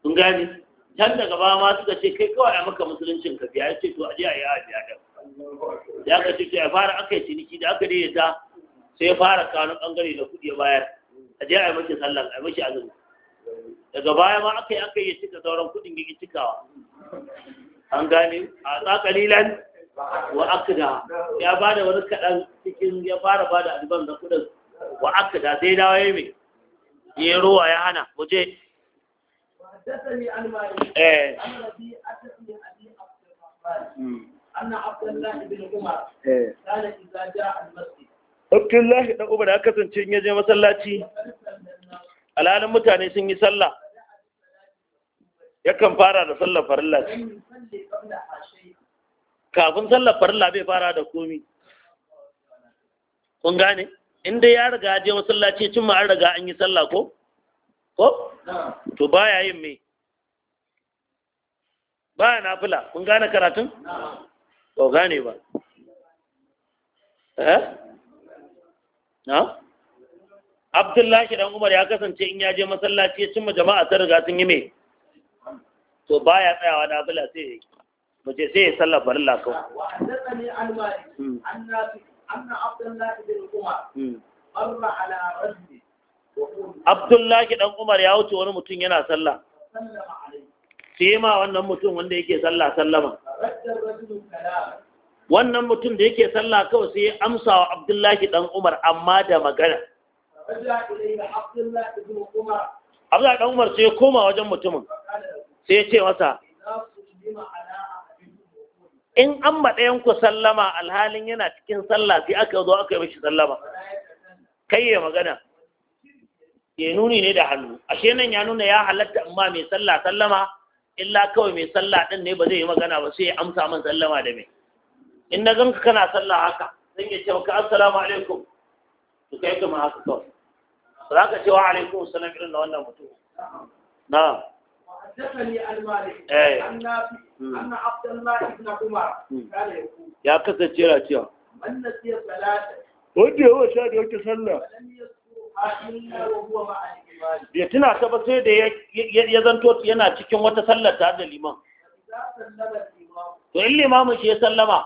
kun gani can daga ba ma suka ce kai kawai a maka musuluncin ka biya ya ce to aje a yi a biya da ya ka ce to ya fara aka yi ciniki da aka daidaita sai ya fara kano bangare da kudi ya bayar a je a yi mashi sallan a yi mashi azumi daga baya ma aka yi aka yi cika sauran kudin gigi cikawa an gane a tsakalilan wa akida ya ba da wani kaɗan cikin ya fara ba da alban da kudin wa akida sai dawa ya mai ya ruwa ya hana muje eh أن عبد الله بن عمر قال إذا جاء المسجد abdullahi uba da ya kasance in yaje masallaci alhalin mutane sun yi sallah yakan fara da sallar farilla ce kafin sallar farilla bai fara da komi kun gane inda ya riga je masallaci cin ma an riga an yi sallah ko ko to ba ya yin me ya nafila kun gane karatun ba gane ba eh na abdullahi dan umar ya kasance in ya je masallaci ya cimma jama'a ta riga sun yi me to baya tsayawa da bila sai ya yi mace sai ya sallar barin hmm. hmm. lakau abdullahi dan umar ya wuce wani mutum yana sallah sai ma wannan mutum wanda yake sallah sallama wannan mutum da yake sallah kawai sai ya amsa wa abdullahi dan umar amma da magana abdullahi dan umar sai ya koma wajen mutumin sai ya ce masa in an ku sallama alhalin yana cikin sallah sai aka zo aka yi mishi sallama kai ya magana ya nuni ne da hannu ashe nan ya nuna ya halatta amma mai sallah sallama illa kawai mai sallah ɗin ne ba zai yi magana ba sai ya amsa man sallama da mai in na ganka kana sallah haka zan iya ce maka assalamu alaikum to kai ka ma haka kawai ba za ka ce wa alaikum salam irin na wannan mutum na حدثني المالك عن نافع أن عبد الله بن عمر كان يقول يا كذا تيرا wanda yawa sha da wata sallah ya tuna ta ba sai da ya zanto yana cikin wata sallar ta da liman to in limamin shi ya sallama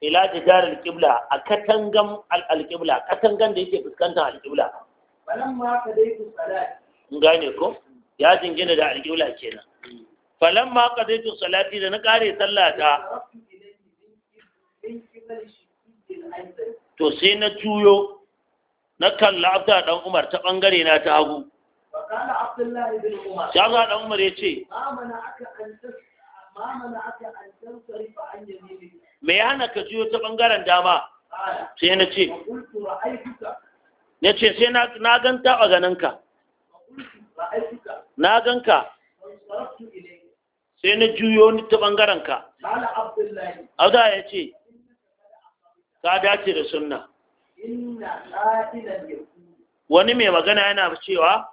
ila al alƙibla a katangan alƙibla katangan da yake fuskantar alƙibla balan ma ka dai ku In gane ko ya jingina da alƙibla kenan balan ma ka dai ku salati da na kare sallata to sai na juyo na kalla abda dan umar ta bangare na ta hagu kana abdullahi dan umar ya ce ma mana aka an tsarfa an yamini me ya hana ka juyo ta bangaren dama sai na ce na ce sai na ganta a ganinka na ganka sai na juyo ni ta bangaren ka abda ya ce ka dace da sunna wani mai magana yana cewa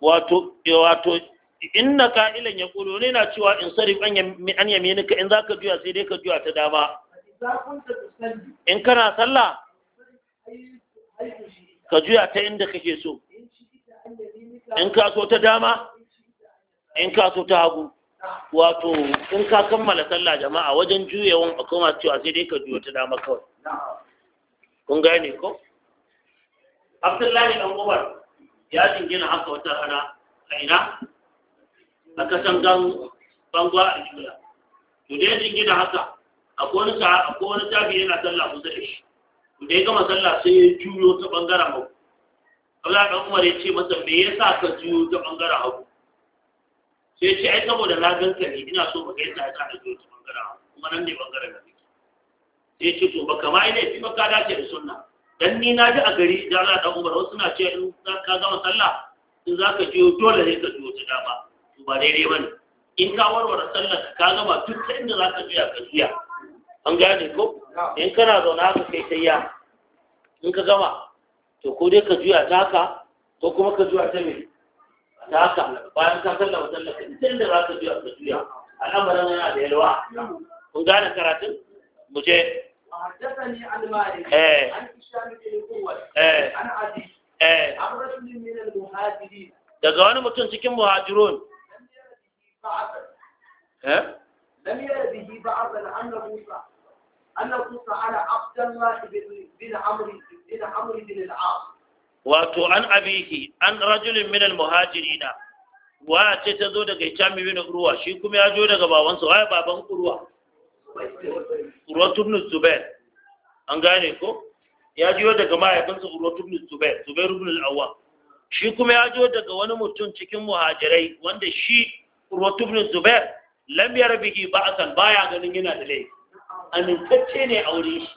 wato inna ya yaqulu ne na cewa in sari an an ka in za ka juya sai dai ka juya ta dama in kana sallah ka juya ta inda kake so in ka so ta dama in ka so ta hagu wato in ka kammala sallah jama'a wajen juyewan a koma cewa sai dai ka juya ta dama kawai kun gane ko abdullahi dan umar ya jingina haka wata rana a ina na katangan bango a jula to da ya jingina haka akwai wani akwai yana sallah kusa da shi to da gama sallah sai ya juyo ta bangara hagu Allah da Umar ya ce masa me yasa ka juyo ta bangara hagu sai ce ai saboda na ganka ne ina so baka yadda ta da juyo ta bangara hagu kuma nan ne bangaren da kake sai ce to ba ma ina fi ka dace da sunna dan ni na ji a gari da Allah da Umar wasu na ce in ka gama sallah in ka juyo dole ne ka juyo ta dama ba daidai ba ne in ka warware sallar ka gama duk ta inda za ka juya ka juya an gane ko in kana zaune haka kai ta ya in ka gama to ko dai ka juya ta haka ko kuma ka juya ta me ta haka bayan ka sallar sallar ka duk inda za ka juya ka juya al'amarin yana da yalwa kun gane karatun mu je حدثني عن مالك عن هشام بن قوة عن أبي عن رجل من المهاجرين daga wani mutum cikin muhajirun Eh? لم به عبد الله بن عمرو بن عمرو بن العاص wato an abihi an rajulin minal muhajirina wa ce ta zo daga itami bin urwa shi kuma ya zo daga babansa waye baban urwa urwa ibn zubair an gane ko ya jiyo daga mahaifinsa urwa ibn zubair zubair ibn al-awwam shi kuma ya zo daga wani mutum cikin muhajirai wanda shi urwatu bin zubair lam bihi ba'san baya ganin yana da laifi amintacce ne a wurin shi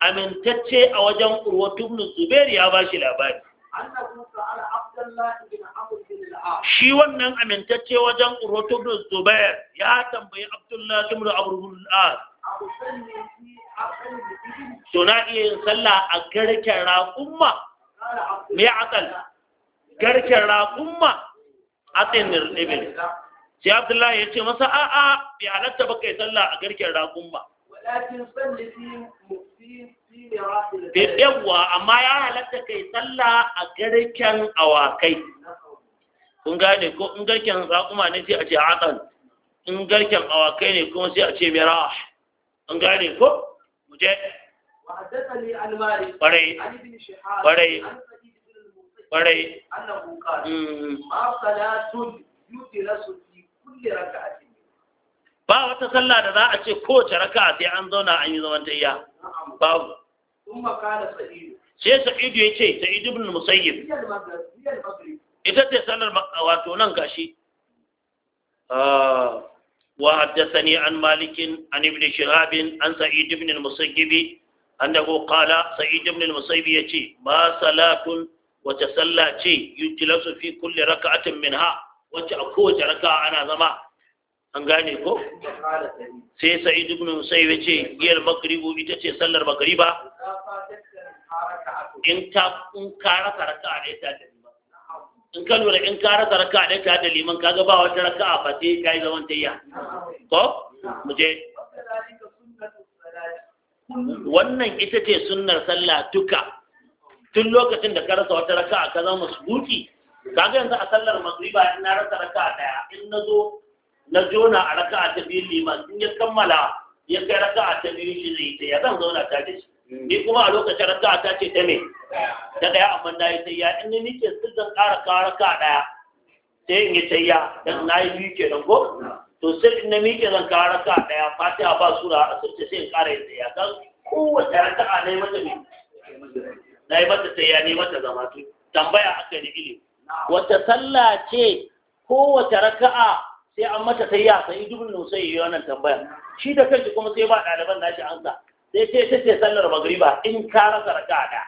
amintacce a wajen urwatu bin zubair ya bashi labari shi wannan amintacce wajen urwatu bin zubair ya tambayi abdullahi bin abu al-as suna iya yin sallah a garken raƙumma mai akal garken raƙumma a tsinir ɗibin sai abdullahi ya ce masa a'a bai halatta ba kai sallah a garken raƙun ba yawwa amma ya halatta kai sallah a garken awakai kun gane ko in garken raƙuma ne sai a ce atan in garken awakai ne kuma sai a ce mira an gane ko mu muje ƙwarai ƙwarai ƙwarai ba wata sallah da za a ce kowace raka'a sai an zauna an yi zaman tayya babu kuma kala sa'idu sai sa'idu yace sa'id ibn musayyib ita ce sallar wato nan gashi ah, wa haddathani an malikin an ibn shirabin, an sa'id ibn musayyib annahu qala sa'id ibn musayyib yace ma salatun wata sallah ce yujlasu fi kulle raka'atin minha wacce a kowace raka ana zama an gane ko sai sa'id ibn musayyib yace giyar magribu ita ce sallar magriba in ta in ka raka raka ne ta da liman in ka lura in ka raka raka ne ta da liman kaga ba wata raka a fate kai zaman tayya ko mu je wannan ita ce sunnar sallah duka tun lokacin da ka rasa wata raka ka zama subuti kaga yanzu a sallar magriba in na rasa raka daya in na zo na jona a raka ta biyu liman in ya kammala ya kai raka ta biyu shi zai ta ya zan zauna ta da shi mm. ni kuma a lokacin raka ta ce ta me ta daya amma na yi ta ya in ni nike zan ƙara kawo raka daya sai in yi ta ya dan na yi biyu ke ko to sai in na miƙe zan kawo raka daya fatiha ba sura a sirce sai in ƙara yin ta ya kan kowace raka'a na yi mata ne na yi mata ta ya ne mata zama tambaya aka yi ilimi wata sallah ce ko kowace raka'a sai an mata sai ne sai dubin yi wannan tambaya shi da kanki kuma sai ba ɗaliban nashi ansa sai ce ta ce sallar magriba in ka rasa raka'a da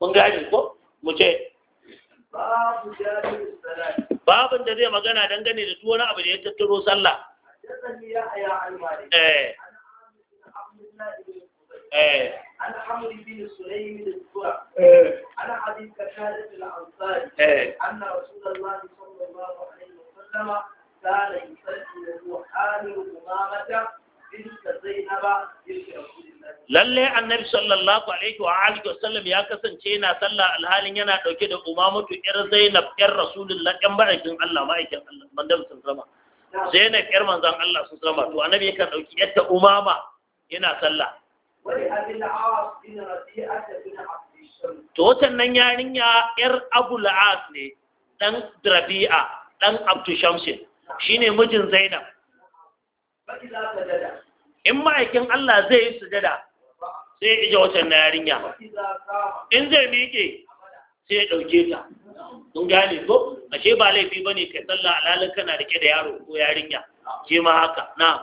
mun gane ko mu ce babin da zai magana dangane da duk wani abu da ya tattaro sallah eh عن بن سليم عن الأنصاري أن رسول الله صلى الله عليه وسلم كان بنت زينب بنت lalle annabi sallallahu alaihi wa alihi wasallam ya kasance yana sallah alhalin yana dauke da umamatu yar zainab yar rasulullah yan barakin Allah ma'aikin Allah mandan sun zama zainab yar manzon Allah sun zama to annabi yakan dauki yadda umama yana sallah Tocin nan yarinya yar abu la'as ne ɗan rabi'a ɗan abdu shamsin ne mijin zainab in ma'aikin allah zai yi sujada sai ya ije wacan na yarinya in zai miƙe sai ya ɗauke ta kun gane ko ashe ba laifi ba ne kai sallah alalinka na rike da yaro ko yarinya ke ma haka na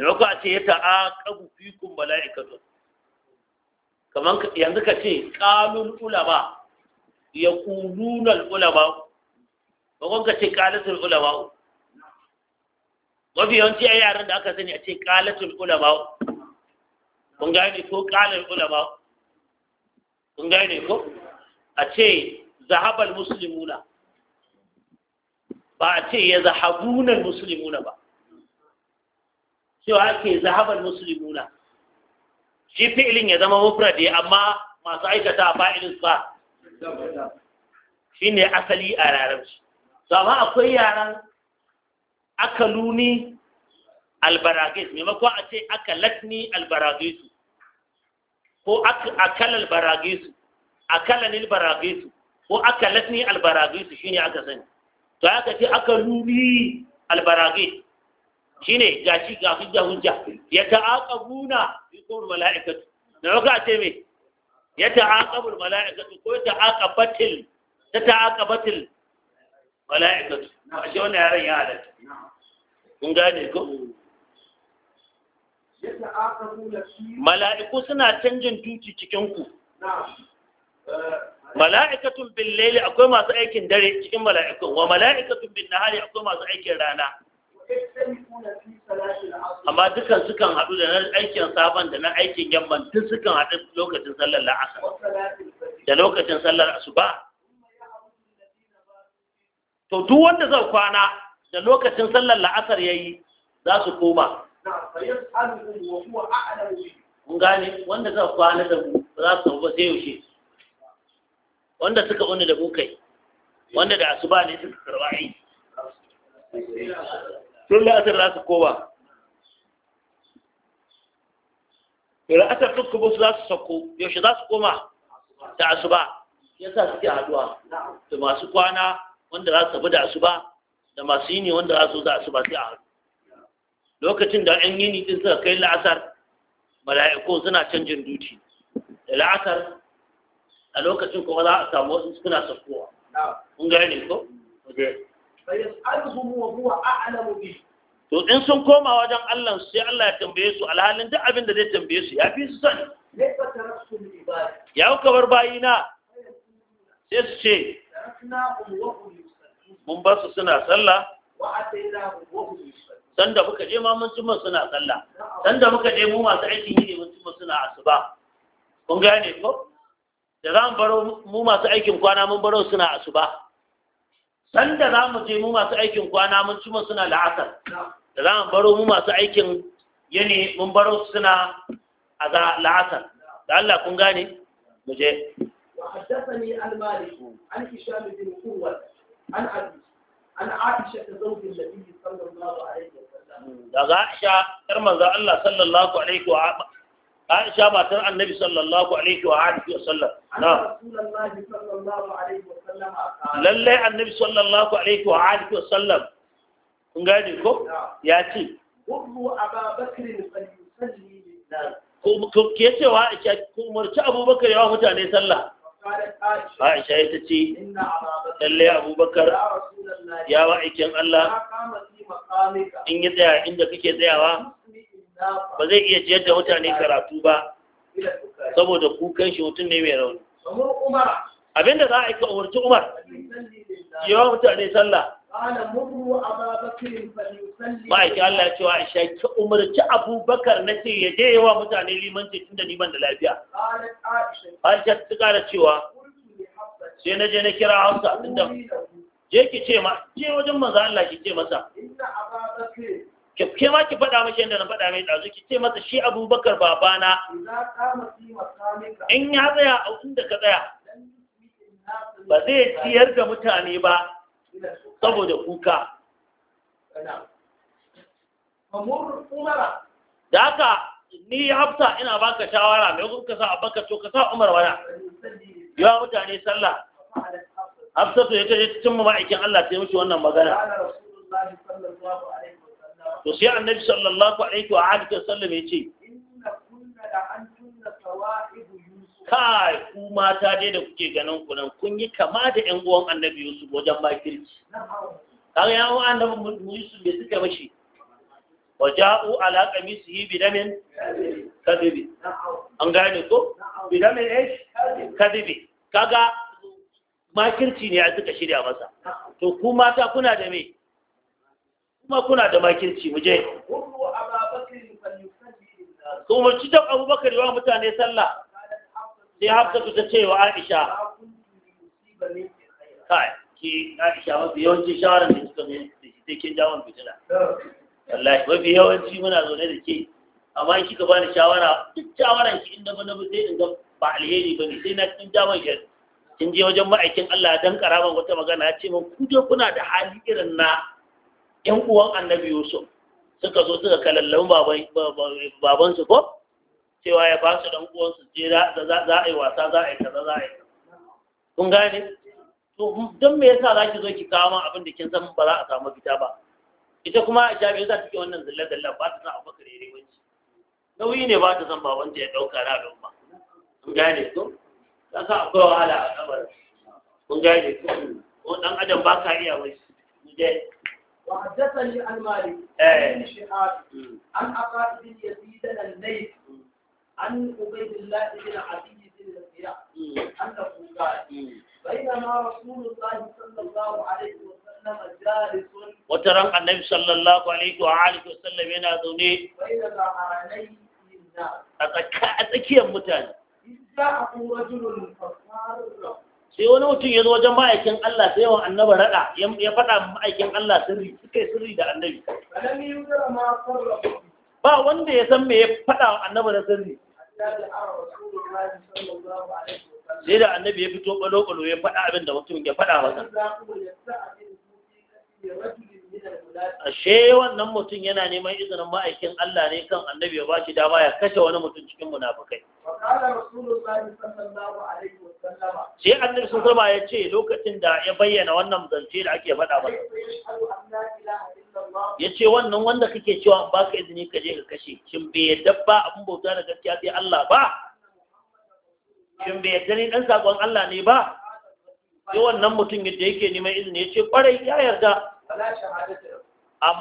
maimakon a ce ya ta'aqabu mala'ika mala'ikatu kamar yanzu ka ce ƙalun ulama yaquluna al ulama maimakon ka ce ƙalatun ulama mafi yawanci a yaran da aka sani a ce ƙalatun ulama kun gane ko qalul ulama kun gane ko a ce zahabal musulmuna ba a ce ya zahabunan musulmuna ba cewa ake zahabar musulmuna shi fi'ilin ya zama mufradi amma masu aikata fa'ilin ba shi ne asali a larabci to amma akwai yaran akaluni albaragis maimakon a ce akalatni albaragisu ko akal albaragisu akalan albaragisu ko akalatni albaragisu shine aka sani to aka ce akaluni albaragis shine gashi ga hujja hujja ya na yuqul malaikatu da waka ce me ya ta'aqabu malaikatu ko ta'aqabatil ta ta'aqabatil malaikatu shi wannan yaran ya halatta kun gane ko mala'iku suna canjin duti cikin ku mala'ikatun bil laili akwai masu aikin dare cikin mala'iku, wa mala'ikatun bin nahari akwai masu aikin rana amma dukan sukan haɗu da na aikin sabon da na aikin yamma duk sukan haɗu lokacin sallar la'asar da lokacin sallar asuba to duk wanda zai kwana da lokacin sallar la'asar yayi za su koma mun gane wanda zai kwana da mu za su ba sai yaushe wanda suka wani da mu kai wanda da asuba ne suka karɓa aiki sun la'asar za su kowa la'asar duk su za su sako yaushe za su koma da asuba yasa suke haduwa da masu kwana wanda za su tafi da asuba da masu yini wanda za su da asuba sai a haɗu lokacin da an yini din suka kai la'asar mala'iku suna canjin duti da la'asar a lokacin kuma za a samu wasu suna sakowa kun gane ko? Okay. فيسألهم وهو أعلم به to in sun koma wajen Allah sai Allah ya tambaye su alhalin duk abin da zai tambaye su ya fi su sani ya kuka bar na sai su ce mun ba su suna sallah da muka je ma mun cimma suna sallah da muka je mu masu aikin yi ne mun cimma suna asuba kun gane ko da za mu baro mu masu aikin kwana mun baro suna asuba sanda za mu je mu masu aikin kwana mun ci suna la'asar da za mu baro mu masu aikin yini mun baro suna a la'asar da Allah kun gane mu je وحدثني المالك عن هشام بن قوة عن أبي عن عائشة زوج النبي صلى الله عليه وسلم. daga Aisha tar manzo Allah sallallahu alaihi wa Aisha matar Annabi sallallahu alaihi wa alihi wa sallam. Na. Rasulullahi sallallahu alaihi wa lallai annabi sallallahu alaihi wa alihi wa sallam kun gane ko ya ce qulu ababakr ko ke cewa Aisha ku umarci Abubakar yawa mutane sallah Aisha ita ce lallai Abubakar ya wa aikin Allah in yi tsaya inda kake tsayawa ba zai iya ciyar da mutane karatu ba saboda kukan shi mutum ne mai rauni abinda za a yi ka umarci umar yawan mutane sallah ma'aiki Allah ya cewa aisha ki umarci abubakar na ce ya je yawa mutane limanci tun da niman da lafiya aisha ta kara cewa sai na je na kira hausa tun da je ki ce ma je wajen maza Allah ki ce masa ke ma ki faɗa mashi yadda na faɗa mai ɗazu ki ce masa shi abubakar babana in ya tsaya a inda ka tsaya ba zai ciyar da mutane ba saboda kuka da haka ni hafta ina baka shawara mai kuka sa baka to ka sa umar wana yawa mutane sallah hafsa to ya kaje cikin ma'aikin Allah sai mushi wannan magana to sai annabi sallallahu alaihi wa alihi sallam ya ce kai ku mata dai da kuke ganin ku nan kun yi kama da ƴan uwan annabi Yusuf wajen makirci kaga ya uwan annabi Yusuf bai suka mashi wa ja'u ala qamisihi bi damin kadibi an gane ko bi damin eh kadibi kaga makirci ne a suka shirya masa to ku mata kuna da me kuma kuna da makirci mu je ku ci ta abubakar yawa mutane sallah sai hafsatu ta ce wa aisha kai ki aisha mafi yawancin shawarar da kika da shi sai kin jawon wallahi mafi yawanci muna zaune da ke amma in kika bani shawara duk shawaran ki inda ba na sai in ga ba alheri ba ne sai na kin jawon shi kin je wajen ma'aikin Allah dan karaman wata magana ya ce min ku je kuna da hali irin na yan uwan annabi Yusuf suka zo suka kalallan baban baban su ko cewa ya ba su dan uwansu je za a yi wasa za a yi kaza za a yi kun gane to don me yasa za ki zo ki kawo min abin da kin san ba za a samu fita ba ita kuma a jami'a za ta ke wannan zalla zalla ba ta san abu da yare wanci nauyi ne ba ta san ba wanda ya dauka na ba. kun gane to ka sa akwai wahala a kabar kun gane ko dan adam ba ka iya wai je وحدثني عن مالك eh. بن شهاب عن عقاد بن يزيد الليث عن عبيد الله بن عدي بن الربيع أنه قال بينما رسول الله صلى الله عليه وسلم جالس النبي صلى الله عليه وآله وسلم هنا الناس أتكي جاءه رجل فصار sai wani mutum ya zo wajen ma'aikin Allah sai yawan annaba raɗa ya faɗa ma'aikin Allah sirri suka yi sirri da annabi. Ba wanda ya san me ya faɗa annaba da sirri. sai da annabi ya fito ɓalo-ɓalo ya faɗa abin da mutum ya faɗa masa ashe wannan mutum yana neman izinin ma'aikin Allah ne kan annabi ya bashi dama ya kashe wani mutum cikin munafukai sai annabi sun zama ya ce lokacin da ya bayyana wannan zance da ake faɗa ba ya ce wannan wanda kake cewa ba ka izini ka je ka kashe shin bai yadda ba abin bauta da gaskiya sai Allah ba shin bai yadda ni dan sakon Allah ne ba sai wannan mutum yadda yake neman izini ya ce kwarai ya yarda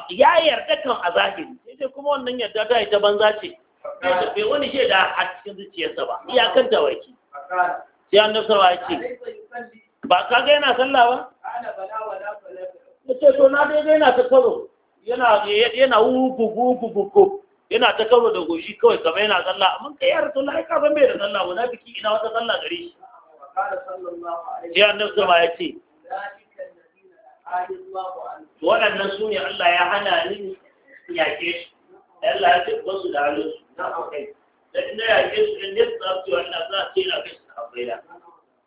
ya yarda kan a zahiri sai dai kuma wannan yarda ta ita banza ce bai wani shaida a cikin zuciyarsa ba iyakar da waki sai an da ya ce ba ka ga yana sallah ba ya ce to na daidai yana ta karo yana yana yana ta karo da goshi kawai kamar yana sallah amma kai yar to lai ka san bai da sallah ba na biki ina wata sallah gare shi sai an nasarwa ya ce waɗannan su Allah ya hana ni yake shi Allah ya tabbata su da halin su na kai ina yake su inda su za su wannan za su yi na kai su a baila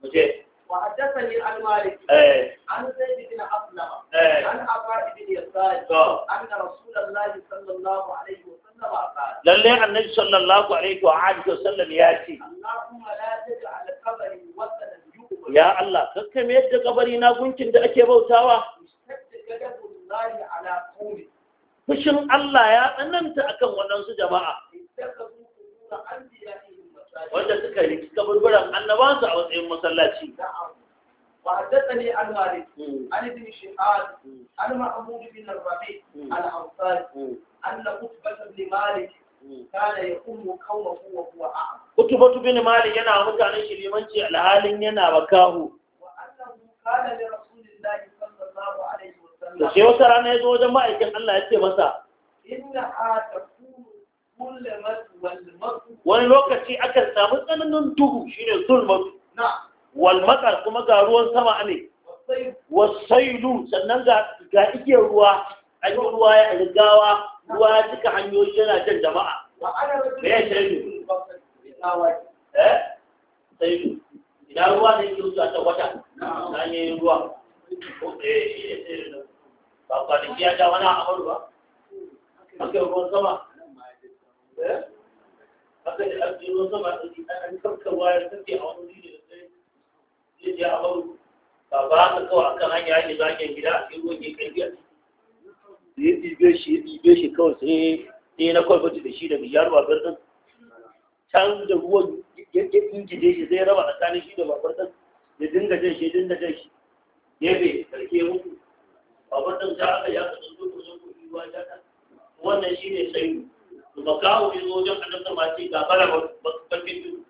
muje wa haddathani al malik eh an sayyid ibn aslama eh an afa ibn yasar anna rasulullahi sallallahu alaihi wasallam qala lalle annabi sallallahu alaihi wa alihi ya ce allahumma la taj'al ya Allah kakka yadda kabari na gunkin da ake bautawa fushin Allah ya tsananta akan waɗansu jama'a wanda suka riki kaburburan annabansu a matsayin masallaci وحدثني عن مالك عن ابن شهاب عن محمود بن الربيع الانصاري ان قتبه بن مالك kana ya ummu qawmuhu wa kuwa. a'ma kutubatu bin Mali yana mutane shi limanci alhalin yana bakahu wa annahu kana li rasulillahi sallallahu alaihi wasallam to sai wata rana yazo wajen ma'aikin Allah ya ce masa inna atakunu kullu matu wani lokaci aka samu tsananin duhu shine zulmatu na wal kuma ga ruwan sama ne wasailu sannan ga ga ike ruwa yi ruwa ya rigawa ruwa ya hanyoyi yana jan jama'a me ya shaidu eh? shaidu ruwa ne ke wuce wata na ruwa eh, ba ya ja wani ake ruwan sama da eh? ake ruwan sama a ciki ya a wani da sai ya ba ba haka kawai akan hanya ya ke gida a cikin ruwan ke karfi a ciki da ya ɗibe shi ya ɗibe shi kawai sai sai na kwalfati da shi da mai yaro a birnin can da ruwan ya ingide shi zai raba tsakanin shi da babar ɗin ya dinga jan shi ya dinga jan shi gefe karfe mutu babar ɗan ta aka ya kasu zuwa kusan kuɗi ruwa ta ɗan wannan shi ne tsayi ba kawo ya zo wajen annan sama ce ga bara bakin tudu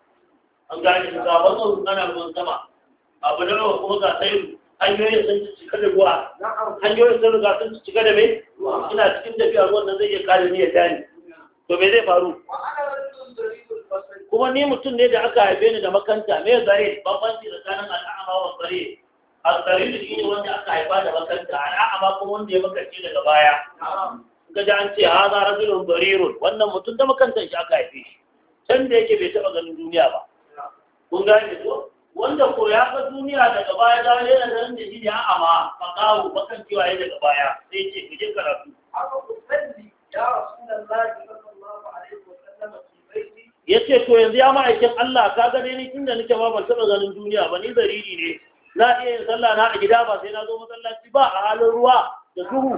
an gane ga wannan ana ruwan sama abu na rawa kuma ga tsayi hanyoyin sun cika da ruwa hanyoyin sun riga sun cika da mai ina cikin tafiya ruwan nan zai iya kare ni ya dani to me zai faru kuma ni mutum ne da aka haife ni da makanta me zare bambanci tsakanin al'ama wa zare al-zare shi ne wanda aka haifa da makanta al'ama kuma wanda ya makarce daga baya ga da an ce haza rajulun barirun wannan mutum da makantan shi aka haife shi can da yake bai taba ganin duniya ba kun gane ko wanda ko ya ga duniya daga baya da da nan da shi ya ama makawo bakan cewa ya daga baya sai ce ku je karatu haka ku sani ya rasulullahi sallallahu ya ce to yanzu ya ma'aikin Allah ka gane ni inda nake ba ban taɓa ganin duniya ba ni zariri ne na iya yin sallah na a gida ba sai na zo masallaci ba a halin ruwa da duhu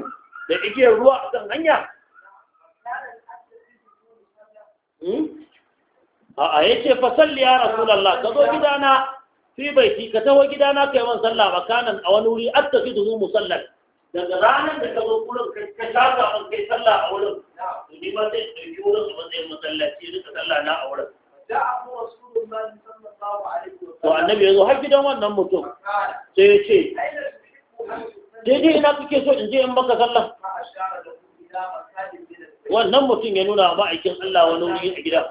da igiyar ruwa a kan hanya hmm? a a yace fa ya rasulullah ka zo gidana fi fi ka taho gida na kai man sallah kanan a wani wuri attakidu musallan daga ranar da ka zo kurin ka shafa an kai sallah a wurin to ni ma sai ɗauki wurin a matsayin masallaci duka sallah na a wurin to annabi ya zo har gidan wannan mutum sai ya ce daidai ina kake so in je in baka sallah wannan mutum ya nuna ma'aikin Allah wani wuri a gida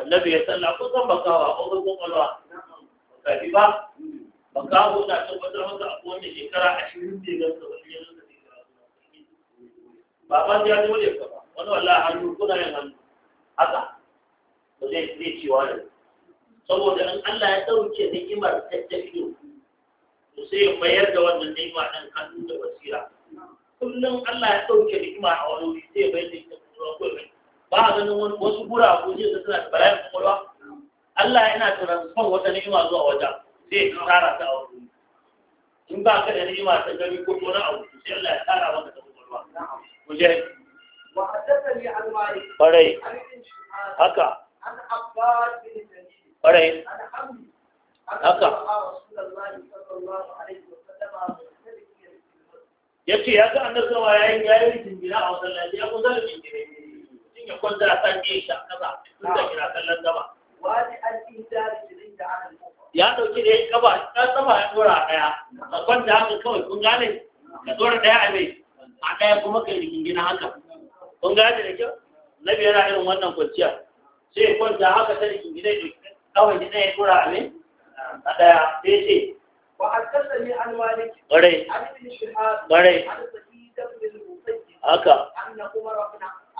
annabi ya salla ko san bakawa ko ko Ba ka ji ba ko na tabbatar maka a kowace shekara ashirin da ya gasa wani yanzu da shekara ba ban ya dole ka ba wani wallahi hannu kuna yin hannu haka ba ne ci cewa da saboda in Allah ya dauke ni'imar ta tafiyo to sai bayar da wannan ni'ima ɗin hannu da basira kullum Allah ya dauke ni'ima a wani wuri sai bayar da ita kuma ko ba a ganin wasu gura ko zai ga suna da bala'in kwakwalwa Allah yana transfer wata ni'ima zuwa wata sai ya tara ta a wuri in ba ka da ni'ima ta gari ko wani abu sai Allah ya tara maka ta kwakwalwa mu je وحدثني عن مالك قري هكا عن عباد بن سعيد قري عن حمد هكا رسول الله صلى الله عليه وسلم يكي هكا أن الزوايا يجري في البناء وصلى الله عليه وسلم shine kwandara san je shi kaza tun da kina kallon gaba wani al-ihdar jirinda an ya dauki da ya gaba ta sama ya dora ɗaya. A kwanta haka kawai kun gane ka dora ɗaya a mai a ɗaya kuma kai rigingina haka kun gane da kyau na biyar a irin wannan kwanciya sai kwanta haka ta rigingina ya dauki kawai gina ya dora a mai a daya sai ce وحدثني عن مالك عن ابن شهاب عن سعيد بن المسيب أن عمر بن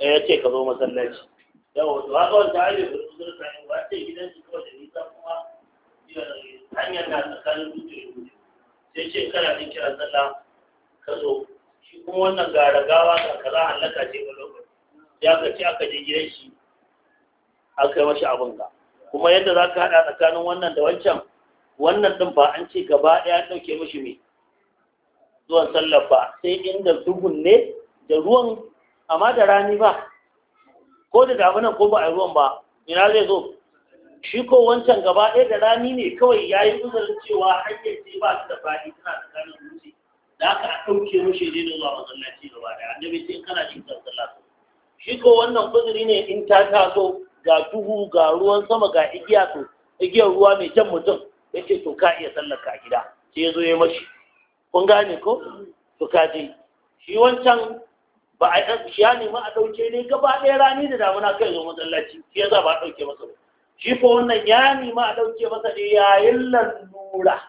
ya ce ka zo masallaci yawa to haka wanda hali da ruzur ta yi wace gidan su kawai da nisa kuma hanyar na tsakanin dutse dutse sai ce kana jin kira sallah ka zo shi kuma wannan gara gawa ga kaza halaka ce ga lokaci ya ka ce aka je gidan shi aka yi mashi abin ga kuma yadda za ka haɗa tsakanin wannan da wancan wannan ɗin ba an ce gaba ɗaya ɗauke mashi mai zuwan sallar ba sai inda duhun ne da ruwan amma da rani ba ko da damunan ko ba a ruwan ba ina zai zo shi ko wancan gaba ɗaya da rani ne kawai ya yi uzurin cewa hanyar ce ba su da fadi suna tsakanin mutu. da aka a ɗauke mushi ne da zuwa masallaci gaba ɗaya annabi ce kana kana cikin sallah shi ko wannan uzuri ne in ta taso ga duhu ga ruwan sama ga igiya to igiyar ruwa mai can mutum ya ce to ka iya sallar ka gida sai ya zo ya mashi kun gane ko to ka je shi wancan ba a ɗan ya nemi a ɗauke ne gaba ɗaya rani da damuna kai zo matsalaci shi yasa ba a ɗauke masa ba shi ko wannan ya nemi a ɗauke masa ne yayin lallura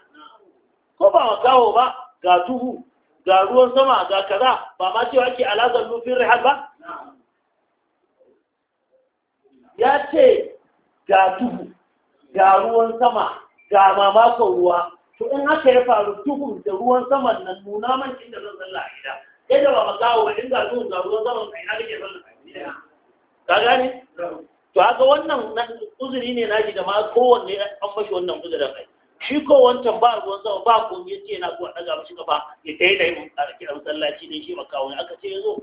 ko ba kawo ba ga tuhu ga ruwan sama ga kaza ba ma cewa ke alazar nufin rihal ba ya ce ga tuhu ga ruwan sama ga mamakon ruwa to in haka ya faru tuhun da ruwan saman nan nuna man inda zan zalla a gida kai da ba makawo ba inda zuwan zaruwan zaman a ina kake sallah ka gane to haka wannan uzuri ne na ji da ma kowanne an mashi wannan uzurin kai shi ko wancan ba ruwan sama ba kun ya ce na zuwa daga mashi kafa ya ta yi da yi a kiran sallaci ne shi makawo ne aka ce ya zo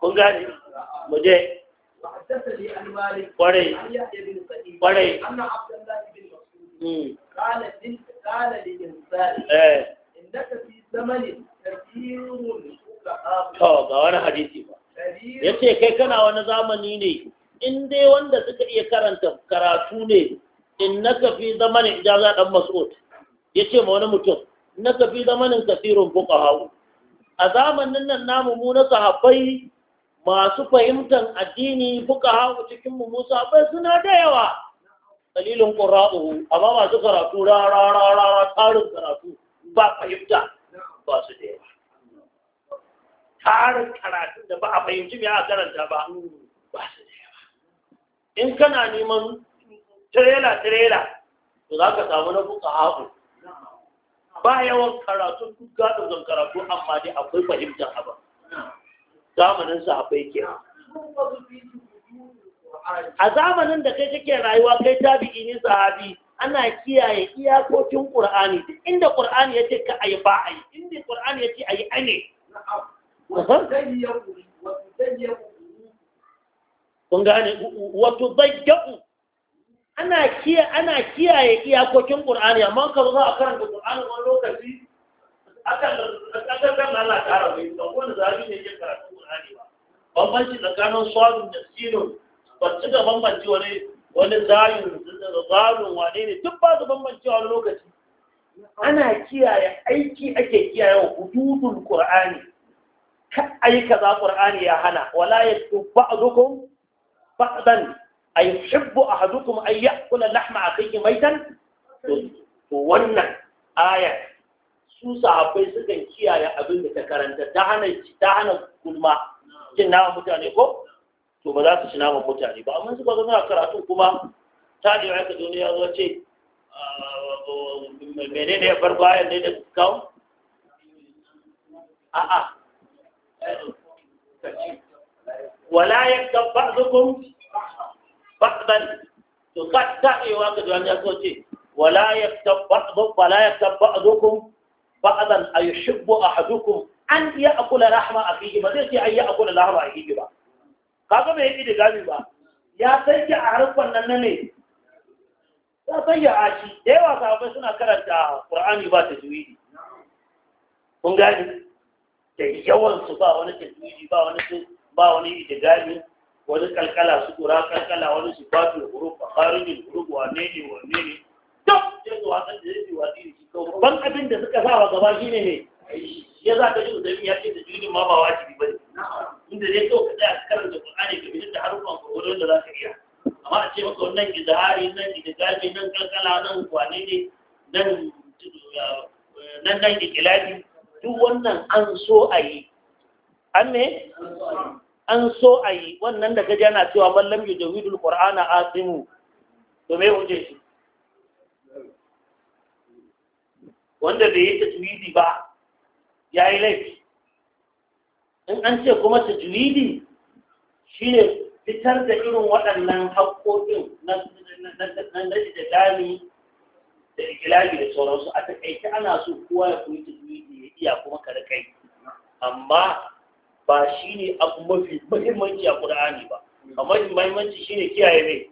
kun gane mu je kwarai kwarai قال للإنسان إنك في زمن كثير to ga wani hadisi ba ya ce kai kana wani zamani ne in dai wanda suka iya karanta karatu ne in na kafi zamanin ijaza dan mas'ud ya ce ma wani mutum na kafi zamanin kasirin hau a zamanin nan namu mu na sahabbai masu fahimtar addini hau cikin mu musa bai suna da yawa dalilin ƙura'u amma masu karatu rara rara tarin karatu ba fahimta ba su da yawa tsarin karatun da ba a fahimci me a karanta ba ba su da yawa in kana neman tirela tirela to za ka samu na buka hagu. ba yawan karatu duk gadon zan karatu amma dai akwai fahimtar abin zamanin akwai ke a zamanin da kai kake rayuwa kai tabi'i ne sahabi ana kiyaye iyakokin ƙur'ani, inda ƙur'ani ya ce ka ayi ba ayi inda ya ce ayi ane kun gane wato zayyaku ana kiyaye ana kiyaye iyakokin qur'ani amma ka za a karanta qur'ani wani lokaci akan akan kan Allah ta rabu ba wani zabi ne ke karatu qur'ani ba bambanci tsakanin sawun da sirrin ba ci da bambanci wani wani zayin zalun wane ne duk ba su bambanci wani lokaci ana kiyaye aiki ake kiyaye hududul qur'ani ka ayi kaza qur'ani ya hana wala yatu ba'dukum ba'dan ay yuhibbu ahadukum ay ya'kula lahma akhihi maytan to wannan aya su sahabbai sukan kiyaye abin da ta karanta ta hana ta hana kulma cin naman mutane ko to ba za su ci naman mutane ba amma suka zama karatu kuma ta da yaka duniya zo ce ah, menene ya bar bayan ne da kawo a'a wala yaktab ba'dukum ba'dan to ka tabewa ka da ya so ce wala yaktab ba'dukum wala yaktab ba'dukum ba'dan ayushibbu ahadukum an ya'kula rahma akhihi ba zai ce an iya ya'kula a akhihi ba kaga bai yi digami ba ya sanke a harfan nan ne ya sanke ya shi da yawa sahabbai suna karanta qur'ani ba ta juyi da yawansu ba wani tajwidi ba wani ba wani idgami wani kalkala su kura kalkala wani sifatul huruf kharijul huruf wa ne ne wa ne ne duk da zuwa kan da zai wadi shi ko ban abin da suka sa wa gaba shine ne ya za ka ji da ya ce da jirgin ma ba wajibi ba ne. inda dai to ka tsaya karanta Qur'ani ka bi da harufan Qur'ani da za ka iya amma a ce maka wannan gizahari nan gizahari nan kalkala nan wane ne nan nan nan ikilafi duk wannan an so a yi an ne an so a yi wannan da gaji na cewa mallam yi jawidul a asimu to me wuce shi wanda bai yi tajwidi ba ya yi laifi in an ce kuma tajwidi ne fitar da irin waɗannan haƙoƙin na da jami'i? da ikilali da sauransu a takaice ana so kowa ya koyi tajwidi ya iya kuma kada kai amma ba shi ne abu mafi mahimmanci a ƙur'ani ba amma shi ne kiyaye mai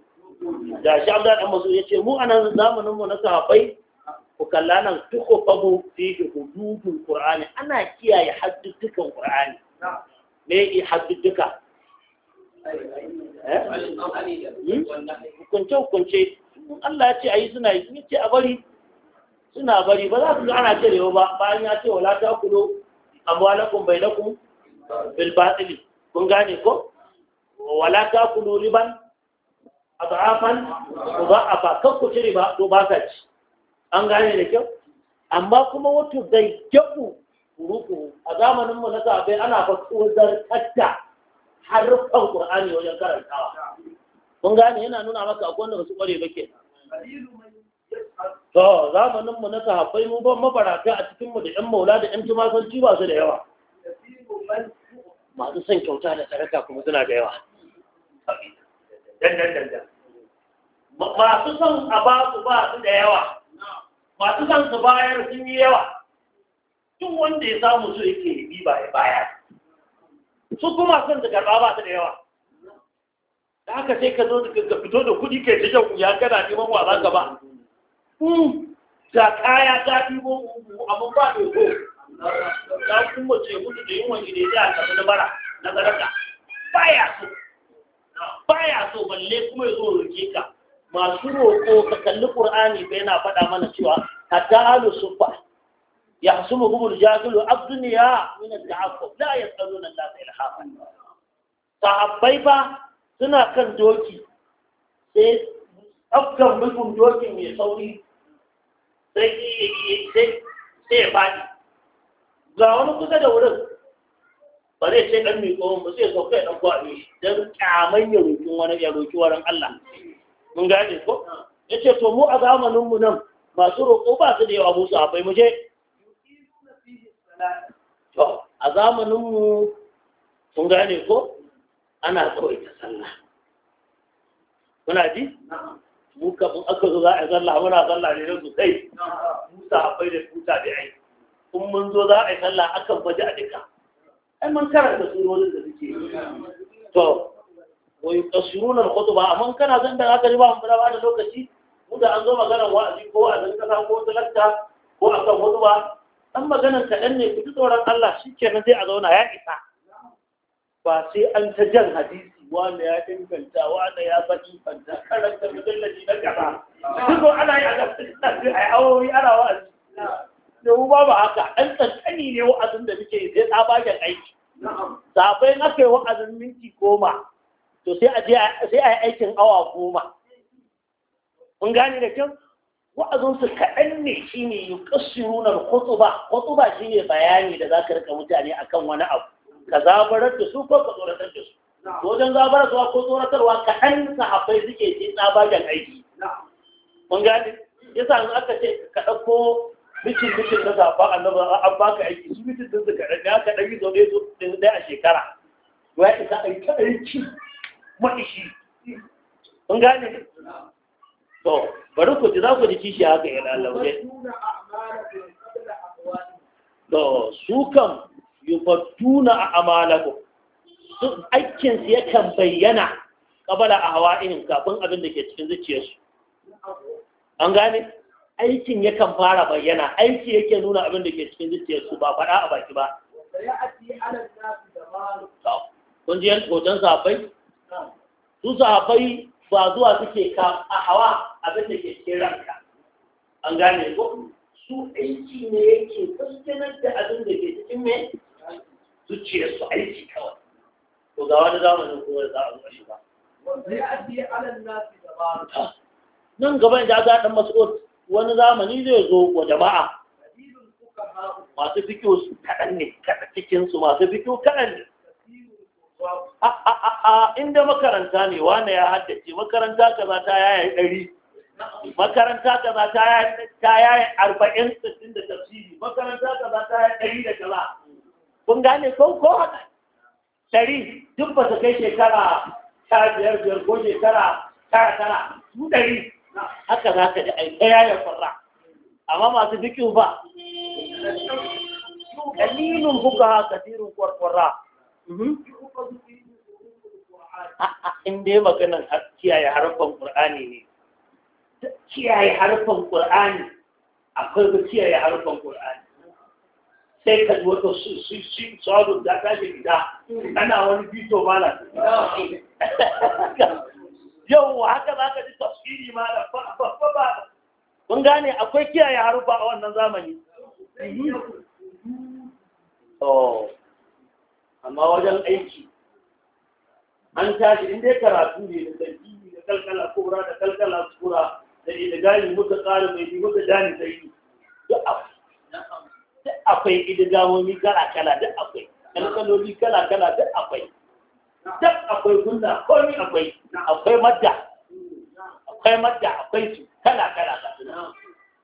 da shi Abdullah masu ya ce mu ana zamanin mu na sahabbai ku kalla nan duka babu fi hududul ƙur'ani. ana kiyaye haddukan ƙur'ani. me yi haddukan eh? hmm? hukunce hukunce in Allah ya ce a yi suna yi sun ce a bari suna bari ba za su ga ana cewa ba bayan ya ce wala ta kulo amwalakum bainakum bil batil kun gane ko wala ta kulo riban adafan mudha'afa kan ku ci riba to ba ka ci an gane da kyau amma kuma wato dai kyau ruku a zamanin mu na sabai ana fasuwar tsohon harfan qur'ani wajen karantawa kun gane yana nuna maka akwai wanda su kware ba ke to zamanin mu na sahabbai mu ban mabarata a cikin mu da yan maula da yan tumasanci ba su da yawa masu son kyauta da sadaka kuma suna da yawa masu son a ba su ba su da yawa masu son su bayar sun yi yawa tun wanda ya samu su yake bi ba ya baya su kuma son su karɓa ba su da yawa da aka sai ka zo ka fito da kuɗi kai ta jau ya gada neman wa za ka ba hmm, ga kaya ta ɗibo abin ba ko ta kun mace mutu da yin wani da a kasu na bara na garaka baya so baya so balle kuma ya zo roke ka masu roƙo ka kalli ƙur'ani bai na faɗa mana cewa hatta alu sufa ya hasulu gubul jahilu abduniya min al-ta'affuf la yasaluna Allah ilhafa sahabbai ba suna kan doki sai afkan mutum dokin mai sauri sai ya faɗi ga wani kusa da wurin ba zai ce ɗan tsohon ba sai sauka ya ɗan kwaɗe shi don ƙyaman ya roƙi wani ya roƙi wani Allah mun gane ko ya ce to mu a zamaninmu nan masu roƙo ba su da yawa musu a mu je to a zamaninmu mun gane ko ana tsawaita sallah kuna ji mu kafin aka zo za a zalla muna zalla ne na sosai musa haɓai da tuta da ai kun mun zo za a yi sallah akan baje a duka ai mun karanta surorin da suke to wai ka surunan al-khutba amma kana zan da aka riba mun ba da lokaci mu da an zo maganar wa'azi ko a zan kasa ko talakta ko akan khutba dan maganar kaɗan ne ku ji tsoron Allah shikenan zai a zauna ya isa ba sai an ta jan hadisi wanda ya inganta wanda ya baki fanta karanta mujallaji na gaba duk ana yi a gaban a awowi ana wa'azi da mu ba haka an tsantsani ne wa'azin da muke sai tsabagen aiki sabai na kai wa'azin minti goma to sai a sai yi aikin awa goma kun gane da kyau wa'azin su kaɗan ne shine yuqassiruna al-khutba khutba shine bayani da zaka rika mutane akan wani abu ka zabarar da su ko ka tsoratar da su wajen zabararwa ko tsoratarwa ka kaɗan sahabbai suke ji tsabagen aiki mun gani yasa in aka ce ka ɗauko bikin bikin na zaɓa annabi an baka aiki su bikin din suka ɗan ya kaɗan yi zaune zo ɗin ɗaya a shekara ya isa aiki aiki maɗishi mun gani to bari ku ji za ku ji kishi haka yana lauje to su kam yubattuna a amalakum aikinsu yakan bayyana kabala a hawa inin kafin abin da ke cikin zuciyarsu an gane aikin yakan fara bayyana aiki yake nuna abin da ke cikin zuciyarsu ba faɗa a baki ba kun ji hoton sahabbai su sahabbai ba zuwa suke ka a hawa abin da ke cikin ranka an gane ko su aiki ne yake fuskantar da abin da ke cikin mai su aiki kawai to ga wani zamanin kuma da za a zuwa ba nan gaban da za ɗan masu wani zamani zai zo wa jama'a masu fikiyo su kaɗan ne kaɗa cikinsu masu fikiyo kaɗan ne a inda makaranta ne wane ya haddace makaranta za ta yaya ɗari makaranta za ta yaya arba'in da tafsiri makaranta za ta yaya ɗari da kala kun gane ko ko haka ɗari duk ba su kai shekara ta biyar biyar ko shekara ta tara su ɗari haka za ka ji aiki ɗaya ya farra amma masu bikin ba kalilun buga ha kasirin kwarkwara mhm. in dai maganan kiyaye harfan ƙur'ani ne kiyaye harfan ƙur'ani akwai ba kiyaye harfan ƙur'ani sai ka ji wata shi shawarar da ta ke gida ana wani bito mana yau haka ba ka ji tafsiri da fa ba kun gane akwai kiyaye harufa a wannan zamani amma wajen aiki an tashi inda ya karatu ne da dalili da kalkala kura da kalkala kura da idigani muka tsari mai bi muka jani sai yi duk akwai idigamomi kala kala duk akwai kalkaloli kala kala duk akwai duk akwai gunna komi akwai akwai madda akwai madda akwai su kala kala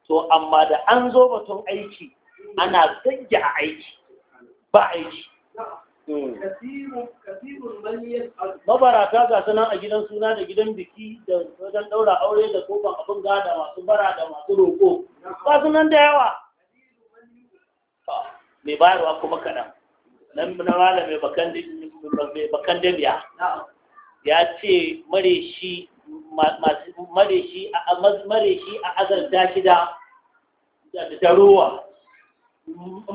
to amma da an zo batun aiki ana canja a aiki ba aiki hmm. mabarata ga nan a gidan suna da gidan biki da wajen daura aure da kofan abin gada masu bara da masu roƙo ba sunan da yawa mai bayarwa kuma kaɗan nan na wala mai bakan dabiya ya ce mare shi a azarta shi da da ruwa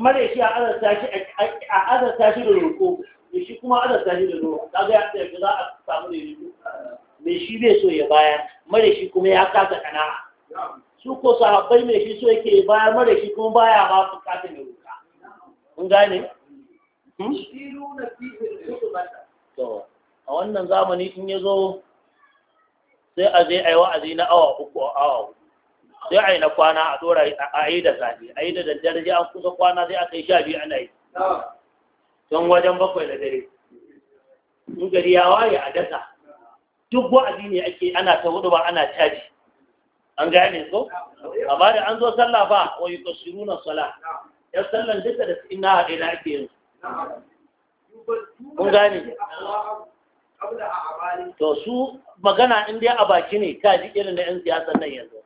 mare shi a azarta shi da roƙo mai shi kuma azarta shi da ruwa kaga ya ce za a samu da yi mai shi bai so ya bayar mare shi kuma ya kasa kana su ko sahabbai mai shi so yake bayar mare shi kuma baya ba bukatar yau kun gane hmm? a wannan zamani in ya zo sai a zai a yi wa'azi na awa uku a awa sai a yi na kwana a dora a yi da safe a yi da daddare sai an kusa kwana sai a kai sha biyu ana yi don wajen bakwai da dare in gari ya waye a dasa duk wa'azi ne ake ana ta hudu ba ana caji an gane so. amma da an zo sallah ba wa na salah yan sallan duka da in na haɗe na ake yin kun gane to su magana in dai a baki ne ka ji irin na yan siyasan nan yanzu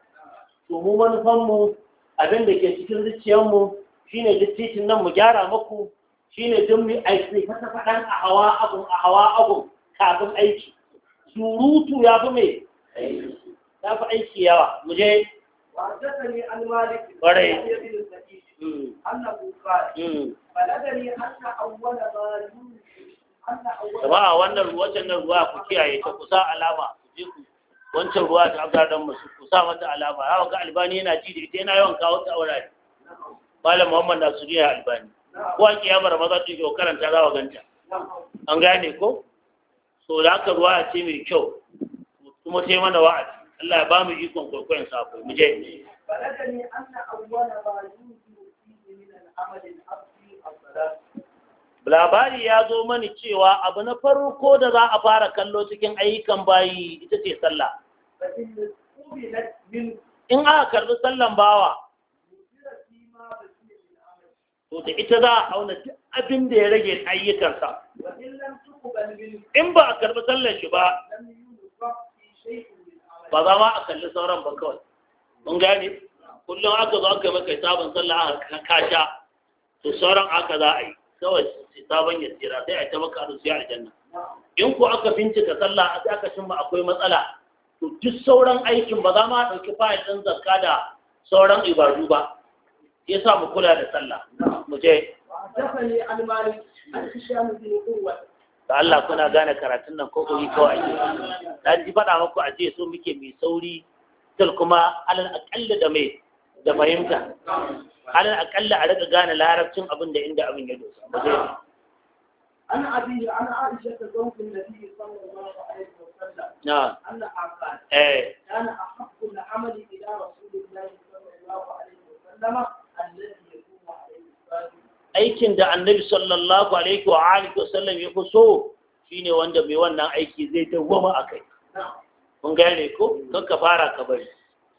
to mu manufanmu abin da ke cikin zuciyarmu shine duk titin nan mu gyara maku shine duk mu aiki kasa faɗan a hawa abun a hawa abun kafin aiki surutu ya fi mai ya fi aiki yawa mu je ƙwarai Hmm. a hmm. wannan ruwacin nan ruwa ku kiyaye ta kusa alama ku je ku wancan ruwa da aka dan musu kusa mata alama hawa ga albani yana ji da ita yana yawan kawo ta aurare malam Muhammad na su ya albani ko an kiyamar maza ta yi karanta za ganta an gane ko so da aka ruwa ce mai kyau kuma sai mana wa'azi Allah ya ba mu ikon kwaikwayon sako mu je labari ya zo mani cewa abu na farko da za a fara kallo cikin ayyukan bayi ita ce sallah in aka karbi sallan bawa to da ita za a auna duk abin da ya rage ayyukansa in ba a karbi sallan shi ba ba za ma a kalli sauran ba kawai mun gane kullum aka zo aka yi maka sabon sallah a kasha to sauran aka za a yi kawai sabon ya sai a ta maka arusi a aljanna in ku aka bincika sallah a aka cin akwai matsala to duk sauran aikin ba za ma ɗauki fayil ɗin zakka da sauran ibadu ba ya sa mu kula da sallah mu je da Allah kuna gane karatun nan ko koyi kawai na ji faɗa muku a jiya so muke mai sauri tal kuma alal aqall da mai da fahimta alal akalla a rika gane larabcin abin da inda abin ya dosa ba zai an abi Ana aisha ta zaujin nabi sallallahu alaihi wasallam na anna aqan eh kana ahabbu al-amal ila rasulillahi sallallahu alaihi wasallam alladhi yakunu alaihi aikin da annabi sallallahu alaihi wa alihi wasallam ya fi so shine wanda mai wannan aiki zai dawwama akai kun gane ko kanka fara ka bari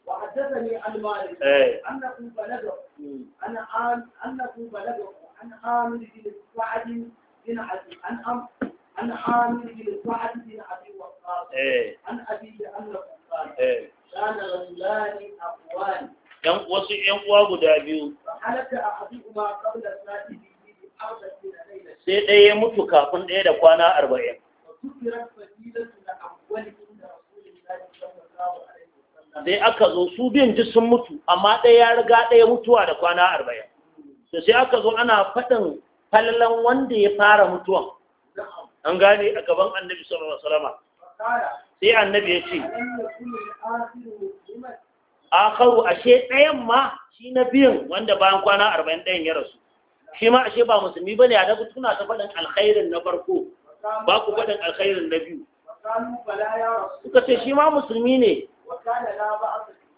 وحدثني عن مالك أنه بلغه أن أنه بلغه عن عامر بن سعد بن عبد عن عن عامر بن سعد بن أبي وقاص عن أبي أنه قال كان رجلان أقوان yan wasu yan uwa guda biyu sai ɗaya mutu kafin ɗaya da kwana arba'in sai aka zo su biyan duk sun mutu amma ɗaya ya riga ɗaya mutuwa da kwana arba'in to sai aka zo ana faɗin falalan wanda ya fara mutuwan an gane a gaban annabi sallallahu alaihi wasallam sai annabi ya ce akharu ashe ɗayan ma shi na biyan wanda bayan kwana arba'in ɗayan ya rasu shi ma ashe ba musulmi ba ne a daga tuna ta faɗin alkhairin na farko ba ku faɗin alkhairin na biyu suka ce shi ma musulmi ne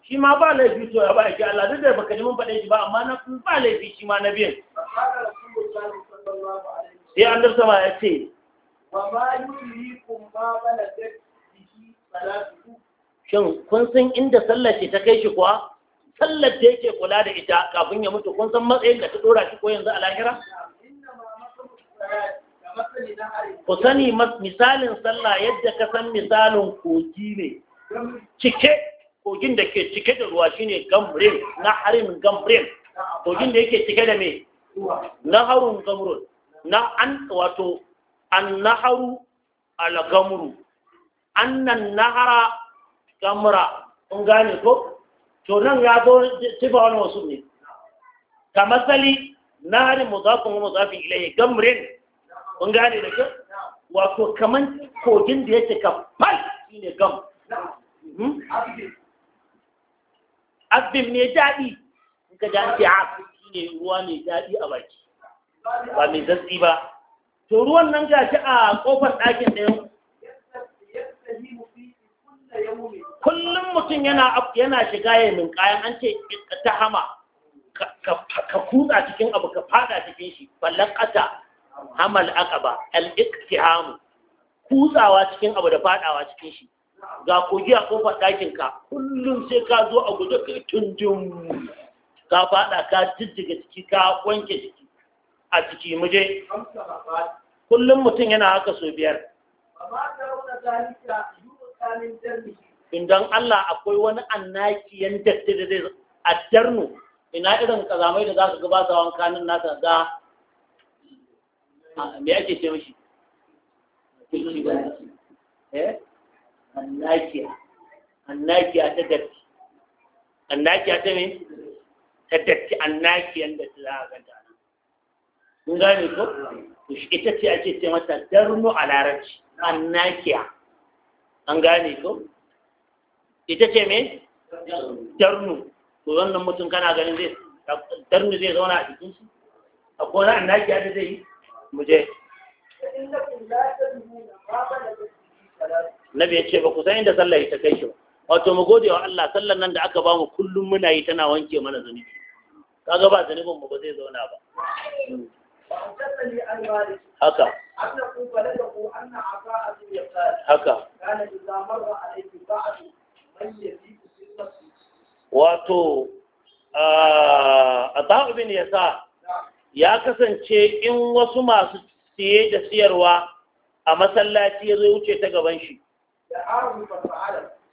shi ma ba laifi to ya ba yake Allah duk da baka ji mun faɗe shi ba amma na ba laifi shi ma na biyan sai an dar sama ya ce shin kun san inda sallar ce ta kai shi kuwa sallar da yake kula da ita kafin ya mutu kun san matsayin da ta dora shi ko yanzu a lahira ku sani misalin sallah yadda ka san misalin kogi ne cike kogin da ke cike da ruwa shine gamrin na harin gamrin kogin da yake cike da me na harun gamrun na an wato an naharu al gamru annan nahara gamra kun gane ko to nan ya zo tifa wani wasu ne ka matsali harin mazafin wa mazafin ilayhi gamrin kun gane da ke wato kaman kogin da yake kafal shine gam Hmm? Abin ne daɗi, in ka ji an ce abu shi ne ruwa mai daɗi a baki, ba mai zazzi ba. To ruwan nan ga shi a ƙofar ɗakin ɗaya Kullum mutum yana shiga ya min kayan an ce ta hama ka kutsa cikin abu ka fada cikin shi ballan ƙasa hamal ba. al hamu kutsawa cikin abu da fadawa cikin shi ga kogi a kofar ɗakinka kullum sai ka zo a guje ka tundun ka faɗa ka jijjiga ciki ka wanke ciki. a ciki muje kullum mutum yana haka so biyar Indan Allah akwai wani annaki yan datti da zai addarnu ina irin kazamai da za su gabata wanka nan naka ga me ake ce mishi annaki ta datti ta me ta datti annaki da ta za a ganta mun gane ko ita ce ake ce mata darnu a larabci annaki an gane ko ita ce me darnu Ko wannan mutum kana ganin zai darnu zai zauna a jikin shi akwai wani annakiya da zai yi nabi ya ce ba ku san inda sallah ta kai shi ba wato mu gode wa Allah sallan nan da aka bamu kullum muna yi tana wanke mana zunubi kaga ba zunubin mu ba zai zauna ba haka haka wato a ta'ubin ya sa ya kasance in wasu masu siye da siyarwa a masallaci ya zai wuce ta gaban shi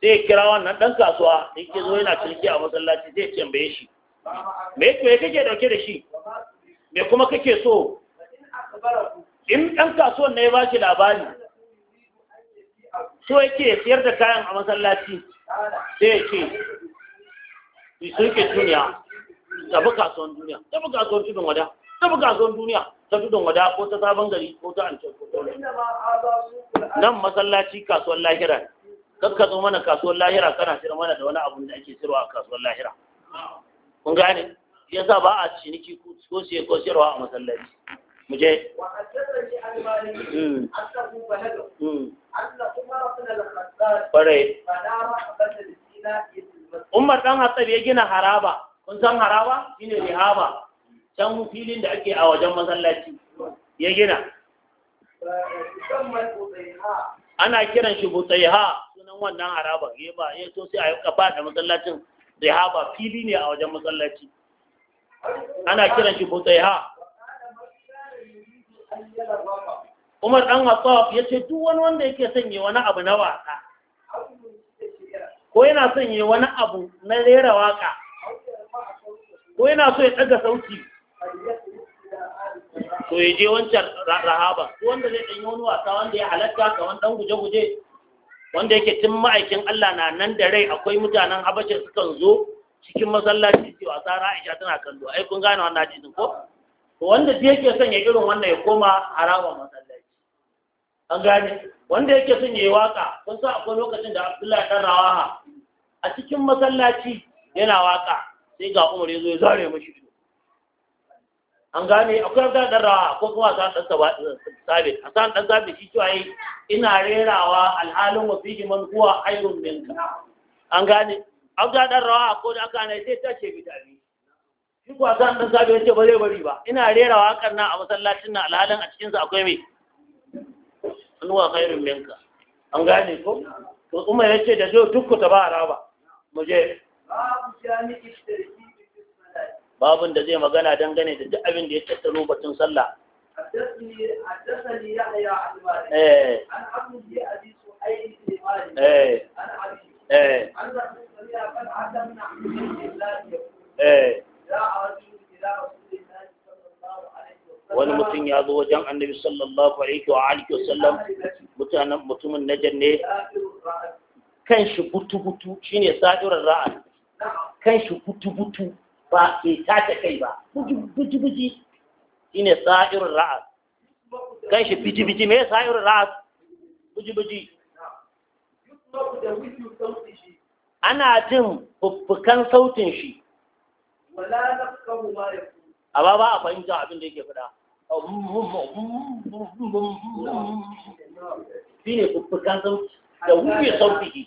sai kira wannan ɗan kasuwa da yake zo yana ciniki a masallaci zai tambaye shi me me kake dauke da shi me kuma kake so in ɗan kasuwan na ya ba shi labari so yake siyar da kayan a masallaci sai ya ce su yake duniya tafi kasuwan duniya tafi kasuwan tudun wada tafi kasuwan duniya ta tudun wada ko ta sabon gari ko ta an ko ta nan masallaci kasuwar lahira kakka zo mana kasuwar lahira kana sayar mana da wani abu da ake sayarwa a kasuwar lahira kun gane yasa ba a ciniki ko siye ko sayarwa a masallaci mu je hmm. hmm. Umar ɗan Hatsari ya gina haraba, kun san haraba shine rihaba, can filin da ake a wajen masallaci ya gina. ana kiran shi butaiha sunan wannan haraba ya ba ya so sai a yi kafa da masallacin zaiha ba fili ne a wajen masallaci ana kiran shi butaiha umar dan hatsaf ya ce duk wani wanda yake sanye wani abu na wasa ko yana sanye wani abu na rera waka ko yana so ya daga sauti to ya je wancan rahaba ko wanda zai ɗanyi wani wasa wanda ya halatta kamar ɗan guje-guje wanda yake tun ma'aikin Allah na nan da rai akwai mutanen habashin sukan zo cikin masallaci ce wasa Aisha tana kallo ai kun gane wannan hadisin ko to wanda da yake son ya irin wannan ya koma harawa masallaci an gane wanda yake son ya yi waka kun san akwai lokacin da Abdullahi dan Rawaha a cikin masallaci yana waka sai ga Umar ya zo ya zare mashi an gane akwai wata dan rawa ko kuma hasan dan a san dan sabit shi ai, ina rerawa alhalin wa fihi man huwa khairun minka an gane wata dan rawa ko da aka ne sai ta ce bitabi shi ko hasan dan sabit yace ba zai bari ba ina rerawa hakan a masallacin nan alhalin a cikin sa akwai me an huwa khairun minka an gane ko to kuma yace da zo dukku ta ba raba mu je babu jami'i babun da zai magana dangane da duk abin da ya tattaro batun sallah eh. Eh. Eh. wani mutum ya zo wajen annabi sallallahu alaihi wa alihi sallam mutanen mutumin najar ne kan shi butu-butu shine sa'irar ra'an kan shi butu-butu ba ke tace kai ba buji-buji ne sa'irin ra'as kan shi biji-biji mai sa'irin ra'as buji-buji ana jin fuffukan sautin shi a ba ba a fahimta abin da yake fada shi ne fuffukan sauti da wuce sauti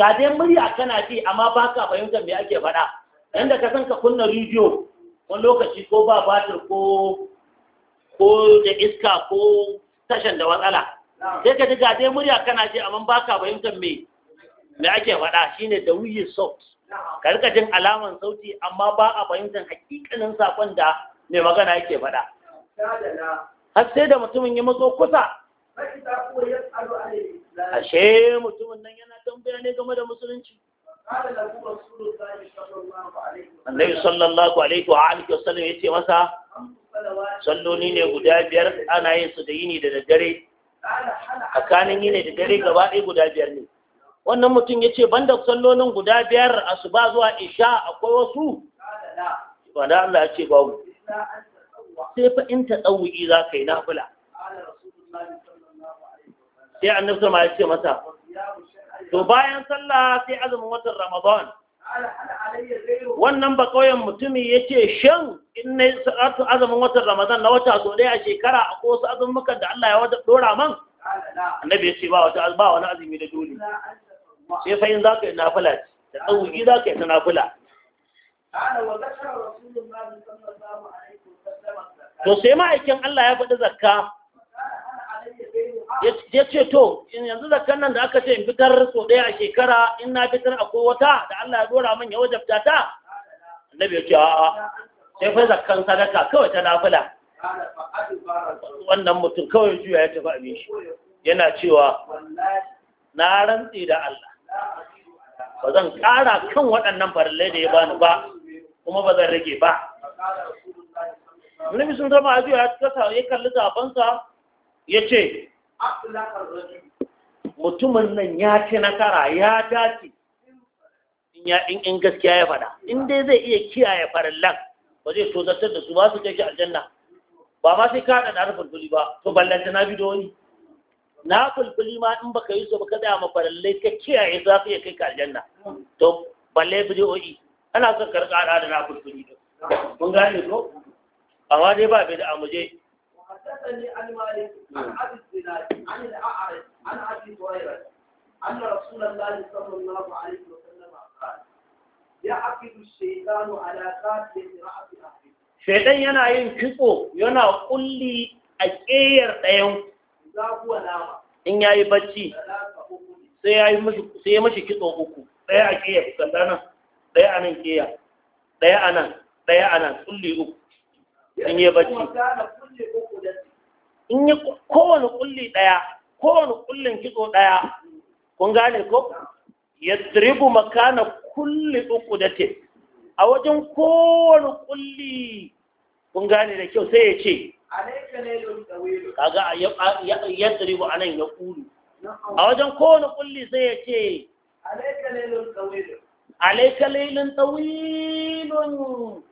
ga dai murya kana ce amma ba ka fahimtar me ake fada yanda ka san ka kunna rediyo wani lokaci ko ba batir ko ko da iska ko tashan da watsala sai ka ji ga dai murya kana ji amma baka fahimtar me me ake faɗa shine da wuyi soft ka rika jin alaman sauti amma ba a fahimtar hakikanin sakon da mai magana yake faɗa har sai da mutumin ya matso kusa ashe mutumin nan yana tambaya ne game da musulunci annabi sallallahu alaihi wa alihi wasallam yace masa salloli ne guda biyar ana yin su da yini da daddare tsakanin yini da dare gaba ɗaya guda biyar ne wannan mutum ya ce banda sallolin guda biyar asuba zuwa isha akwai wasu wanda Allah ya ce babu sai fa in ta tsawuyi za ka yi nafila sai annabi ma ya ce masa to bayan sallah sai azumin watan ramadan wannan ba kauyen mutumi ya ce shan in na salatu azumin watan ramadan na wata so ɗaya a shekara a wasu azumukan da Allah ya wata dora man annabi ya ce ba wata ba wani azumi da dole sai fa za ka yi nafila da tsawuki za ka yi ta nafila to sai ma'aikin Allah ya faɗi zakka ya ce to yanzu zakan nan da aka ce in fitar so ɗaya a shekara in na fitar a kowata, da Allah ya dora min ya wajabta ta annabi ya ce a'a sai fa zakkan sadaka kawai ta nafila wannan mutum kawai juya ya tafi abin shi yana cewa na rantsi da Allah ba zan ƙara kan waɗannan farallai da ya bani ba kuma ba zan rage ba Nabi sun zama a ya kalli zabansa ya ce mutumin nan ya ce nasara ya dace in gaskiya ya fada in dai zai iya kiyaye farallan ba zai tozartar da su ba su kai shi aljanna ba ma sai ka da fulfuli ba to ballanta na bi doni na fulfuli ma in baka yi so ba ka tsaya ma farallai ka kiyaye za su iya kai ka aljanna to balle bidiyoyi ana son karɓa da na fulfuli Mun gane ko amma dai ba bai da amuje حدثني عن مالك عن الزناد عن الاعرج عن ابي هريره ان رسول الله صلى الله عليه وسلم قال يعقد الشيطان على قاتل yana yin kitso yana kulli a ƙeyar ɗayan in ya yi bacci sai ya mashi kitso uku ɗaya a ƙeyar sandanan ɗaya a nan ƙeya ɗaya a nan ɗaya a nan kulli uku in yi bacci in yi kowane kulli ɗaya kowane kullin kitso ɗaya kun gane ko ya tribu makana kulli uku da te a wajen kowane kulli kun gane da kyau sai ya ce kaga ya tribu a nan ya kulu a wajen kowane kulli sai ya ce alaika lailun tsawilun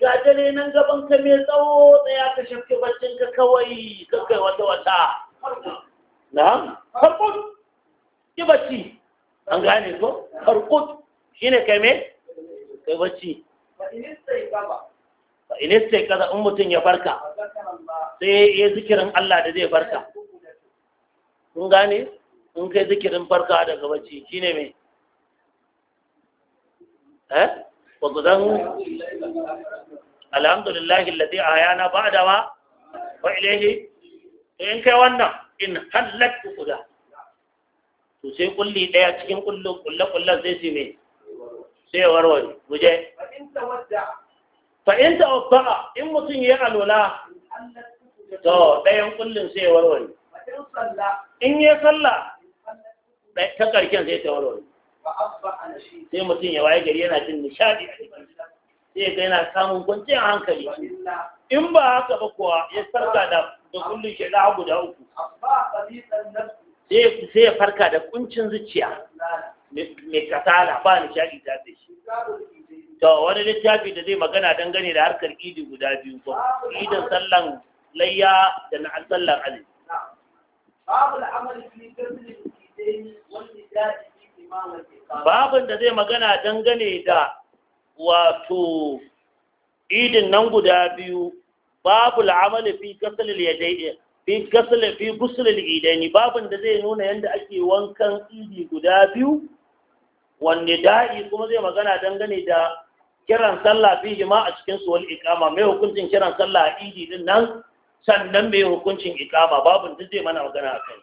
ga dare nan gaban ka mai tsawo tsaya ka shafke baccin ka kawai kakai wata wata na harkut ki bacci an gane ko shi ne kai mai kai bacci ba in sai kaza in mutum ya barka sai ya zikirin Allah da zai barka kun gane in kai zikirin barka daga bacci ne me eh ba ku zan alhamdulillahi lati a yana ba da ma ba ilaihi in kai wannan in hallat ku kuda to kulli daya cikin kullu kullu kullu zai su me sai warware guje fa in ta wabba in mutum ya ɗayan kullun sai warware in ya salla ta sai warware sai mutum ya waye gari yana jin nishadi a sai ga yana samun kwanciyar hankali in ba haka ba kuwa ya farka da da kullun da uku sai ya farka da kuncin zuciya mai kasala ba nishadi ta da shi to wani littafi da zai magana dangane da harkar idi guda biyu ko idan sallan layya da na sallan azumi babu fi babin da zai magana dangane da wato idin nan guda biyu babu la'amali, fi gasalil yadai fi gasalil fi gusalil idaini babin da zai nuna yadda ake wankan idi guda biyu wanne da'i kuma zai magana dangane da kiran sallah fi a cikin su wal iqama mai hukuncin kiran sallah idi din nan sannan mai hukuncin ikama? babin da zai mana magana akai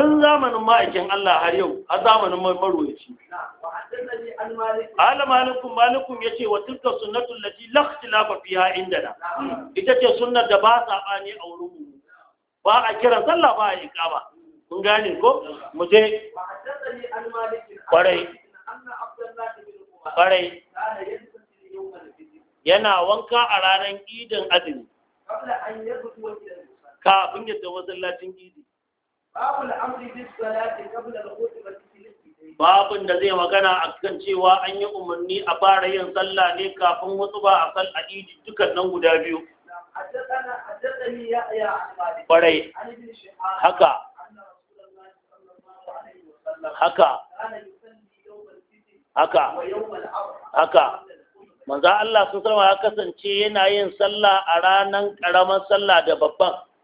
tun zamanin ma'aikin Allah har yau a zamanin maroyaci ala malikun ya ce wa tilka sunnatul lati la ikhtilafa inda na, ita ce sunnar da ba ne a wurin mu ba a kira sallah ba a yi kama, kun gane ko mu je kwarai yana wanka a ranar idin azumi kafin yadda masallacin idi babin da zai magana a kan cewa an yi umarni a fara yin sallah ne kafin wasu ba a sal a idi dukkan nan guda biyu kwarai haka haka haka haka manzo Allah sun sama ya kasance yana yin sallah a ranar ƙaramar sallah da babban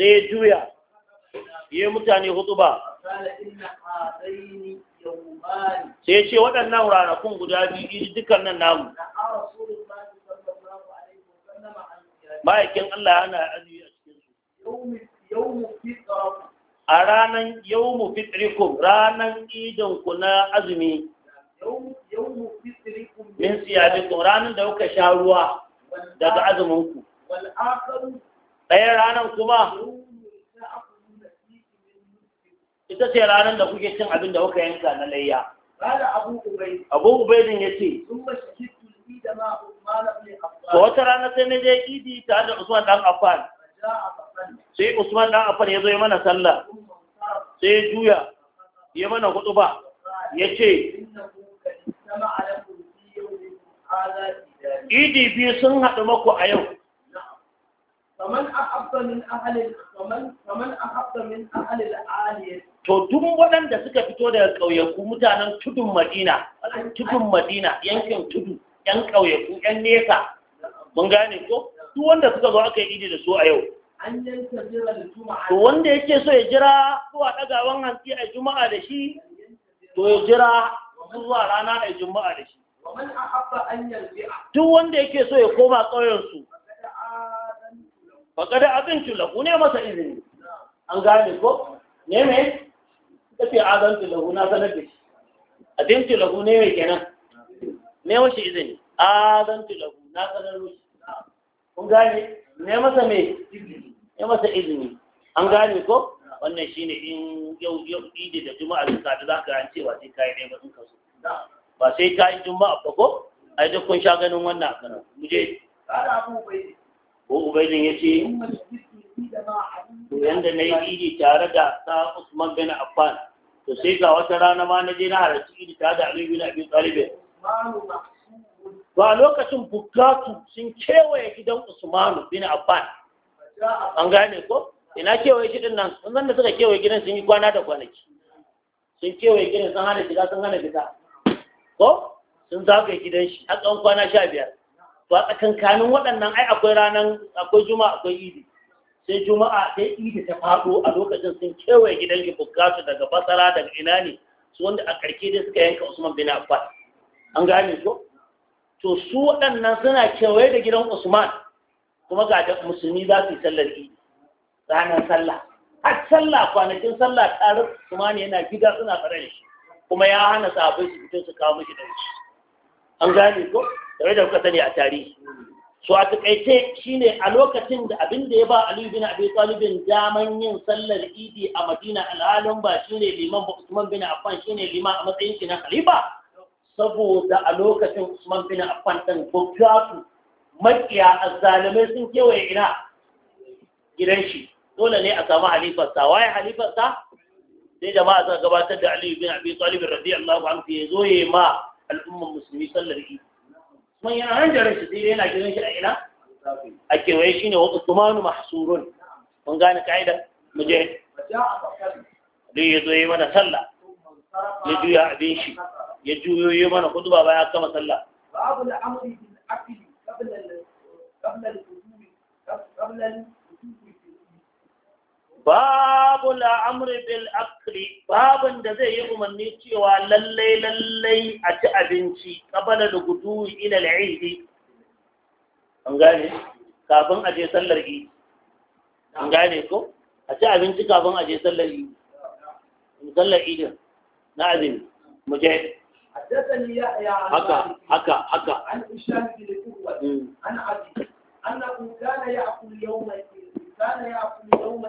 sai ya juya ya mutane hudu ba sai ya ce waɗannan ranakun guda biyu dukkan nan namu ma'aikin Allah na ajiye a cikinsu a ranar yawmu fitrikum ranar idinku na azumi min siyadikum ranar da kuka sha ruwa daga azuminku ɗayan ranar kuma ita ce ranar da kuke cin abin da kuka yanka na layya abu ubaidin ya ce ko wata rana sai na je idi tare da usman ɗan affan sai usman ɗan affan ya zo yi mana sallah sai ya juya ya mana hudu ba ya ce idi biyu sun haɗu maku a yau faman haɓɓa min a faman a ahabba min to duk waɗanda suka fito daga ƙauyaku mutanen tudun madina tudun madina yankin tudu yan ƙauyaku yan nesa mun gane ko duk wanda suka zo aka yi idi da su a yau to wanda yake so ya jira zuwa ɗagawan hantsi a juma'a da shi to ya jira zuwa rana a juma'a da shi duk wanda yake so ya koma ƙauyensu faƙada azintu lahu ne masa izini an gane ko ne me kace azantu lahu na sanar da shi azintu lahu ne mai kenan ne mashi izini azantu lahu na sanar da shi kun gane ne masa me ne masa izini an gane ko wannan shine in yau yau ɗide da juma'a da sadu za ka rance ba sai kai yi ba in ka ba sai kai juma'a ba ko a duk kun sha ganin wannan kana mu je abu bai ko ubaidin ya ce to yanda na yi idi tare da sa usman bin affan to sai ga wata rana ma na je na halarci idi tare da aliyu bin abi talibin Ba a lokacin bukatu sun kewaye gidan Usman bin affan an gane ko ina kewaye gidan nan sun zanda suka kewaye gidan sun yi kwana da kwanaki sun kewaye gidan sun hana gida, sun hana gida. ko sun zagaye gidan shi a tsawon kwana sha biyar to a tsakankanin waɗannan ai akwai ranar akwai juma'a akwai idi sai juma'a sai idi ta faɗo a lokacin sun kewaye gidan bukatu daga basara daga ina ne su wanda a ƙarke dai suka yanka usman bin affan an gane ko to su waɗannan suna kewaye da gidan usman kuma ga da musulmi za su yi sallar idi ranar sallah har sallah kwanakin sallah tarin usman yana gida suna fara da shi kuma ya hana sahabbai su fito su kawo mishi da an gane ko kamar da kuka sani a tarihi so a takaice shine a lokacin da abin da ya ba Aliyu bin Abi Talib daman yin sallar Idi a Madina alhalin ba shine liman ba Usman bin Affan shine liman a matsayin shi na khalifa saboda a lokacin Usman bin Affan ɗan gogatu makiya azzalimai sun kewaye ina gidan shi dole ne a samu sa waye sa sai jama'a suka gabatar da Aliyu bin Abi Talib radiyallahu anhu ya zo ya ma al'ummar musulmi sallar Idi kuma yana nan da rashi sai yana gidan shi a ina a kewaye shine wa usmanu mahsurun mun gane kaida mu je duk ya zo yi mana sallah ya juya abin ya juyo yi mana kutuba bayan kama sallah babu la'amri bil akli babin da zai yi umarni cewa lallai lallai a ci abinci kabala da gudu ila al'idi an gane kafin a je sallar idi an gane ko a ci abinci kafin a je sallar idi sallar idin na azumi mu je haka haka haka an ishaq bil qurwa an abi annahu kana ya'kul yawma kana ya'kul yawma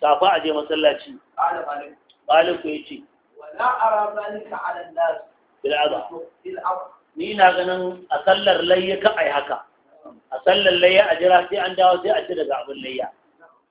kafa a je masallaci maliku ya ce ni na ganin a sallar layya ka a haka a sallar layya a jira sai an dawo sai a ci daga abin layya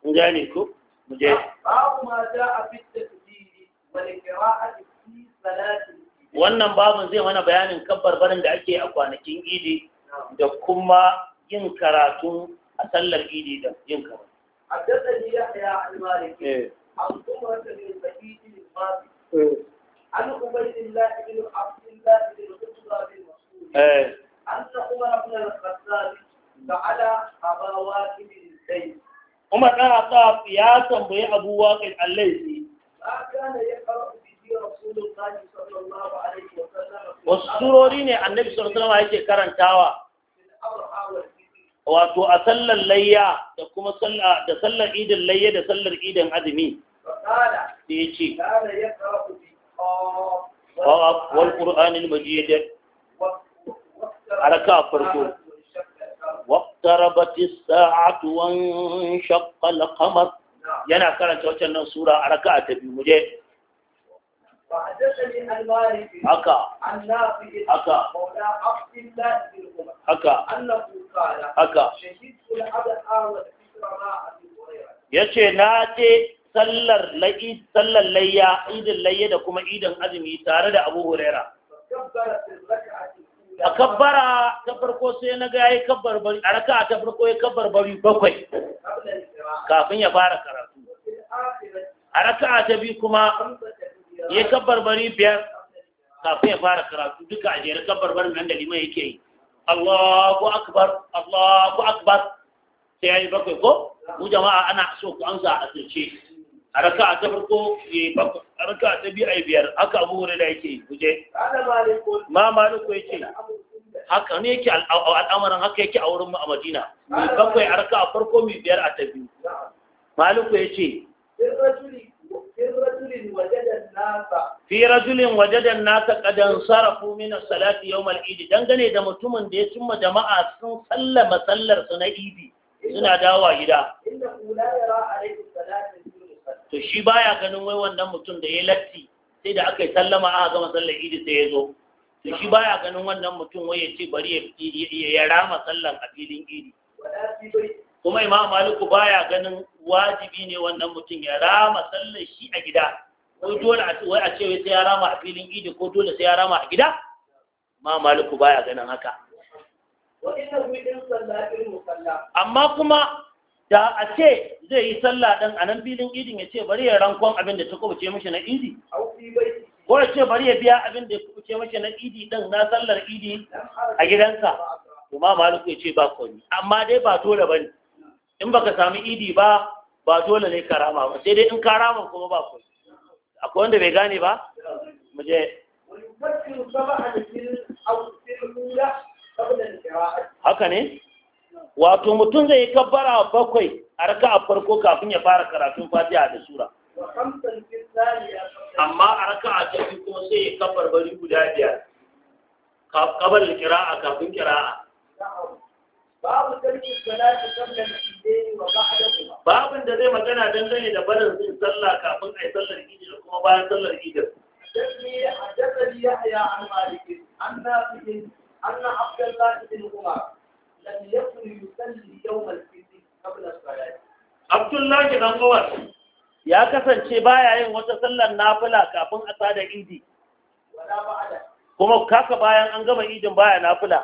kun gane ko mu je babu ma da a fitta ji wani a fi salatin wannan babun zai mana bayanin kabbar barin da ake a kwanakin idi da kuma yin karatu a sallar idi da yin karatu حدثني يحيى عن مالك عن سمرة بن سعيد القاضي عن عبيد الله بن عبد الله بن عتبة بن مسعود أن عمر بن الخطاب فعل أبا واكب الليل عمر بن الخطاب يا تنبيه أبو واكب الليل ما كان يقرأ به رسول الله صلى الله عليه وسلم wasu surori ne annabi sallallahu alaihi wasallam yake karantawa wato a sallar layya da kuma da sallar idan layya da sallar idan azumi da ya ce wal ƙur'anin majiyar haraka farko waktarabatis batis, wan shaqqal kamar yana karanta wacce nan sura a raka'a ta biyu muje وحدثني المالك حكى عن حكى مولى عبد الله بن عمر حكى انه قال حكى شهدت ابي هريره sallar la'i sallar layya idin layya da kuma idin azumi tare da Abu Huraira a kabbara ta farko sai na ga yayi kabbar bari a raka ta farko yayi kabbar bari bakwai kafin ya fara karatu a raka ta biyu kuma ya bari biyar kafin ya fara karatu duka a kabbar bari nan da lima yake yi Allahu akbar Allahu akbar sai yayi bakwai ko mu jama'a ana so ku amsa a tsirce a raka'a ta farko yi bakwai a raka'a ta biyu yi biyar haka Abu da yake kuje ma maliku yake haka ne yake al'amarin haka yake a wurin mu a Madina mai bakwai a a farko mai biyar a ta biyu maliku fi rajulin wajadan nasa kadan sarafu min salati yawm al-eid dangane da mutumin da ya cimma jama'a sun sallama sallar su na idi suna dawowa gida to shi baya ganin wai wannan mutum da ya latti sai da aka yi sallama a gama sallar idi sai ya zo to shi baya ganin wannan mutum wai ya ce bari ya rama sallar a filin idi kuma imam maliku baya ganin wajibi ne wannan mutum ya rama sallar shi a gida ko dole wai a ce wai sai ya rama a filin idi ko dole sai ya rama a gida ma maliku baya ganin haka amma kuma da a ce zai yi sallah ɗin a nan filin idin ya ce bari ya rankon abin da ta kubuce mashi na idi ko ya ce bari ya biya abin da ya kubuce mashi na idi ɗin na sallar idi a gidansa kuma maliku ya ce ba komi amma dai ba dole ba ne in baka sami idi ba ba dole ne karama ba sai dai in karama kuma ba ku akwai wanda bai gane ba mu je haka ne wato mutum zai yi kabbara bakwai a raka a farko kafin ya fara karatun fatiha da sura amma a raka a cikin kuma sai ya kabbar bari guda biyar kabar kira'a kafin kira'a babu tarkin salati qabla al-idayn wa ba'dahu babun da zai magana dangane da barin yin sallah kafin ai sallar idi da kuma bayan sallar idi dani hadathani yahya an malik an nafi an abdullah ibn umar lam yakun yusalli yawm al-fitr qabla as-salati abdullah ibn umar ya kasance baya yin wata sallar nafila kafin a tsada idi kuma kaka bayan an gama idin baya nafila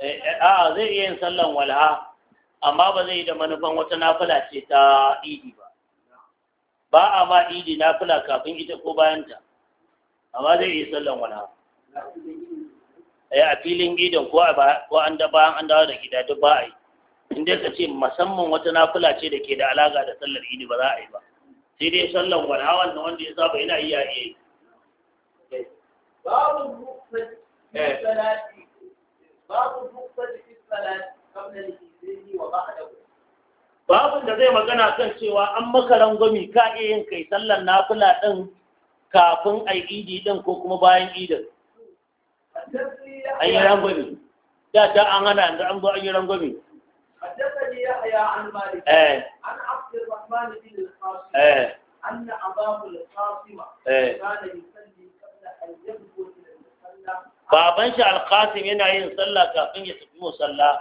Eh, eh, a'a zai iya yin sallan walha amma ba zai yi da manufan wata nafila ce ta idi ba ba a ma idi nafila kafin ita ko bayanta amma zai iya sallan walha eh, a filin idon ko an da bayan an dawo da gida duk ba a yi in dai ka ce musamman wata nafila ce da ke da alaƙa da sallar idi ba za a yi ba sai dai sallan walha wanda wanda ya saba yana iya iya yi babu salati babu babun da zai magana kan cewa an maka rangwami ka iya yin kai sallar nafila din kafin ai idi din ko kuma bayan idin Ayi rangwami da ta an hana yanzu an zo an yi rangwami حدثني يحيى عن مالك eh. عن عبد الرحمن بن baban shi alƙasim yana yin sallah kafin ya tafi musalla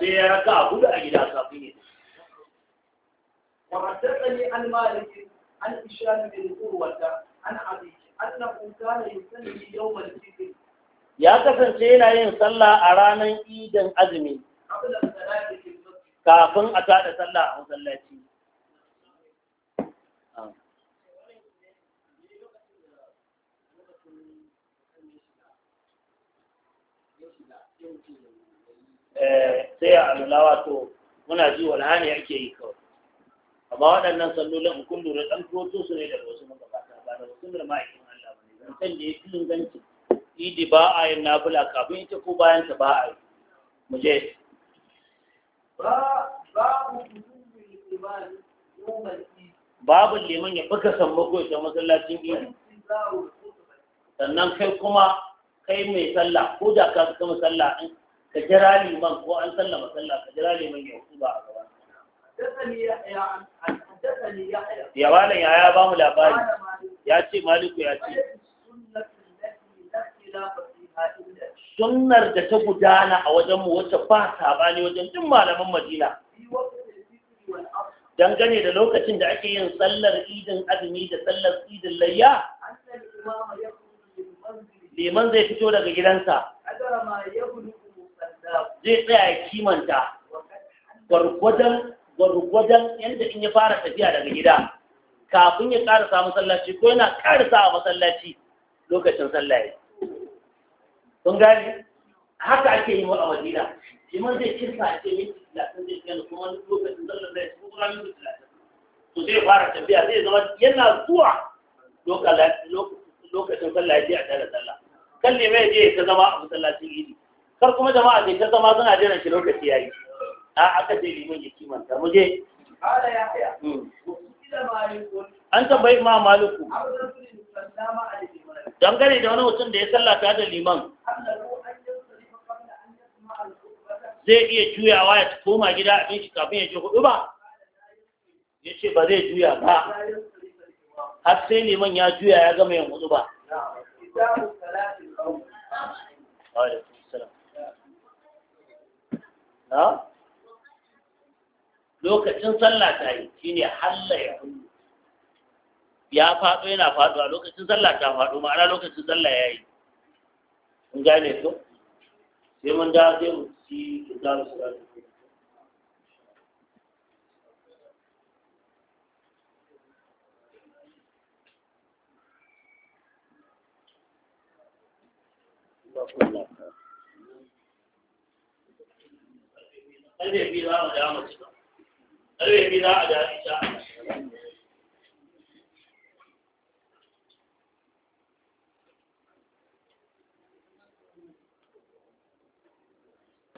sai ya raka a hudu a gida kafin ya tafi ya kasance yana yin sallah a ranar idan azumi kafin a tada sallah a musallaci. Eh, sai a alulawa to muna ji walhani ake yi kawai amma waɗannan sallolin in kun lura ɗan turoto su ne da wasu magabata ba da wasu da ma'aikin Allah ba ne zancen da ya fi inganci idi ba a yin nafila kafin ita ko bayan ta ba a yi mu je babu liman ya buga sammako ita masallacin idi sannan kai kuma kai mai sallah ko da ka kama sallah in ka jira liman ko an sallama sallah ka jira liman ya hutu ba a gaba ya malam ya ya ba mu labari ya ce maliku ya ce sunnar da ta gudana a wajen mu wacce ba ne wajen duk malaman madina dangane da lokacin da ake yin sallar idin azumi da sallar idin layya liman zai fito daga gidansa zai tsaya kimanta gwargwadon gwargwadon yadda in ya fara tafiya daga gida kafin ya karasa masallaci ko yana karasa a masallaci lokacin sallaye. Sun gari haka ake yi wa a madina liman zai kirka a ce minti talatin zai kai kuma lokacin sallar zai ci kuma minti talatin to zai fara tafiya zai zama yana zuwa lokacin sallah a tare sallah kan ne mai je ka zama a masallacin gidi. kar kuma jama'a bai ta zama suna jiran shi lokaci yayi a aka ce limin ya kimanta mu je hmm. an tambayi ma maliku dangane da wani mutum da ya sallata da liman zai iya juyawa ya koma gida a ɗin shi kafin ya ji hudu ba ya ce ba zai juya ba har sai liman ya juya ya gama yin hudu ba ha lokacin sallah ta yi shine halla ya hulu ya faɗo yana faɗo a lokacin sallah ta faɗo ma'ana lokacin sallah ya yi in gane to sai mun da zai mu ci za su da Thank you. ƙarfe biyu za mu dawo mace ba ƙarfe a